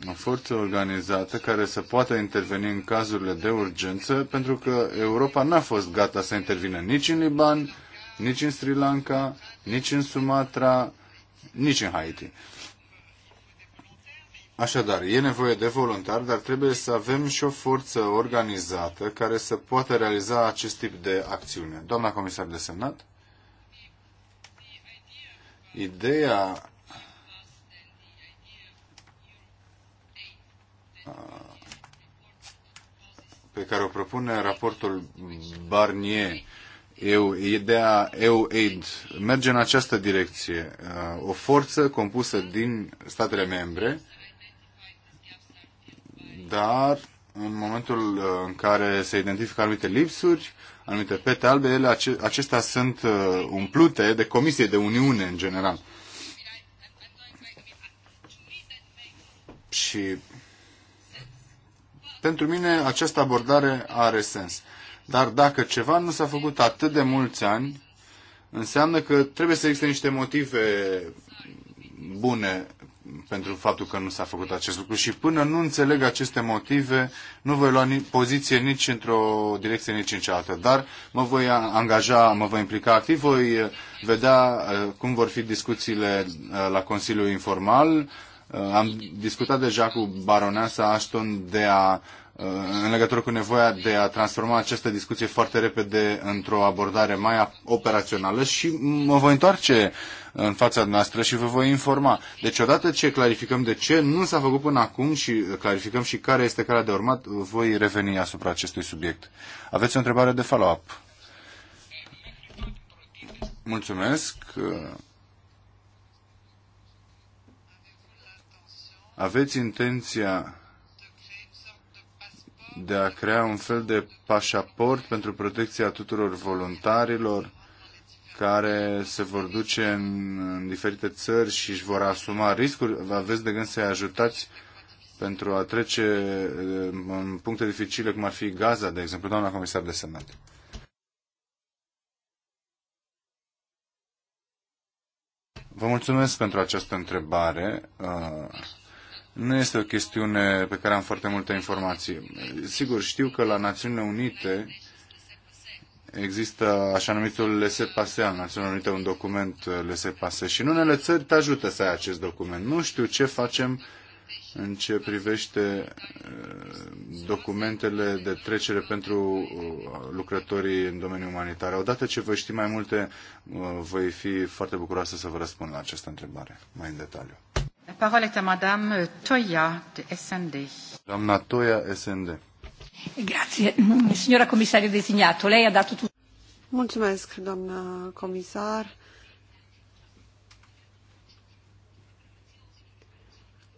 o forță organizată care să poată interveni în cazurile de urgență, pentru că Europa n-a fost gata să intervină nici în Liban, nici în Sri Lanka, nici în Sumatra, nici în Haiti. Așadar, e nevoie de voluntari, dar trebuie să avem și o forță organizată care să poată realiza acest tip de acțiune. Doamna comisar de senat, ideea pe care o propune raportul Barnier, EU, ideea EU-Aid, merge în această direcție. Uh, o forță compusă din statele membre, dar în momentul uh, în care se identifică anumite lipsuri, anumite pete albe, ele, acestea sunt uh, umplute de Comisie de Uniune în general. Și pentru mine această abordare are sens. Dar dacă ceva nu s-a făcut atât de mulți ani, înseamnă că trebuie să existe niște motive bune pentru faptul că nu s-a făcut acest lucru și până nu înțeleg aceste motive, nu voi lua ni- poziție nici într-o direcție, nici în cealaltă. Dar mă voi angaja, mă voi implica activ, voi eh, vedea eh, cum vor fi discuțiile eh, la Consiliul Informal, Uh, am discutat deja cu baroneasa Ashton de a, uh, în legătură cu nevoia de a transforma această discuție foarte repede într-o abordare mai operațională și mă voi întoarce în fața noastră și vă voi informa. Deci odată ce clarificăm de ce nu s-a făcut până acum și clarificăm și care este calea de urmat, voi reveni asupra acestui subiect. Aveți o întrebare de follow-up? Mulțumesc. Uh, aveți intenția de a crea un fel de pașaport pentru protecția tuturor voluntarilor care se vor duce în, în diferite țări și își vor asuma riscuri? Aveți de gând să-i ajutați pentru a trece uh, în puncte dificile, cum ar fi Gaza, de exemplu, doamna comisar de semnat? Vă mulțumesc pentru această întrebare. Uh, nu este o chestiune pe care am foarte multă informație. Sigur, știu că la Națiunile Unite există așa numitul lese pase al Națiunilor Unite, un document lese pase și în unele țări te ajută să ai acest document. Nu știu ce facem în ce privește uh, documentele de trecere pentru uh, lucrătorii în domeniul umanitar. Odată ce voi ști mai multe, uh, voi fi foarte bucuroasă să vă răspund la această întrebare mai în detaliu. Parola este à Madame Toia de SND. Doamna Toia, SND. Grazie. Signora comisario designato, lei ha dato tutto. Mulțumesc, doamna comisar.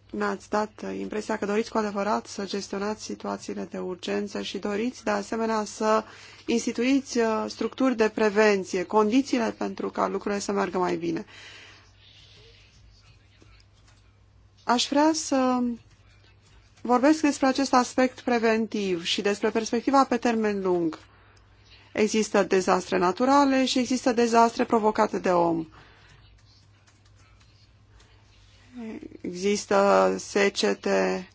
ne-ați dat impresia că doriți cu adevărat să gestionați situațiile de urgență și doriți de asemenea să instituiți uh, structuri de prevenție, condițiile pentru ca lucrurile să meargă mai bine. Aș vrea să vorbesc despre acest aspect preventiv și despre perspectiva pe termen lung. Există dezastre naturale și există dezastre provocate de om. Există secete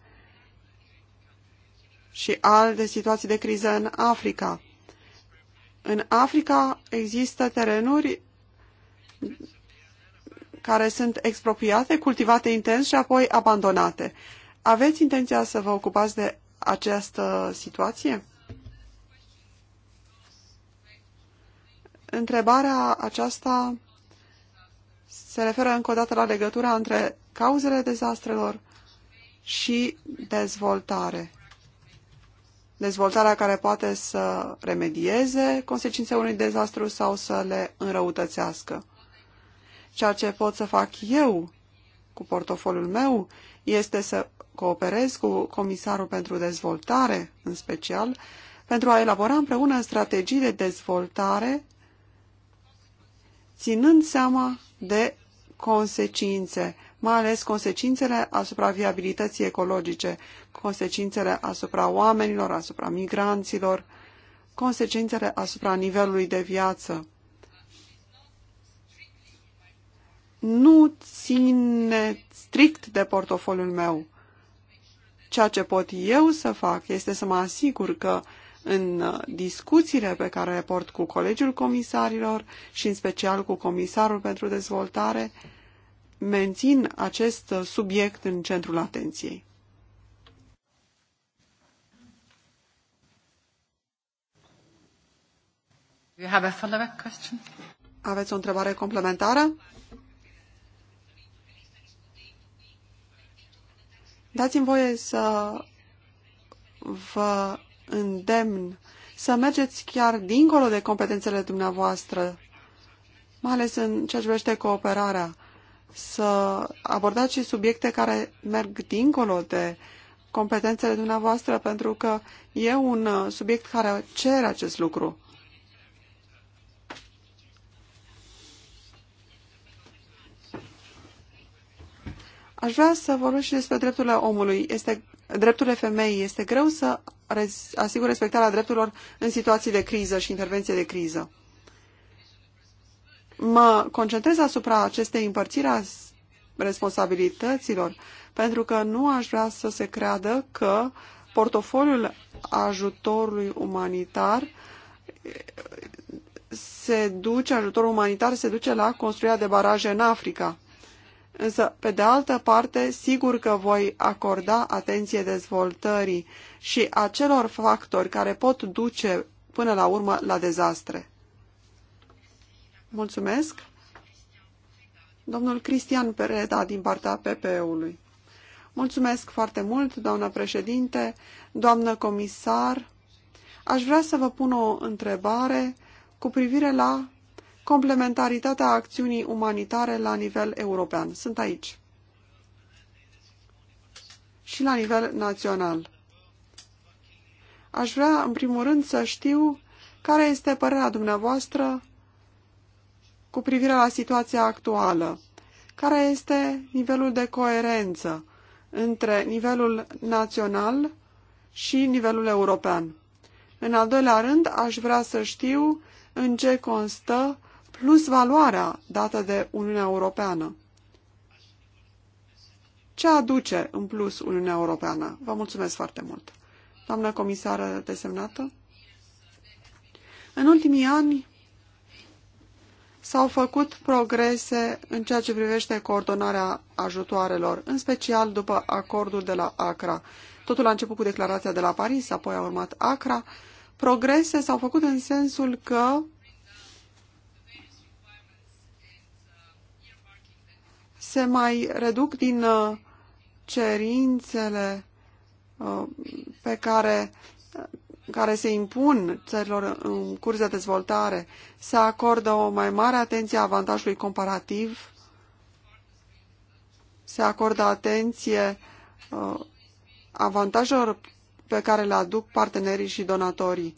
și alte situații de criză în Africa. În Africa există terenuri care sunt expropiate, cultivate intens și apoi abandonate. Aveți intenția să vă ocupați de această situație? Întrebarea aceasta se referă încă o dată la legătura între cauzele dezastrelor și dezvoltare. Dezvoltarea care poate să remedieze consecințe unui dezastru sau să le înrăutățească. Ceea ce pot să fac eu cu portofoliul meu este să cooperez cu Comisarul pentru Dezvoltare, în special, pentru a elabora împreună strategii de dezvoltare, ținând seama de consecințe, mai ales consecințele asupra viabilității ecologice, consecințele asupra oamenilor, asupra migranților, consecințele asupra nivelului de viață. nu ține strict de portofoliul meu. Ceea ce pot eu să fac este să mă asigur că în discuțiile pe care le port cu Colegiul Comisarilor și în special cu Comisarul pentru Dezvoltare, mențin acest subiect în centrul atenției. You have a follow-up question? Aveți o întrebare complementară? Dați-mi voie să vă îndemn să mergeți chiar dincolo de competențele dumneavoastră, mai ales în ceea ce privește cooperarea, să abordați și subiecte care merg dincolo de competențele dumneavoastră, pentru că e un subiect care cere acest lucru. Aș vrea să vorbesc și despre drepturile omului. Este, drepturile femeii. Este greu să asigur respectarea drepturilor în situații de criză și intervenție de criză. Mă concentrez asupra acestei împărțiri a responsabilităților, pentru că nu aș vrea să se creadă că portofoliul ajutorului umanitar se duce, ajutorul umanitar se duce la construirea de baraje în Africa. Însă, pe de altă parte, sigur că voi acorda atenție dezvoltării și acelor factori care pot duce până la urmă la dezastre. Mulțumesc. Domnul Cristian Pereda din partea PPE-ului. Mulțumesc foarte mult, doamnă președinte, doamnă comisar. Aș vrea să vă pun o întrebare cu privire la complementaritatea acțiunii umanitare la nivel european. Sunt aici. Și la nivel național. Aș vrea, în primul rând, să știu care este părerea dumneavoastră cu privire la situația actuală. Care este nivelul de coerență între nivelul național și nivelul european? În al doilea rând, aș vrea să știu în ce constă plus valoarea dată de Uniunea Europeană. Ce aduce în plus Uniunea Europeană? Vă mulțumesc foarte mult. Doamna comisară desemnată? În ultimii ani s-au făcut progrese în ceea ce privește coordonarea ajutoarelor, în special după acordul de la Acra. Totul a început cu declarația de la Paris, apoi a urmat Acra. Progrese s-au făcut în sensul că se mai reduc din uh, cerințele uh, pe care, uh, care se impun țărilor în curs de dezvoltare. Se acordă o mai mare atenție avantajului comparativ, se acordă atenție avantajelor pe care le aduc partenerii și donatorii.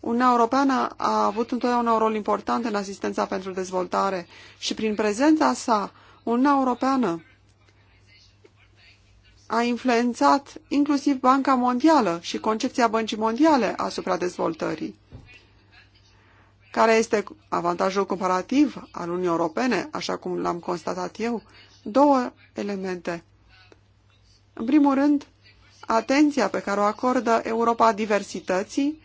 Uniunea Europeană a avut întotdeauna un rol important în asistența pentru dezvoltare și prin prezența sa Uniunea Europeană a influențat inclusiv Banca Mondială și concepția Băncii Mondiale asupra dezvoltării. Care este avantajul comparativ al Uniunii Europene, așa cum l-am constatat eu? Două elemente. În primul rând, atenția pe care o acordă Europa diversității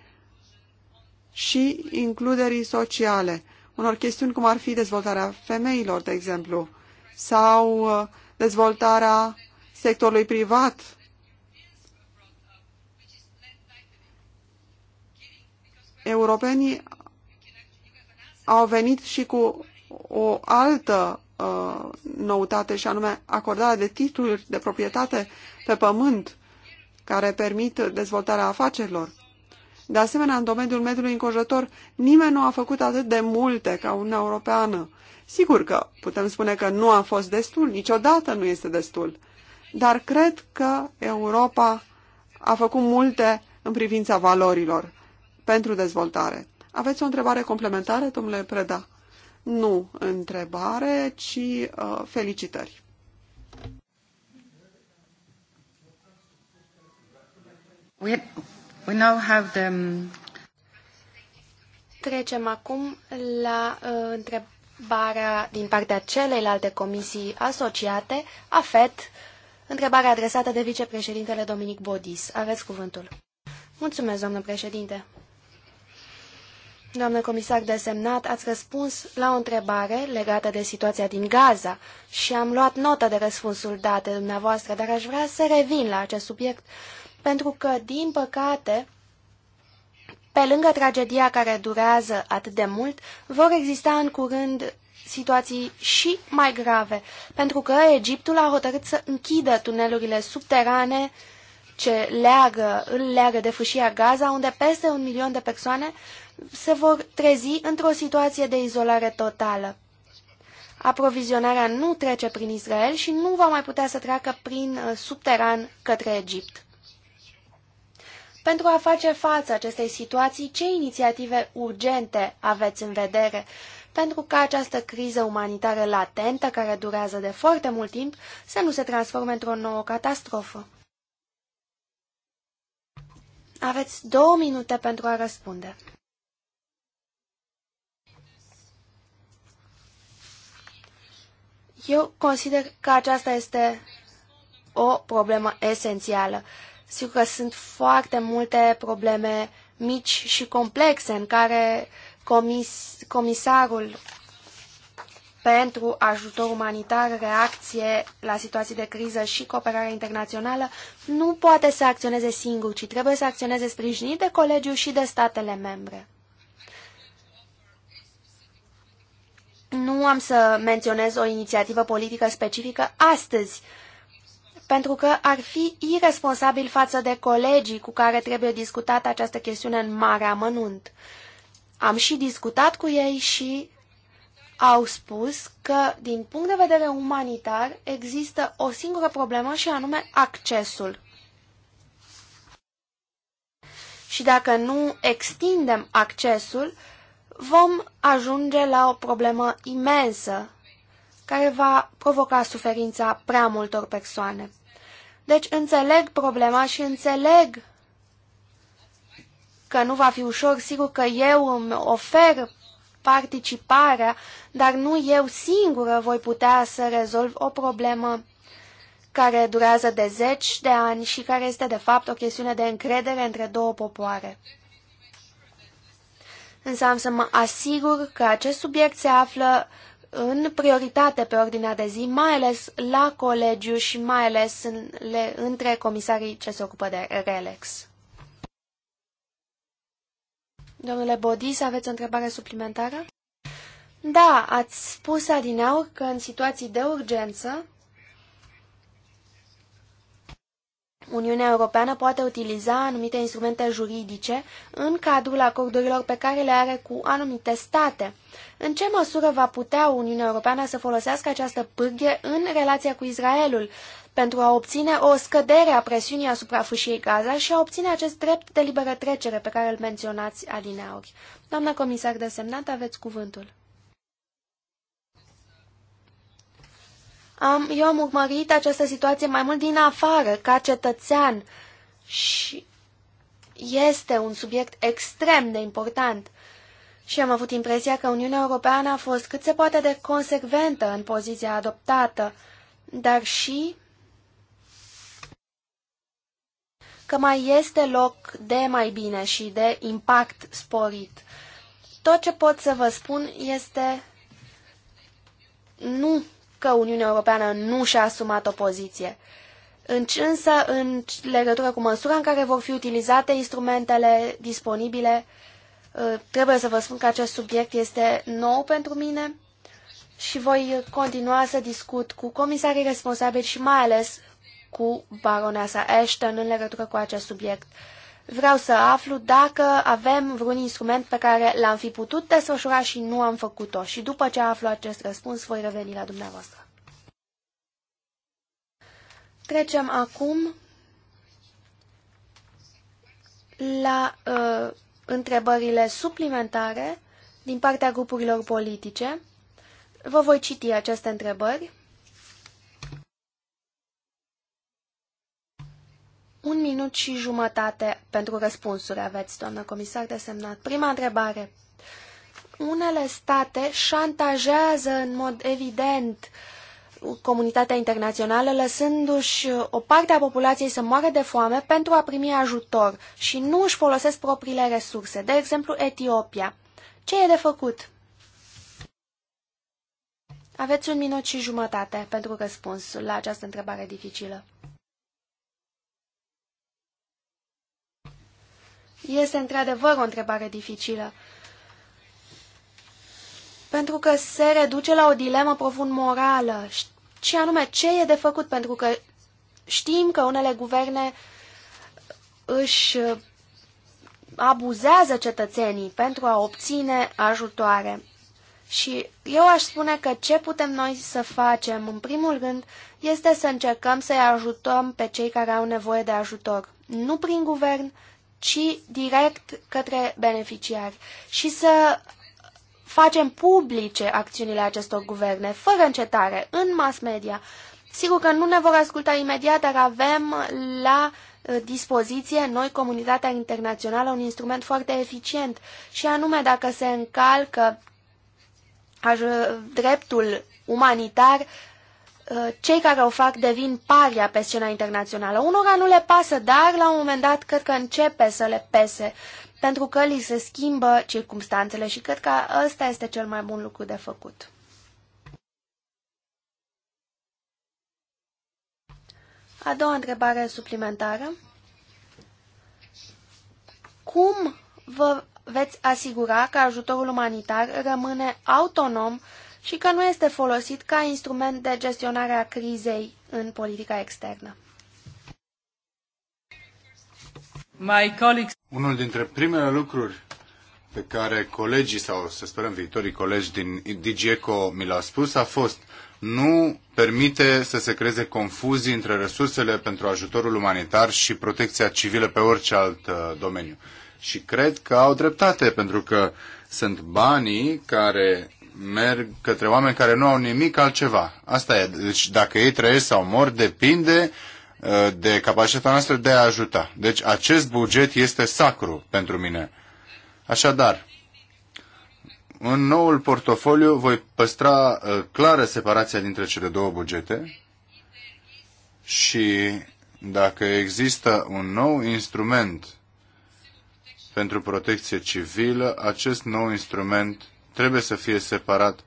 și includerii sociale, unor chestiuni cum ar fi dezvoltarea femeilor, de exemplu, sau uh, dezvoltarea sectorului privat. Europenii au venit și cu o altă uh, noutate și anume acordarea de titluri de proprietate pe pământ care permit dezvoltarea afacerilor. De asemenea, în domeniul mediului înconjurător, nimeni nu a făcut atât de multe ca Uniunea Europeană. Sigur că putem spune că nu a fost destul, niciodată nu este destul, dar cred că Europa a făcut multe în privința valorilor pentru dezvoltare. Aveți o întrebare complementară, domnule Preda? Nu întrebare, ci uh, felicitări. We, we now have the... Um, Trecem acum la uh, întrebare întrebarea din partea celeilalte comisii asociate, AFET, întrebarea adresată de vicepreședintele Dominic Bodis. Aveți cuvântul. Mulțumesc, doamnă președinte. Doamnă comisar desemnat, ați răspuns la o întrebare legată de situația din Gaza și am luat notă de răspunsul dat de dumneavoastră, dar aș vrea să revin la acest subiect, pentru că, din păcate, pe lângă tragedia care durează atât de mult, vor exista în curând situații și mai grave, pentru că Egiptul a hotărât să închidă tunelurile subterane ce leagă, îl leagă de fâșia Gaza, unde peste un milion de persoane se vor trezi într-o situație de izolare totală. Aprovizionarea nu trece prin Israel și nu va mai putea să treacă prin uh, subteran către Egipt. Pentru a face față acestei situații, ce inițiative urgente aveți în vedere pentru ca această criză umanitară latentă, care durează de foarte mult timp, să nu se transforme într-o nouă catastrofă? Aveți două minute pentru a răspunde. Eu consider că aceasta este o problemă esențială Sigur că sunt foarte multe probleme mici și complexe în care comis, comisarul pentru ajutor umanitar, reacție la situații de criză și cooperare internațională nu poate să acționeze singur, ci trebuie să acționeze sprijinit de colegiu și de statele membre. Nu am să menționez o inițiativă politică specifică astăzi, pentru că ar fi irresponsabil față de colegii cu care trebuie discutată această chestiune în mare amănunt. Am și discutat cu ei și au spus că, din punct de vedere umanitar, există o singură problemă și anume accesul. Și dacă nu extindem accesul, vom ajunge la o problemă imensă care va provoca suferința prea multor persoane. Deci înțeleg problema și înțeleg că nu va fi ușor, sigur că eu îmi ofer participarea, dar nu eu singură voi putea să rezolv o problemă care durează de zeci de ani și care este de fapt o chestiune de încredere între două popoare. Însă am să mă asigur că acest subiect se află în prioritate pe ordinea de zi, mai ales la colegiu și mai ales în, le, între comisarii ce se ocupă de RELEX. Domnule Bodis, aveți o întrebare suplimentară? Da, ați spus adineaur că în situații de urgență Uniunea Europeană poate utiliza anumite instrumente juridice în cadrul acordurilor pe care le are cu anumite state. În ce măsură va putea Uniunea Europeană să folosească această pârghie în relația cu Israelul pentru a obține o scădere a presiunii asupra fâșiei Gaza și a obține acest drept de liberă trecere pe care îl menționați alineauri? Doamna comisar desemnat, aveți cuvântul. Am, eu am urmărit această situație mai mult din afară, ca cetățean și este un subiect extrem de important. Și am avut impresia că Uniunea Europeană a fost cât se poate de consecventă în poziția adoptată, dar și că mai este loc de mai bine și de impact sporit. Tot ce pot să vă spun este nu că Uniunea Europeană nu și-a asumat o poziție. Însă, în legătură cu măsura în care vor fi utilizate instrumentele disponibile, uh, trebuie să vă spun că acest subiect este nou pentru mine și voi continua să discut cu comisarii responsabili și mai ales cu baronesa Ashton în legătură cu acest subiect. Vreau să aflu dacă avem vreun instrument pe care l-am fi putut desfășura și nu am făcut-o. Și după ce aflu acest răspuns, voi reveni la dumneavoastră. Trecem acum la uh, întrebările suplimentare din partea grupurilor politice. Vă voi citi aceste întrebări. Un minut și jumătate pentru răspunsuri aveți, doamnă comisar de semnat. Prima întrebare. Unele state șantajează în mod evident comunitatea internațională, lăsându-și o parte a populației să moară de foame pentru a primi ajutor și nu își folosesc propriile resurse, de exemplu Etiopia. Ce e de făcut? Aveți un minut și jumătate pentru răspunsul la această întrebare dificilă. Este într-adevăr o întrebare dificilă, pentru că se reduce la o dilemă profund morală, și anume ce e de făcut, pentru că știm că unele guverne își uh, abuzează cetățenii pentru a obține ajutoare. Și eu aș spune că ce putem noi să facem, în primul rând, este să încercăm să-i ajutăm pe cei care au nevoie de ajutor. Nu prin guvern, ci direct către beneficiari și să facem publice acțiunile acestor guverne, fără încetare, în mass media. Sigur că nu ne vor asculta imediat, dar avem la uh, dispoziție noi, comunitatea internațională, un instrument foarte eficient și anume dacă se încalcă dreptul umanitar, Uh, cei care o fac devin paria pe scena internațională. Unora nu le pasă, dar la un moment dat cred că începe să le pese, pentru că li se schimbă circumstanțele și cred că ăsta este cel mai bun lucru de făcut. A doua întrebare suplimentară. Cum vă veți asigura că ajutorul umanitar rămâne autonom și că nu este folosit ca instrument de gestionare a crizei în politica externă. My colleagues... Unul dintre primele lucruri pe care colegii sau să sperăm viitorii colegi din DGECO mi l-au spus a fost nu permite să se creeze confuzii între resursele pentru ajutorul umanitar și protecția civilă pe orice alt uh, domeniu. Și cred că au dreptate, pentru că sunt banii care merg către oameni care nu au nimic altceva. Asta e. Deci dacă ei trăiesc sau mor, depinde uh, de capacitatea noastră de a ajuta. Deci acest buget este sacru pentru mine. Așadar, în noul portofoliu voi păstra uh, clară separația dintre cele două bugete și dacă există un nou instrument pentru protecție civilă, acest nou instrument trebuie să fie separat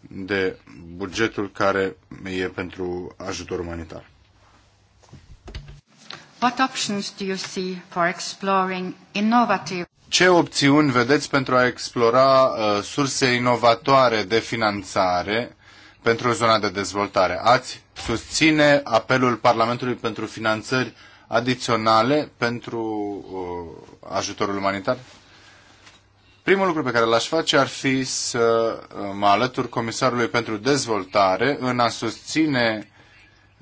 de bugetul care e pentru ajutor umanitar. What options do you see for exploring innovative ce opțiuni vedeți pentru a explora uh, surse inovatoare de finanțare pentru zona de dezvoltare? Ați susține apelul Parlamentului pentru finanțări adiționale pentru uh, ajutorul umanitar? Primul lucru pe care l-aș face ar fi să uh, mă alătur Comisarului pentru Dezvoltare în a susține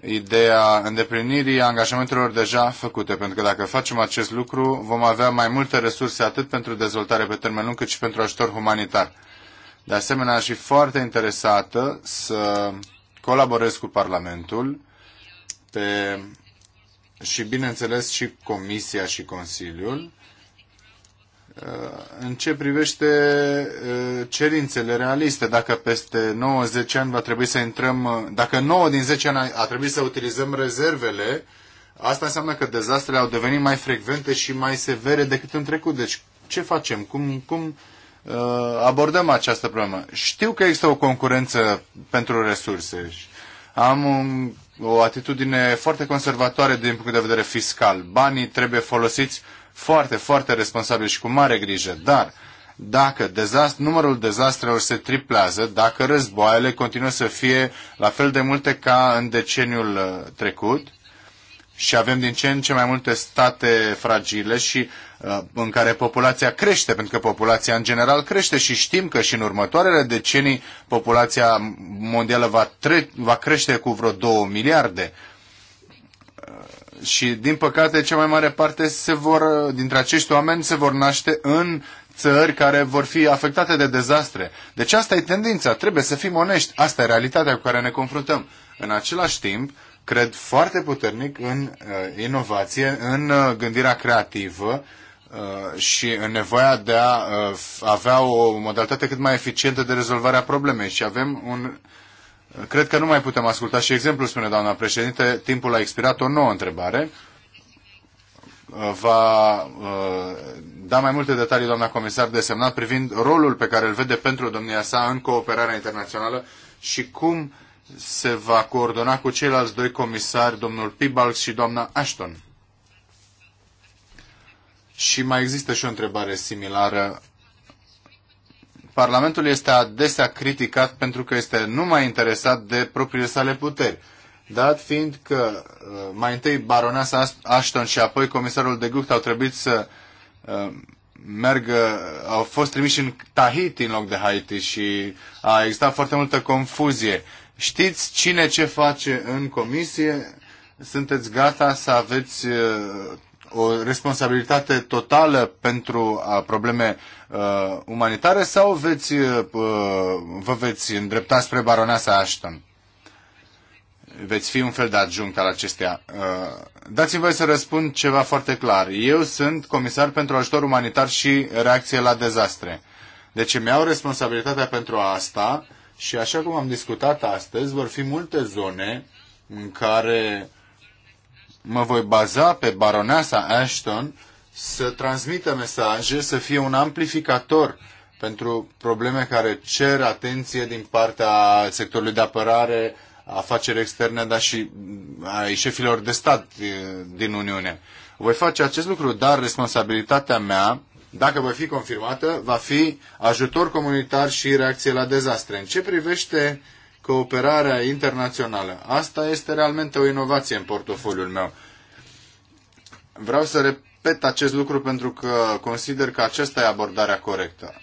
ideea îndeplinirii angajamentelor deja făcute, pentru că dacă facem acest lucru, vom avea mai multe resurse atât pentru dezvoltare pe termen lung, cât și pentru ajutor humanitar. De asemenea, aș fi foarte interesată să colaborez cu Parlamentul pe, și, bineînțeles, și Comisia și Consiliul în ce privește uh, cerințele realiste, dacă peste 90 ani va trebui să intrăm, uh, dacă 9 din 10 ani a trebuit să utilizăm rezervele, asta înseamnă că dezastrele au devenit mai frecvente și mai severe decât în trecut. Deci ce facem? Cum, cum uh, abordăm această problemă? Știu că există o concurență pentru resurse. Am un, o atitudine foarte conservatoare din punct de vedere fiscal. Banii trebuie folosiți foarte, foarte responsabil și cu mare grijă, dar dacă dezast- numărul dezastrelor se triplează, dacă războaiele continuă să fie la fel de multe ca în deceniul uh, trecut, și avem din ce în ce mai multe state fragile și uh, în care populația crește, pentru că populația în general crește și știm că și în următoarele decenii populația mondială va, tre- va crește cu vreo 2 miliarde. Și, din păcate, cea mai mare parte se vor, dintre acești oameni se vor naște în țări care vor fi afectate de dezastre. Deci asta e tendința, trebuie să fim onești. Asta e realitatea cu care ne confruntăm. În același timp, cred foarte puternic în uh, inovație, în uh, gândirea creativă uh, și în nevoia de a uh, avea o modalitate cât mai eficientă de rezolvare a problemei. Și avem un Cred că nu mai putem asculta și exemplul, spune doamna președinte, timpul a expirat, o nouă întrebare. Uh, va uh, da mai multe detalii, doamna comisar, de semnat privind rolul pe care îl vede pentru domnia sa în cooperarea internațională și cum se va coordona cu ceilalți doi comisari, domnul Pibalx și doamna Ashton. Și mai există și o întrebare similară Parlamentul este adesea criticat pentru că este numai interesat de propriile sale puteri. Dat fiind că uh, mai întâi baroneasa Ashton și apoi comisarul de Gucht au trebuit să uh, meargă, au fost trimiși în Tahiti în loc de Haiti și a existat foarte multă confuzie. Știți cine ce face în comisie? Sunteți gata să aveți uh, o responsabilitate totală pentru probleme uh, umanitare sau veți, uh, vă veți îndrepta spre baroneasa Ashton? Veți fi un fel de adjunct al acesteia. Uh, Dați-mi voi să răspund ceva foarte clar. Eu sunt comisar pentru ajutor umanitar și reacție la dezastre. Deci mi-au responsabilitatea pentru asta și așa cum am discutat astăzi, vor fi multe zone în care mă voi baza pe baroneasa Ashton să transmită mesaje, să fie un amplificator pentru probleme care cer atenție din partea sectorului de apărare, afaceri externe, dar și ai șefilor de stat din Uniune. Voi face acest lucru, dar responsabilitatea mea, dacă voi fi confirmată, va fi ajutor comunitar și reacție la dezastre. În ce privește cooperarea internațională, asta este realmente o inovație în portofoliul meu. Vreau să repet acest lucru pentru că consider că aceasta e abordarea corectă.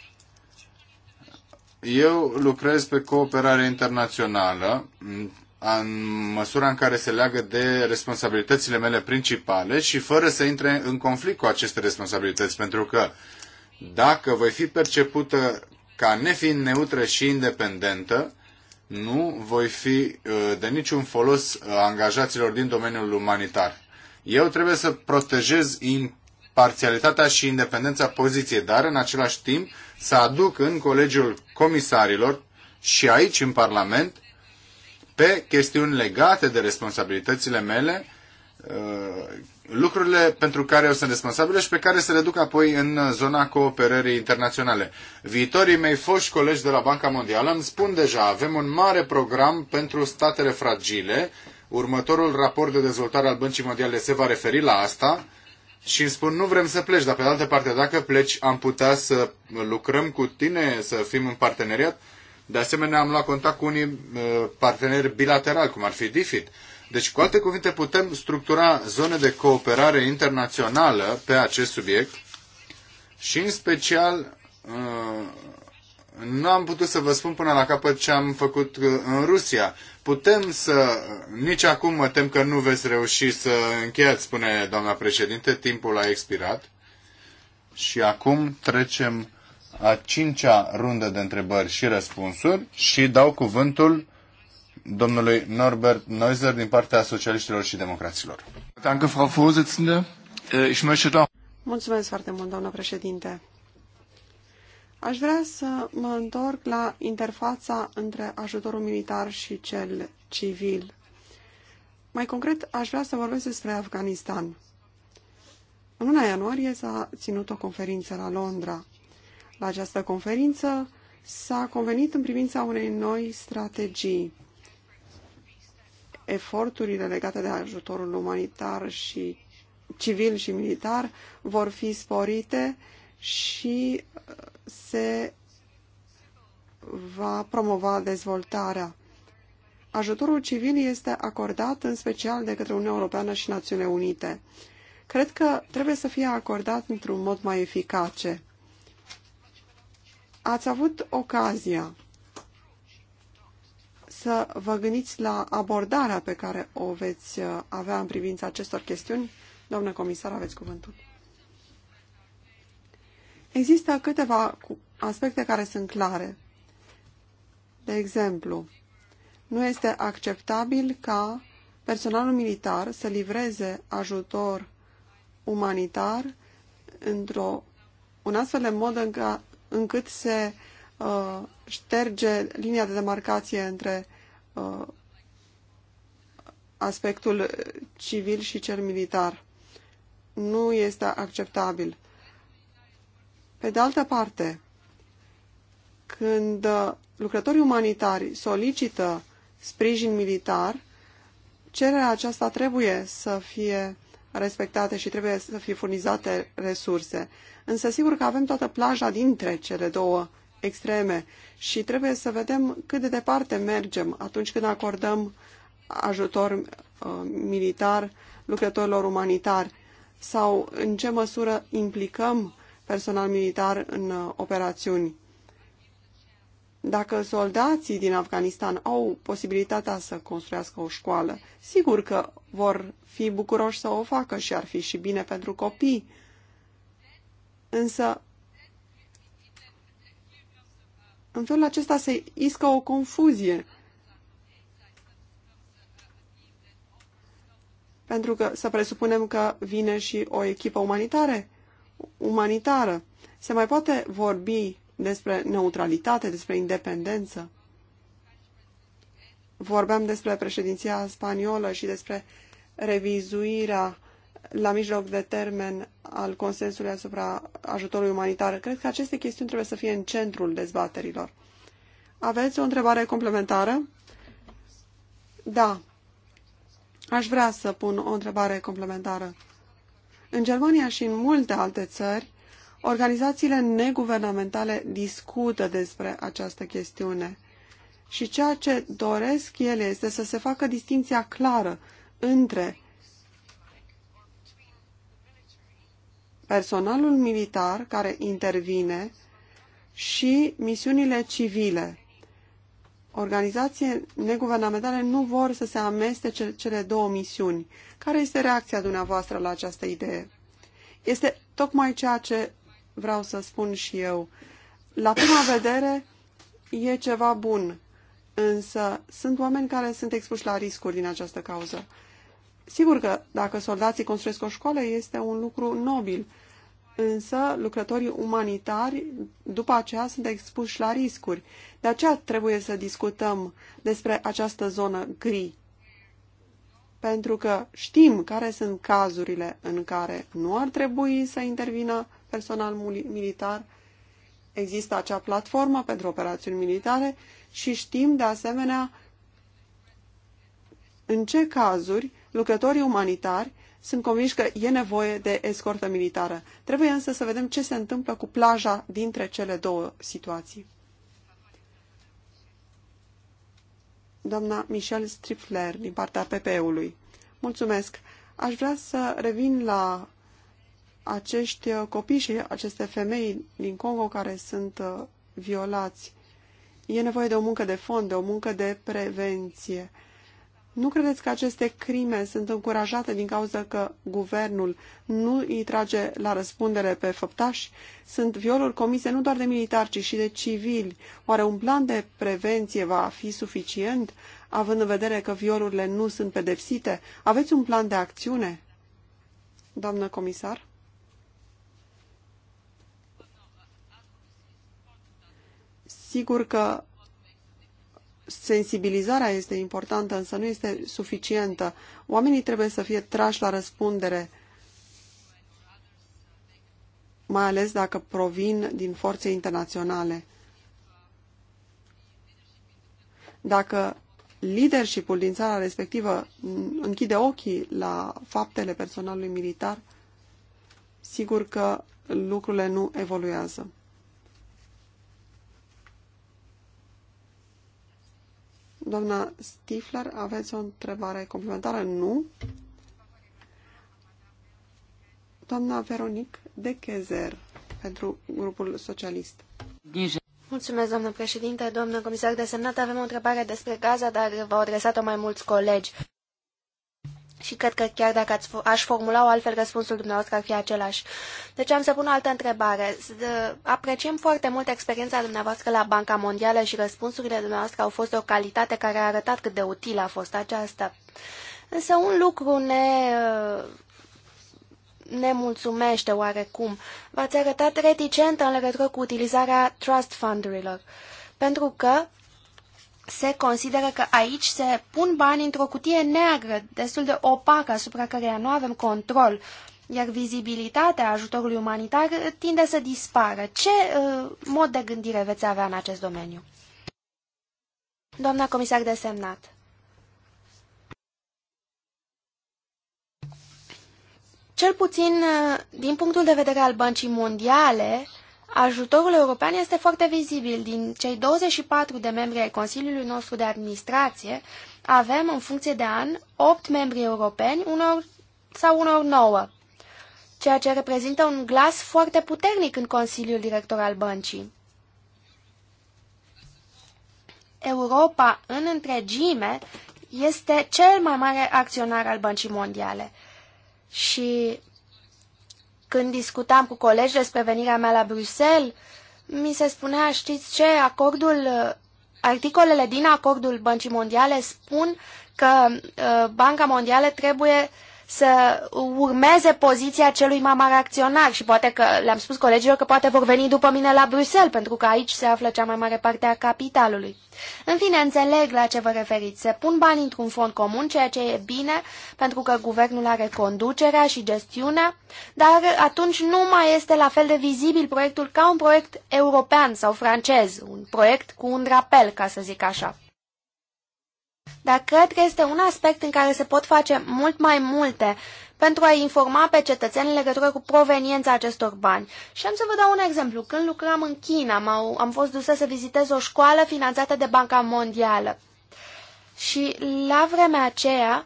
Eu lucrez pe cooperare internațională în măsura în care se leagă de responsabilitățile mele principale și fără să intre în conflict cu aceste responsabilități, pentru că dacă voi fi percepută ca nefiind neutră și independentă, nu voi fi uh, de niciun folos uh, angajaților din domeniul umanitar. Eu trebuie să protejez imparțialitatea și independența poziției, dar în același timp să aduc în Colegiul Comisarilor și aici în Parlament pe chestiuni legate de responsabilitățile mele uh, lucrurile pentru care eu sunt responsabil și pe care se reduc apoi în zona cooperării internaționale. Viitorii mei foști colegi de la Banca Mondială îmi spun deja, avem un mare program pentru statele fragile Următorul raport de dezvoltare al Băncii Mondiale se va referi la asta și îmi spun nu vrem să pleci, dar pe de altă parte dacă pleci am putea să lucrăm cu tine, să fim în parteneriat. De asemenea am luat contact cu unii uh, parteneri bilaterali, cum ar fi DFID. Deci, cu alte cuvinte, putem structura zone de cooperare internațională pe acest subiect și în special uh, nu am putut să vă spun până la capăt ce am făcut uh, în Rusia. Putem să... Uh, nici acum mă tem că nu veți reuși să încheiați, spune doamna președinte. Timpul a expirat. Și acum trecem a cincea rundă de întrebări și răspunsuri și dau cuvântul domnului Norbert Neuser din partea socialiștilor și democraților. Danke, Frau Vorsitzende. Äh, ich möchte da- Mulțumesc foarte mult, doamnă președinte. Aș vrea să mă întorc la interfața între ajutorul militar și cel civil. Mai concret, aș vrea să vorbesc despre Afganistan. În luna ianuarie s-a ținut o conferință la Londra. La această conferință s-a convenit în privința unei noi strategii. Eforturile legate de ajutorul umanitar și civil și militar vor fi sporite și uh, se va promova dezvoltarea. Ajutorul civil este acordat în special de către Uniunea Europeană și Națiunile Unite. Cred că trebuie să fie acordat într-un mod mai eficace. Ați avut ocazia să vă gândiți la abordarea pe care o veți uh, avea în privința acestor chestiuni? Doamnă comisar, aveți cuvântul. Există câteva aspecte care sunt clare. De exemplu, nu este acceptabil ca personalul militar să livreze ajutor umanitar într-o un astfel de mod înca, încât se uh, șterge linia de demarcație între uh, aspectul civil și cel militar. Nu este acceptabil. Pe de altă parte, când uh, lucrătorii umanitari solicită sprijin militar, cererea aceasta trebuie să fie respectate și trebuie să fie furnizate resurse. Însă sigur că avem toată plaja dintre cele două extreme și trebuie să vedem cât de departe mergem atunci când acordăm ajutor uh, militar lucrătorilor umanitari sau în ce măsură implicăm personal militar în uh, operațiuni. Dacă soldații din Afganistan au posibilitatea să construiască o școală, sigur că vor fi bucuroși să o facă și ar fi și bine pentru copii. Însă, în felul acesta se iscă o confuzie. Pentru că să presupunem că vine și o echipă umanitară umanitară. Se mai poate vorbi despre neutralitate, despre independență. Vorbeam despre președinția spaniolă și despre revizuirea la mijloc de termen al consensului asupra ajutorului umanitar. Cred că aceste chestiuni trebuie să fie în centrul dezbaterilor. Aveți o întrebare complementară? Da. Aș vrea să pun o întrebare complementară. În Germania și în multe alte țări, organizațiile neguvernamentale discută despre această chestiune și ceea ce doresc ele este să se facă distinția clară între personalul militar care intervine și misiunile civile organizații neguvernamentale nu vor să se amestece cele două misiuni. Care este reacția dumneavoastră la această idee? Este tocmai ceea ce vreau să spun și eu. La prima vedere, e ceva bun, însă sunt oameni care sunt expuși la riscuri din această cauză. Sigur că dacă soldații construiesc o școală, este un lucru nobil, însă lucrătorii umanitari după aceea sunt expuși la riscuri. De aceea trebuie să discutăm despre această zonă gri, pentru că știm care sunt cazurile în care nu ar trebui să intervină personal militar, există acea platformă pentru operațiuni militare și știm de asemenea în ce cazuri lucrătorii umanitari sunt convinși că e nevoie de escortă militară. Trebuie însă să vedem ce se întâmplă cu plaja dintre cele două situații. Doamna Michelle Stripler, din partea PPE-ului. Mulțumesc. Aș vrea să revin la acești copii și aceste femei din Congo care sunt uh, violați. E nevoie de o muncă de fond, de o muncă de prevenție. Nu credeți că aceste crime sunt încurajate din cauza că guvernul nu îi trage la răspundere pe făptași? Sunt violuri comise nu doar de militari, ci și de civili. Oare un plan de prevenție va fi suficient, având în vedere că violurile nu sunt pedepsite? Aveți un plan de acțiune, doamnă comisar? Sigur că sensibilizarea este importantă, însă nu este suficientă. Oamenii trebuie să fie trași la răspundere, mai ales dacă provin din forțe internaționale. Dacă leadershipul din țara respectivă închide ochii la faptele personalului militar, sigur că lucrurile nu evoluează. Doamna Stifler, aveți o întrebare complementară? Nu. Doamna Veronic de Chezer, pentru grupul socialist. Mulțumesc, doamnă președinte. Doamnă comisar desemnat, avem o întrebare despre Gaza, dar v-au adresat-o mai mulți colegi. Și cred că chiar dacă ați, aș formula o altfel, răspunsul dumneavoastră ar fi același. Deci am să pun o altă întrebare. Apreciem foarte mult experiența dumneavoastră la Banca Mondială și răspunsurile dumneavoastră au fost o calitate care a arătat cât de utilă a fost aceasta. Însă un lucru ne uh, ne mulțumește oarecum. V-ați arătat reticentă în legătură cu utilizarea trust fundurilor, pentru că se consideră că aici se pun bani într-o cutie neagră, destul de opacă, asupra căreia nu avem control, iar vizibilitatea ajutorului umanitar tinde să dispară. Ce uh, mod de gândire veți avea în acest domeniu? Doamna comisar desemnat. Cel puțin, uh, din punctul de vedere al Băncii Mondiale, uh, Ajutorul european este foarte vizibil. Din cei 24 de membri ai Consiliului nostru de administrație, avem, în funcție de an, 8 membri europeni unor, sau unor 9, ceea ce reprezintă un glas foarte puternic în Consiliul Director al Băncii. Europa în întregime este cel mai mare acționar al Băncii Mondiale. Și când discutam cu colegi despre venirea mea la Bruxelles, mi se spunea, știți ce, acordul, articolele din acordul Băncii Mondiale spun că uh, Banca Mondială trebuie să urmeze poziția celui mai mare acționar și poate că le-am spus colegilor că poate vor veni după mine la Bruxelles, pentru că aici se află cea mai mare parte a capitalului. În fine, înțeleg la ce vă referiți. Se pun bani într-un fond comun, ceea ce e bine, pentru că guvernul are conducerea și gestiunea, dar atunci nu mai este la fel de vizibil proiectul ca un proiect european sau francez, un proiect cu un drapel, ca să zic așa. Dar cred că este un aspect în care se pot face mult mai multe pentru a informa pe cetățeni în legătură cu proveniența acestor bani. Și am să vă dau un exemplu. Când lucram în China, am am fost dusă să vizitez o școală finanțată de Banca Mondială. Și la vremea aceea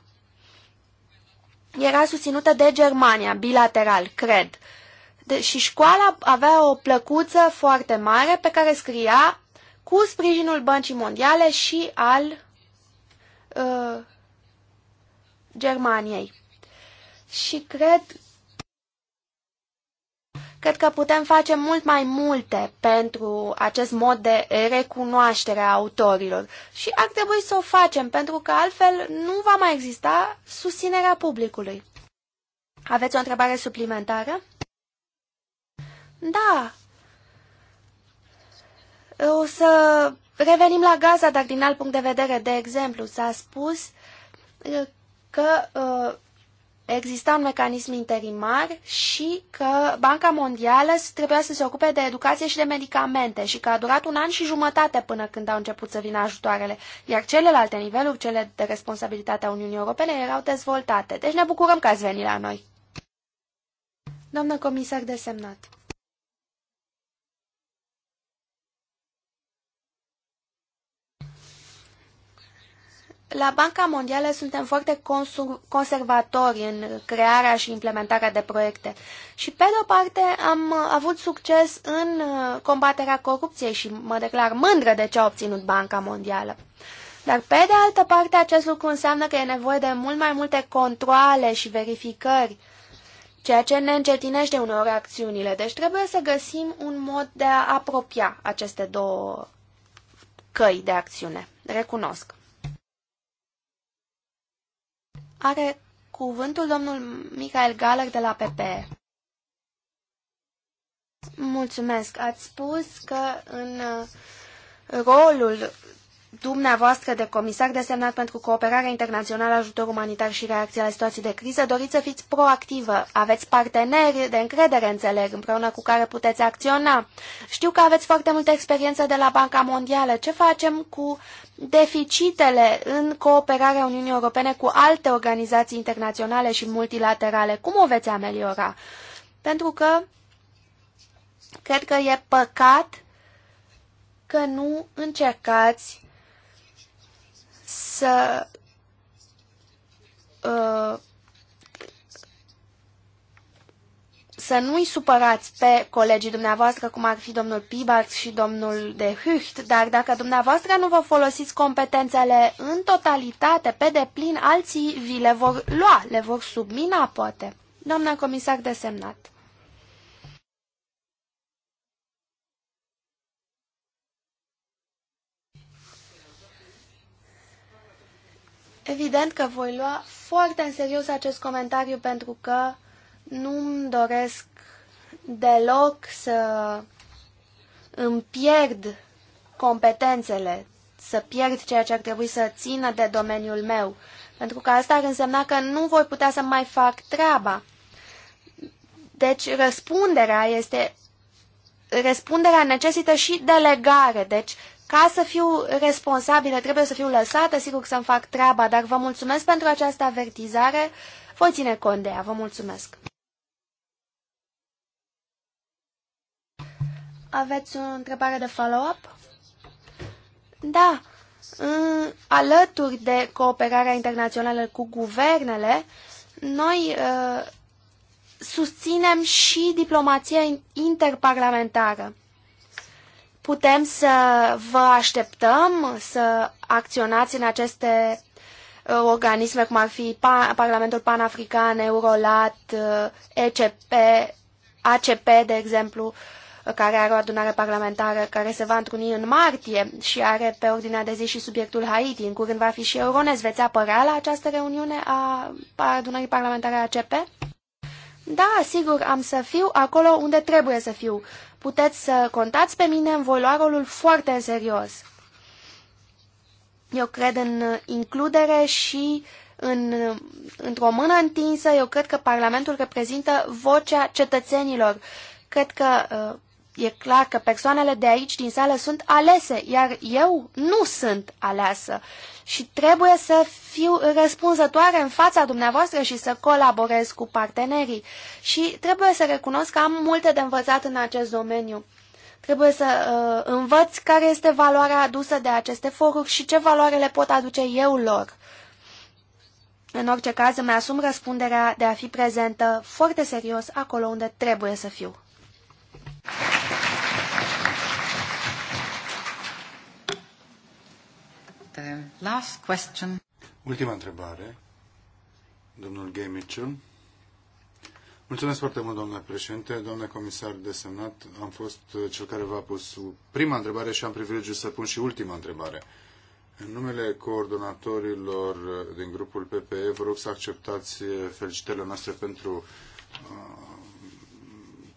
era susținută de Germania, bilateral, cred. De, și școala avea o plăcuță foarte mare pe care scria cu sprijinul Băncii Mondiale și al Uh, Germaniei. Și cred, cred că putem face mult mai multe pentru acest mod de recunoaștere a autorilor. Și ar trebui să o facem, pentru că altfel nu va mai exista susținerea publicului. Aveți o întrebare suplimentară? Da. O să Revenim la Gaza, dar din alt punct de vedere, de exemplu, s-a spus uh, că uh, exista un mecanism interimar și că Banca Mondială trebuia să se ocupe de educație și de medicamente și că a durat un an și jumătate până când au început să vină ajutoarele, iar celelalte niveluri, cele de responsabilitate a Uniunii Europene, erau dezvoltate. Deci ne bucurăm că ați venit la noi. Doamnă comisar desemnat. La Banca Mondială suntem foarte conservatori în crearea și implementarea de proiecte și, pe de o parte, am avut succes în uh, combaterea corupției și mă declar mândră de ce a obținut Banca Mondială. Dar, pe de altă parte, acest lucru înseamnă că e nevoie de mult mai multe controle și verificări, ceea ce ne încetinește uneori acțiunile. Deci trebuie să găsim un mod de a apropia aceste două căi de acțiune. Recunosc. Are cuvântul domnul Michael Galler de la PP. Mulțumesc. Ați spus că în uh, rolul dumneavoastră de comisar desemnat pentru cooperarea internațională, ajutor umanitar și reacția la situații de criză, doriți să fiți proactivă. Aveți parteneri de încredere, înțeleg, împreună cu care puteți acționa. Știu că aveți foarte multă experiență de la Banca Mondială. Ce facem cu deficitele în cooperarea Uniunii Europene cu alte organizații internaționale și multilaterale? Cum o veți ameliora? Pentru că cred că e păcat că nu încercați să uh, să nu-i supărați pe colegii dumneavoastră, cum ar fi domnul Pibarț și domnul de Hucht, dar dacă dumneavoastră nu vă folosiți competențele în totalitate, pe deplin, alții vi le vor lua, le vor submina, poate. Doamna comisar desemnat. Evident că voi lua foarte în serios acest comentariu pentru că nu-mi doresc deloc să îmi pierd competențele, să pierd ceea ce ar trebui să țină de domeniul meu, pentru că asta ar însemna că nu voi putea să mai fac treaba. Deci răspunderea este răspunderea necesită și delegare, deci ca să fiu responsabilă, trebuie să fiu lăsată, sigur că să-mi fac treaba, dar vă mulțumesc pentru această avertizare. Voi ține cont de ea, vă mulțumesc. Aveți o întrebare de follow-up? Da. Alături de cooperarea internațională cu guvernele, noi uh, susținem și diplomația interparlamentară. Putem să vă așteptăm să acționați în aceste uh, organisme, cum ar fi Parlamentul Panafrican, Eurolat, uh, ECP, ACP, de exemplu, uh, care are o adunare parlamentară care se va întruni în martie și are pe ordinea de zi și subiectul Haiti. În curând va fi și Euronez. Veți apărea la această reuniune a adunării parlamentare ACP? Da, sigur, am să fiu acolo unde trebuie să fiu. Puteți să contați pe mine, îmi voi lua rolul foarte în serios. Eu cred în includere și în, într-o mână întinsă, eu cred că Parlamentul reprezintă vocea cetățenilor. Cred că uh, E clar că persoanele de aici, din sală, sunt alese, iar eu nu sunt aleasă. Și trebuie să fiu răspunzătoare în fața dumneavoastră și să colaborez cu partenerii. Și trebuie să recunosc că am multe de învățat în acest domeniu. Trebuie să uh, învăț care este valoarea adusă de aceste foruri și ce valoare le pot aduce eu lor. În orice caz, îmi asum răspunderea de a fi prezentă foarte serios acolo unde trebuie să fiu. The last question. Ultima întrebare, domnul Gemiciu. Mulțumesc foarte mult, doamna președinte, doamna comisar desemnat. Am fost uh, cel care v-a pus prima întrebare și am privilegiul să pun și ultima întrebare. În numele coordonatorilor uh, din grupul PPE, vă rog să acceptați uh, felicitările noastre pentru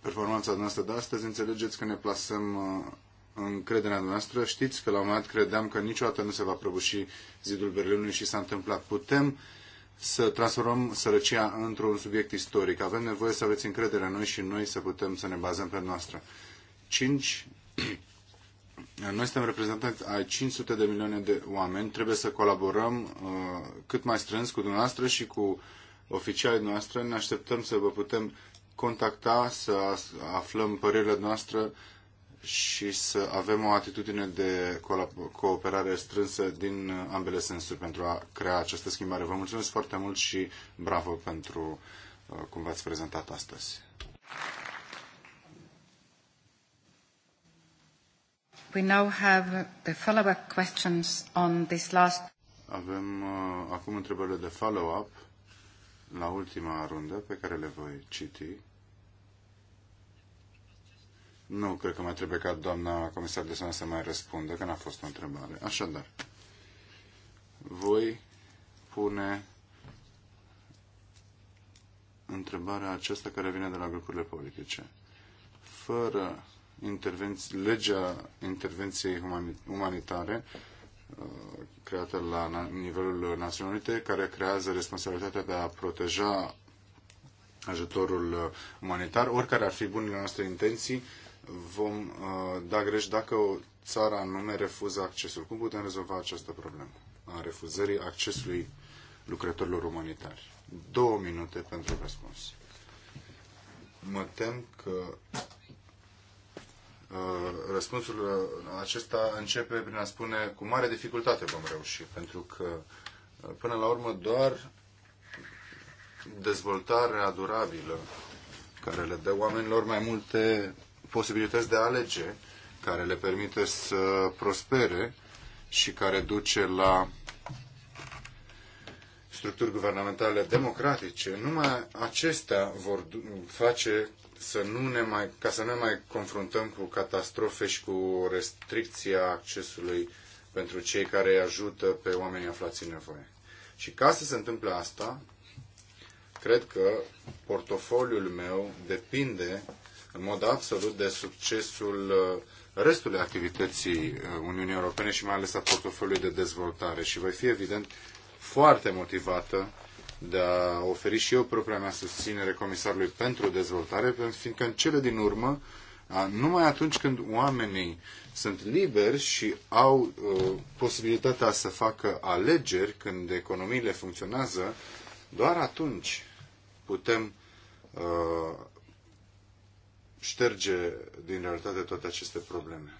performanța noastră de astăzi, înțelegeți că ne plasăm uh, crederea noastră. Știți că la un moment dat credeam că niciodată nu se va prăbuși zidul Berlinului și s-a întâmplat. Putem să transformăm sărăcia într-un subiect istoric. Avem nevoie să aveți încredere în noi și noi să putem să ne bazăm pe noastră. 5. <clears throat> Noi suntem reprezentanți ai 500 de milioane de oameni. Trebuie să colaborăm uh, cât mai strâns cu dumneavoastră și cu oficialii noastre. Ne așteptăm să vă putem contacta, să aflăm părerile noastre și să avem o atitudine de cooperare strânsă din ambele sensuri pentru a crea această schimbare. Vă mulțumesc foarte mult și bravo pentru uh, cum v-ați prezentat astăzi. We now have the follow-up questions on this last... Avem uh, acum întrebările de follow-up la ultima rundă pe care le voi citi. Nu, cred că mai trebuie ca doamna comisar de să mai răspundă, că n-a fost o întrebare. Așadar, voi pune întrebarea aceasta care vine de la grupurile politice. Fără intervenție, legea intervenției umanitare uh, creată la nivelul Națiunilor Unite, care creează responsabilitatea de a proteja ajutorul uh, umanitar, oricare ar fi bunile noastre intenții, vom uh, da greș dacă o țară anume refuză accesul. Cum putem rezolva această problemă a refuzării accesului lucrătorilor umanitari? Două minute pentru răspuns. Mă tem că uh, răspunsul uh, acesta începe prin a spune cu mare dificultate vom reuși, pentru că până la urmă doar dezvoltarea durabilă care le dă oamenilor mai multe posibilități de a alege care le permite să prospere și care duce la structuri guvernamentale democratice, numai acestea vor face să nu ne mai, ca să nu ne mai confruntăm cu catastrofe și cu restricția accesului pentru cei care îi ajută pe oamenii aflați în nevoie. Și ca să se întâmple asta, cred că portofoliul meu depinde în mod absolut de succesul uh, restului activității uh, Uniunii Europene și mai ales a portofoliului de dezvoltare și voi fi evident foarte motivată de a oferi și eu propria mea susținere comisarului pentru dezvoltare, fiindcă în cele din urmă, numai atunci când oamenii sunt liberi și au uh, posibilitatea să facă alegeri, când economiile funcționează, doar atunci putem uh, șterge din realitate toate aceste probleme.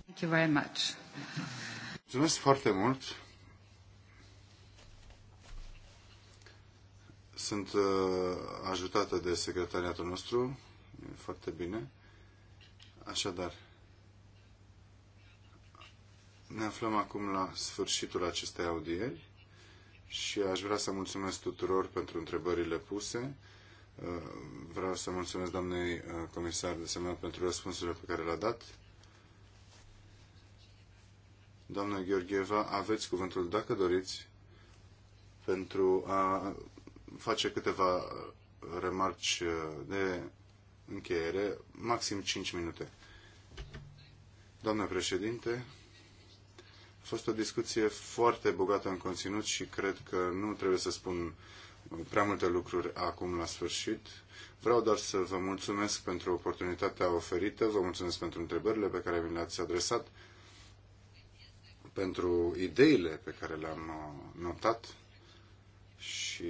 Thank you very much. Mulțumesc foarte mult. Sunt uh, ajutată de secretariatul nostru. E foarte bine. Așadar, ne aflăm acum la sfârșitul acestei audieri și aș vrea să mulțumesc tuturor pentru întrebările puse. Vreau să mulțumesc doamnei uh, comisar de semnat pentru răspunsurile pe care le-a dat. Doamna Gheorgheva, aveți cuvântul, dacă doriți, pentru a face câteva remarci de încheiere, maxim 5 minute. Doamna președinte, a fost o discuție foarte bogată în conținut și cred că nu trebuie să spun prea multe lucruri acum la sfârșit. Vreau doar să vă mulțumesc pentru oportunitatea oferită, vă mulțumesc pentru întrebările pe care mi le-ați adresat, pentru ideile pe care le-am uh, notat și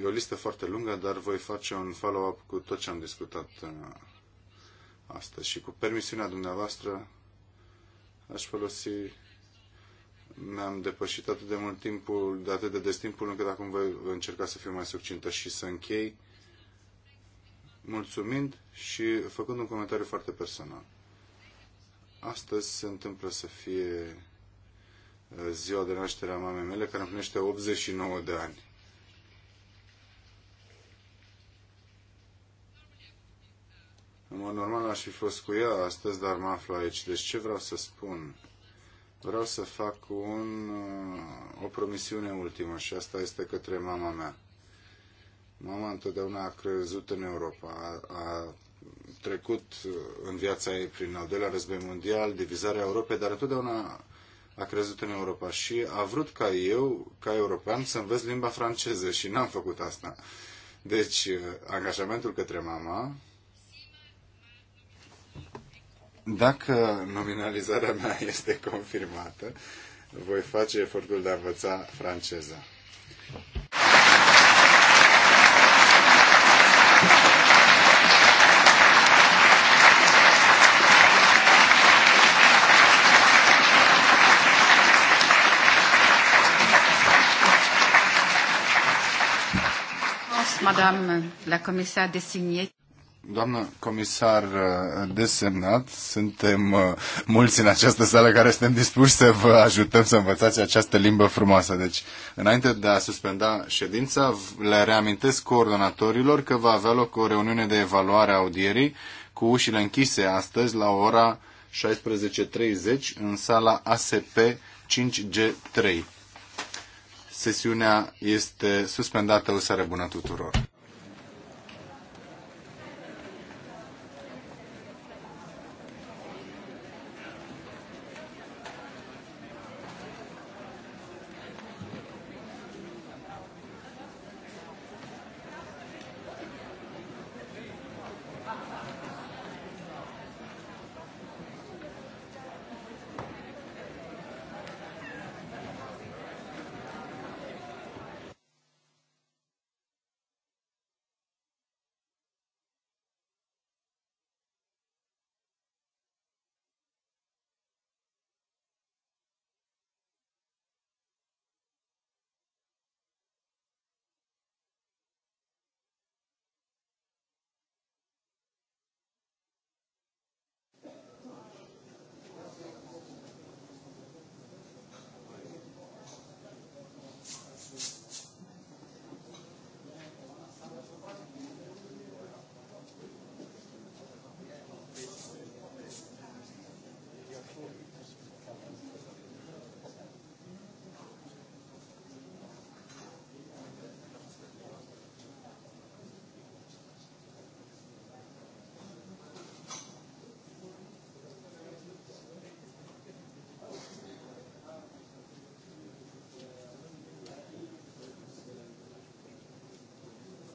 e o listă foarte lungă, dar voi face un follow-up cu tot ce am discutat uh, astăzi și cu permisiunea dumneavoastră aș folosi mi-am depășit atât de mult timpul, de atât de des timpul, încât acum voi încerca să fiu mai succintă și să închei mulțumind și făcând un comentariu foarte personal. Astăzi se întâmplă să fie uh, ziua de naștere a mamei mele, care împlinește 89 de ani. În mod normal aș fi fost cu ea astăzi, dar mă aflu aici. Deci ce vreau să spun? vreau să fac un, o promisiune ultimă și asta este către mama mea. Mama întotdeauna a crezut în Europa, a, a trecut în viața ei prin al doilea război mondial, divizarea Europei, dar întotdeauna a crezut în Europa și a vrut ca eu, ca european, să învăț limba franceză și n-am făcut asta. Deci, angajamentul către mama dacă nominalizarea mea <laughs> este confirmată, voi face efortul de a învăța franceza. Madame la commissaire désignée. Doamnă comisar uh, desemnat, suntem uh, mulți în această sală care suntem dispuși să vă ajutăm să învățați această limbă frumoasă. Deci, înainte de a suspenda ședința, le reamintesc coordonatorilor că va avea loc o reuniune de evaluare a audierii cu ușile închise astăzi la ora 16.30 în sala ASP 5G3. Sesiunea este suspendată. O seară bună tuturor!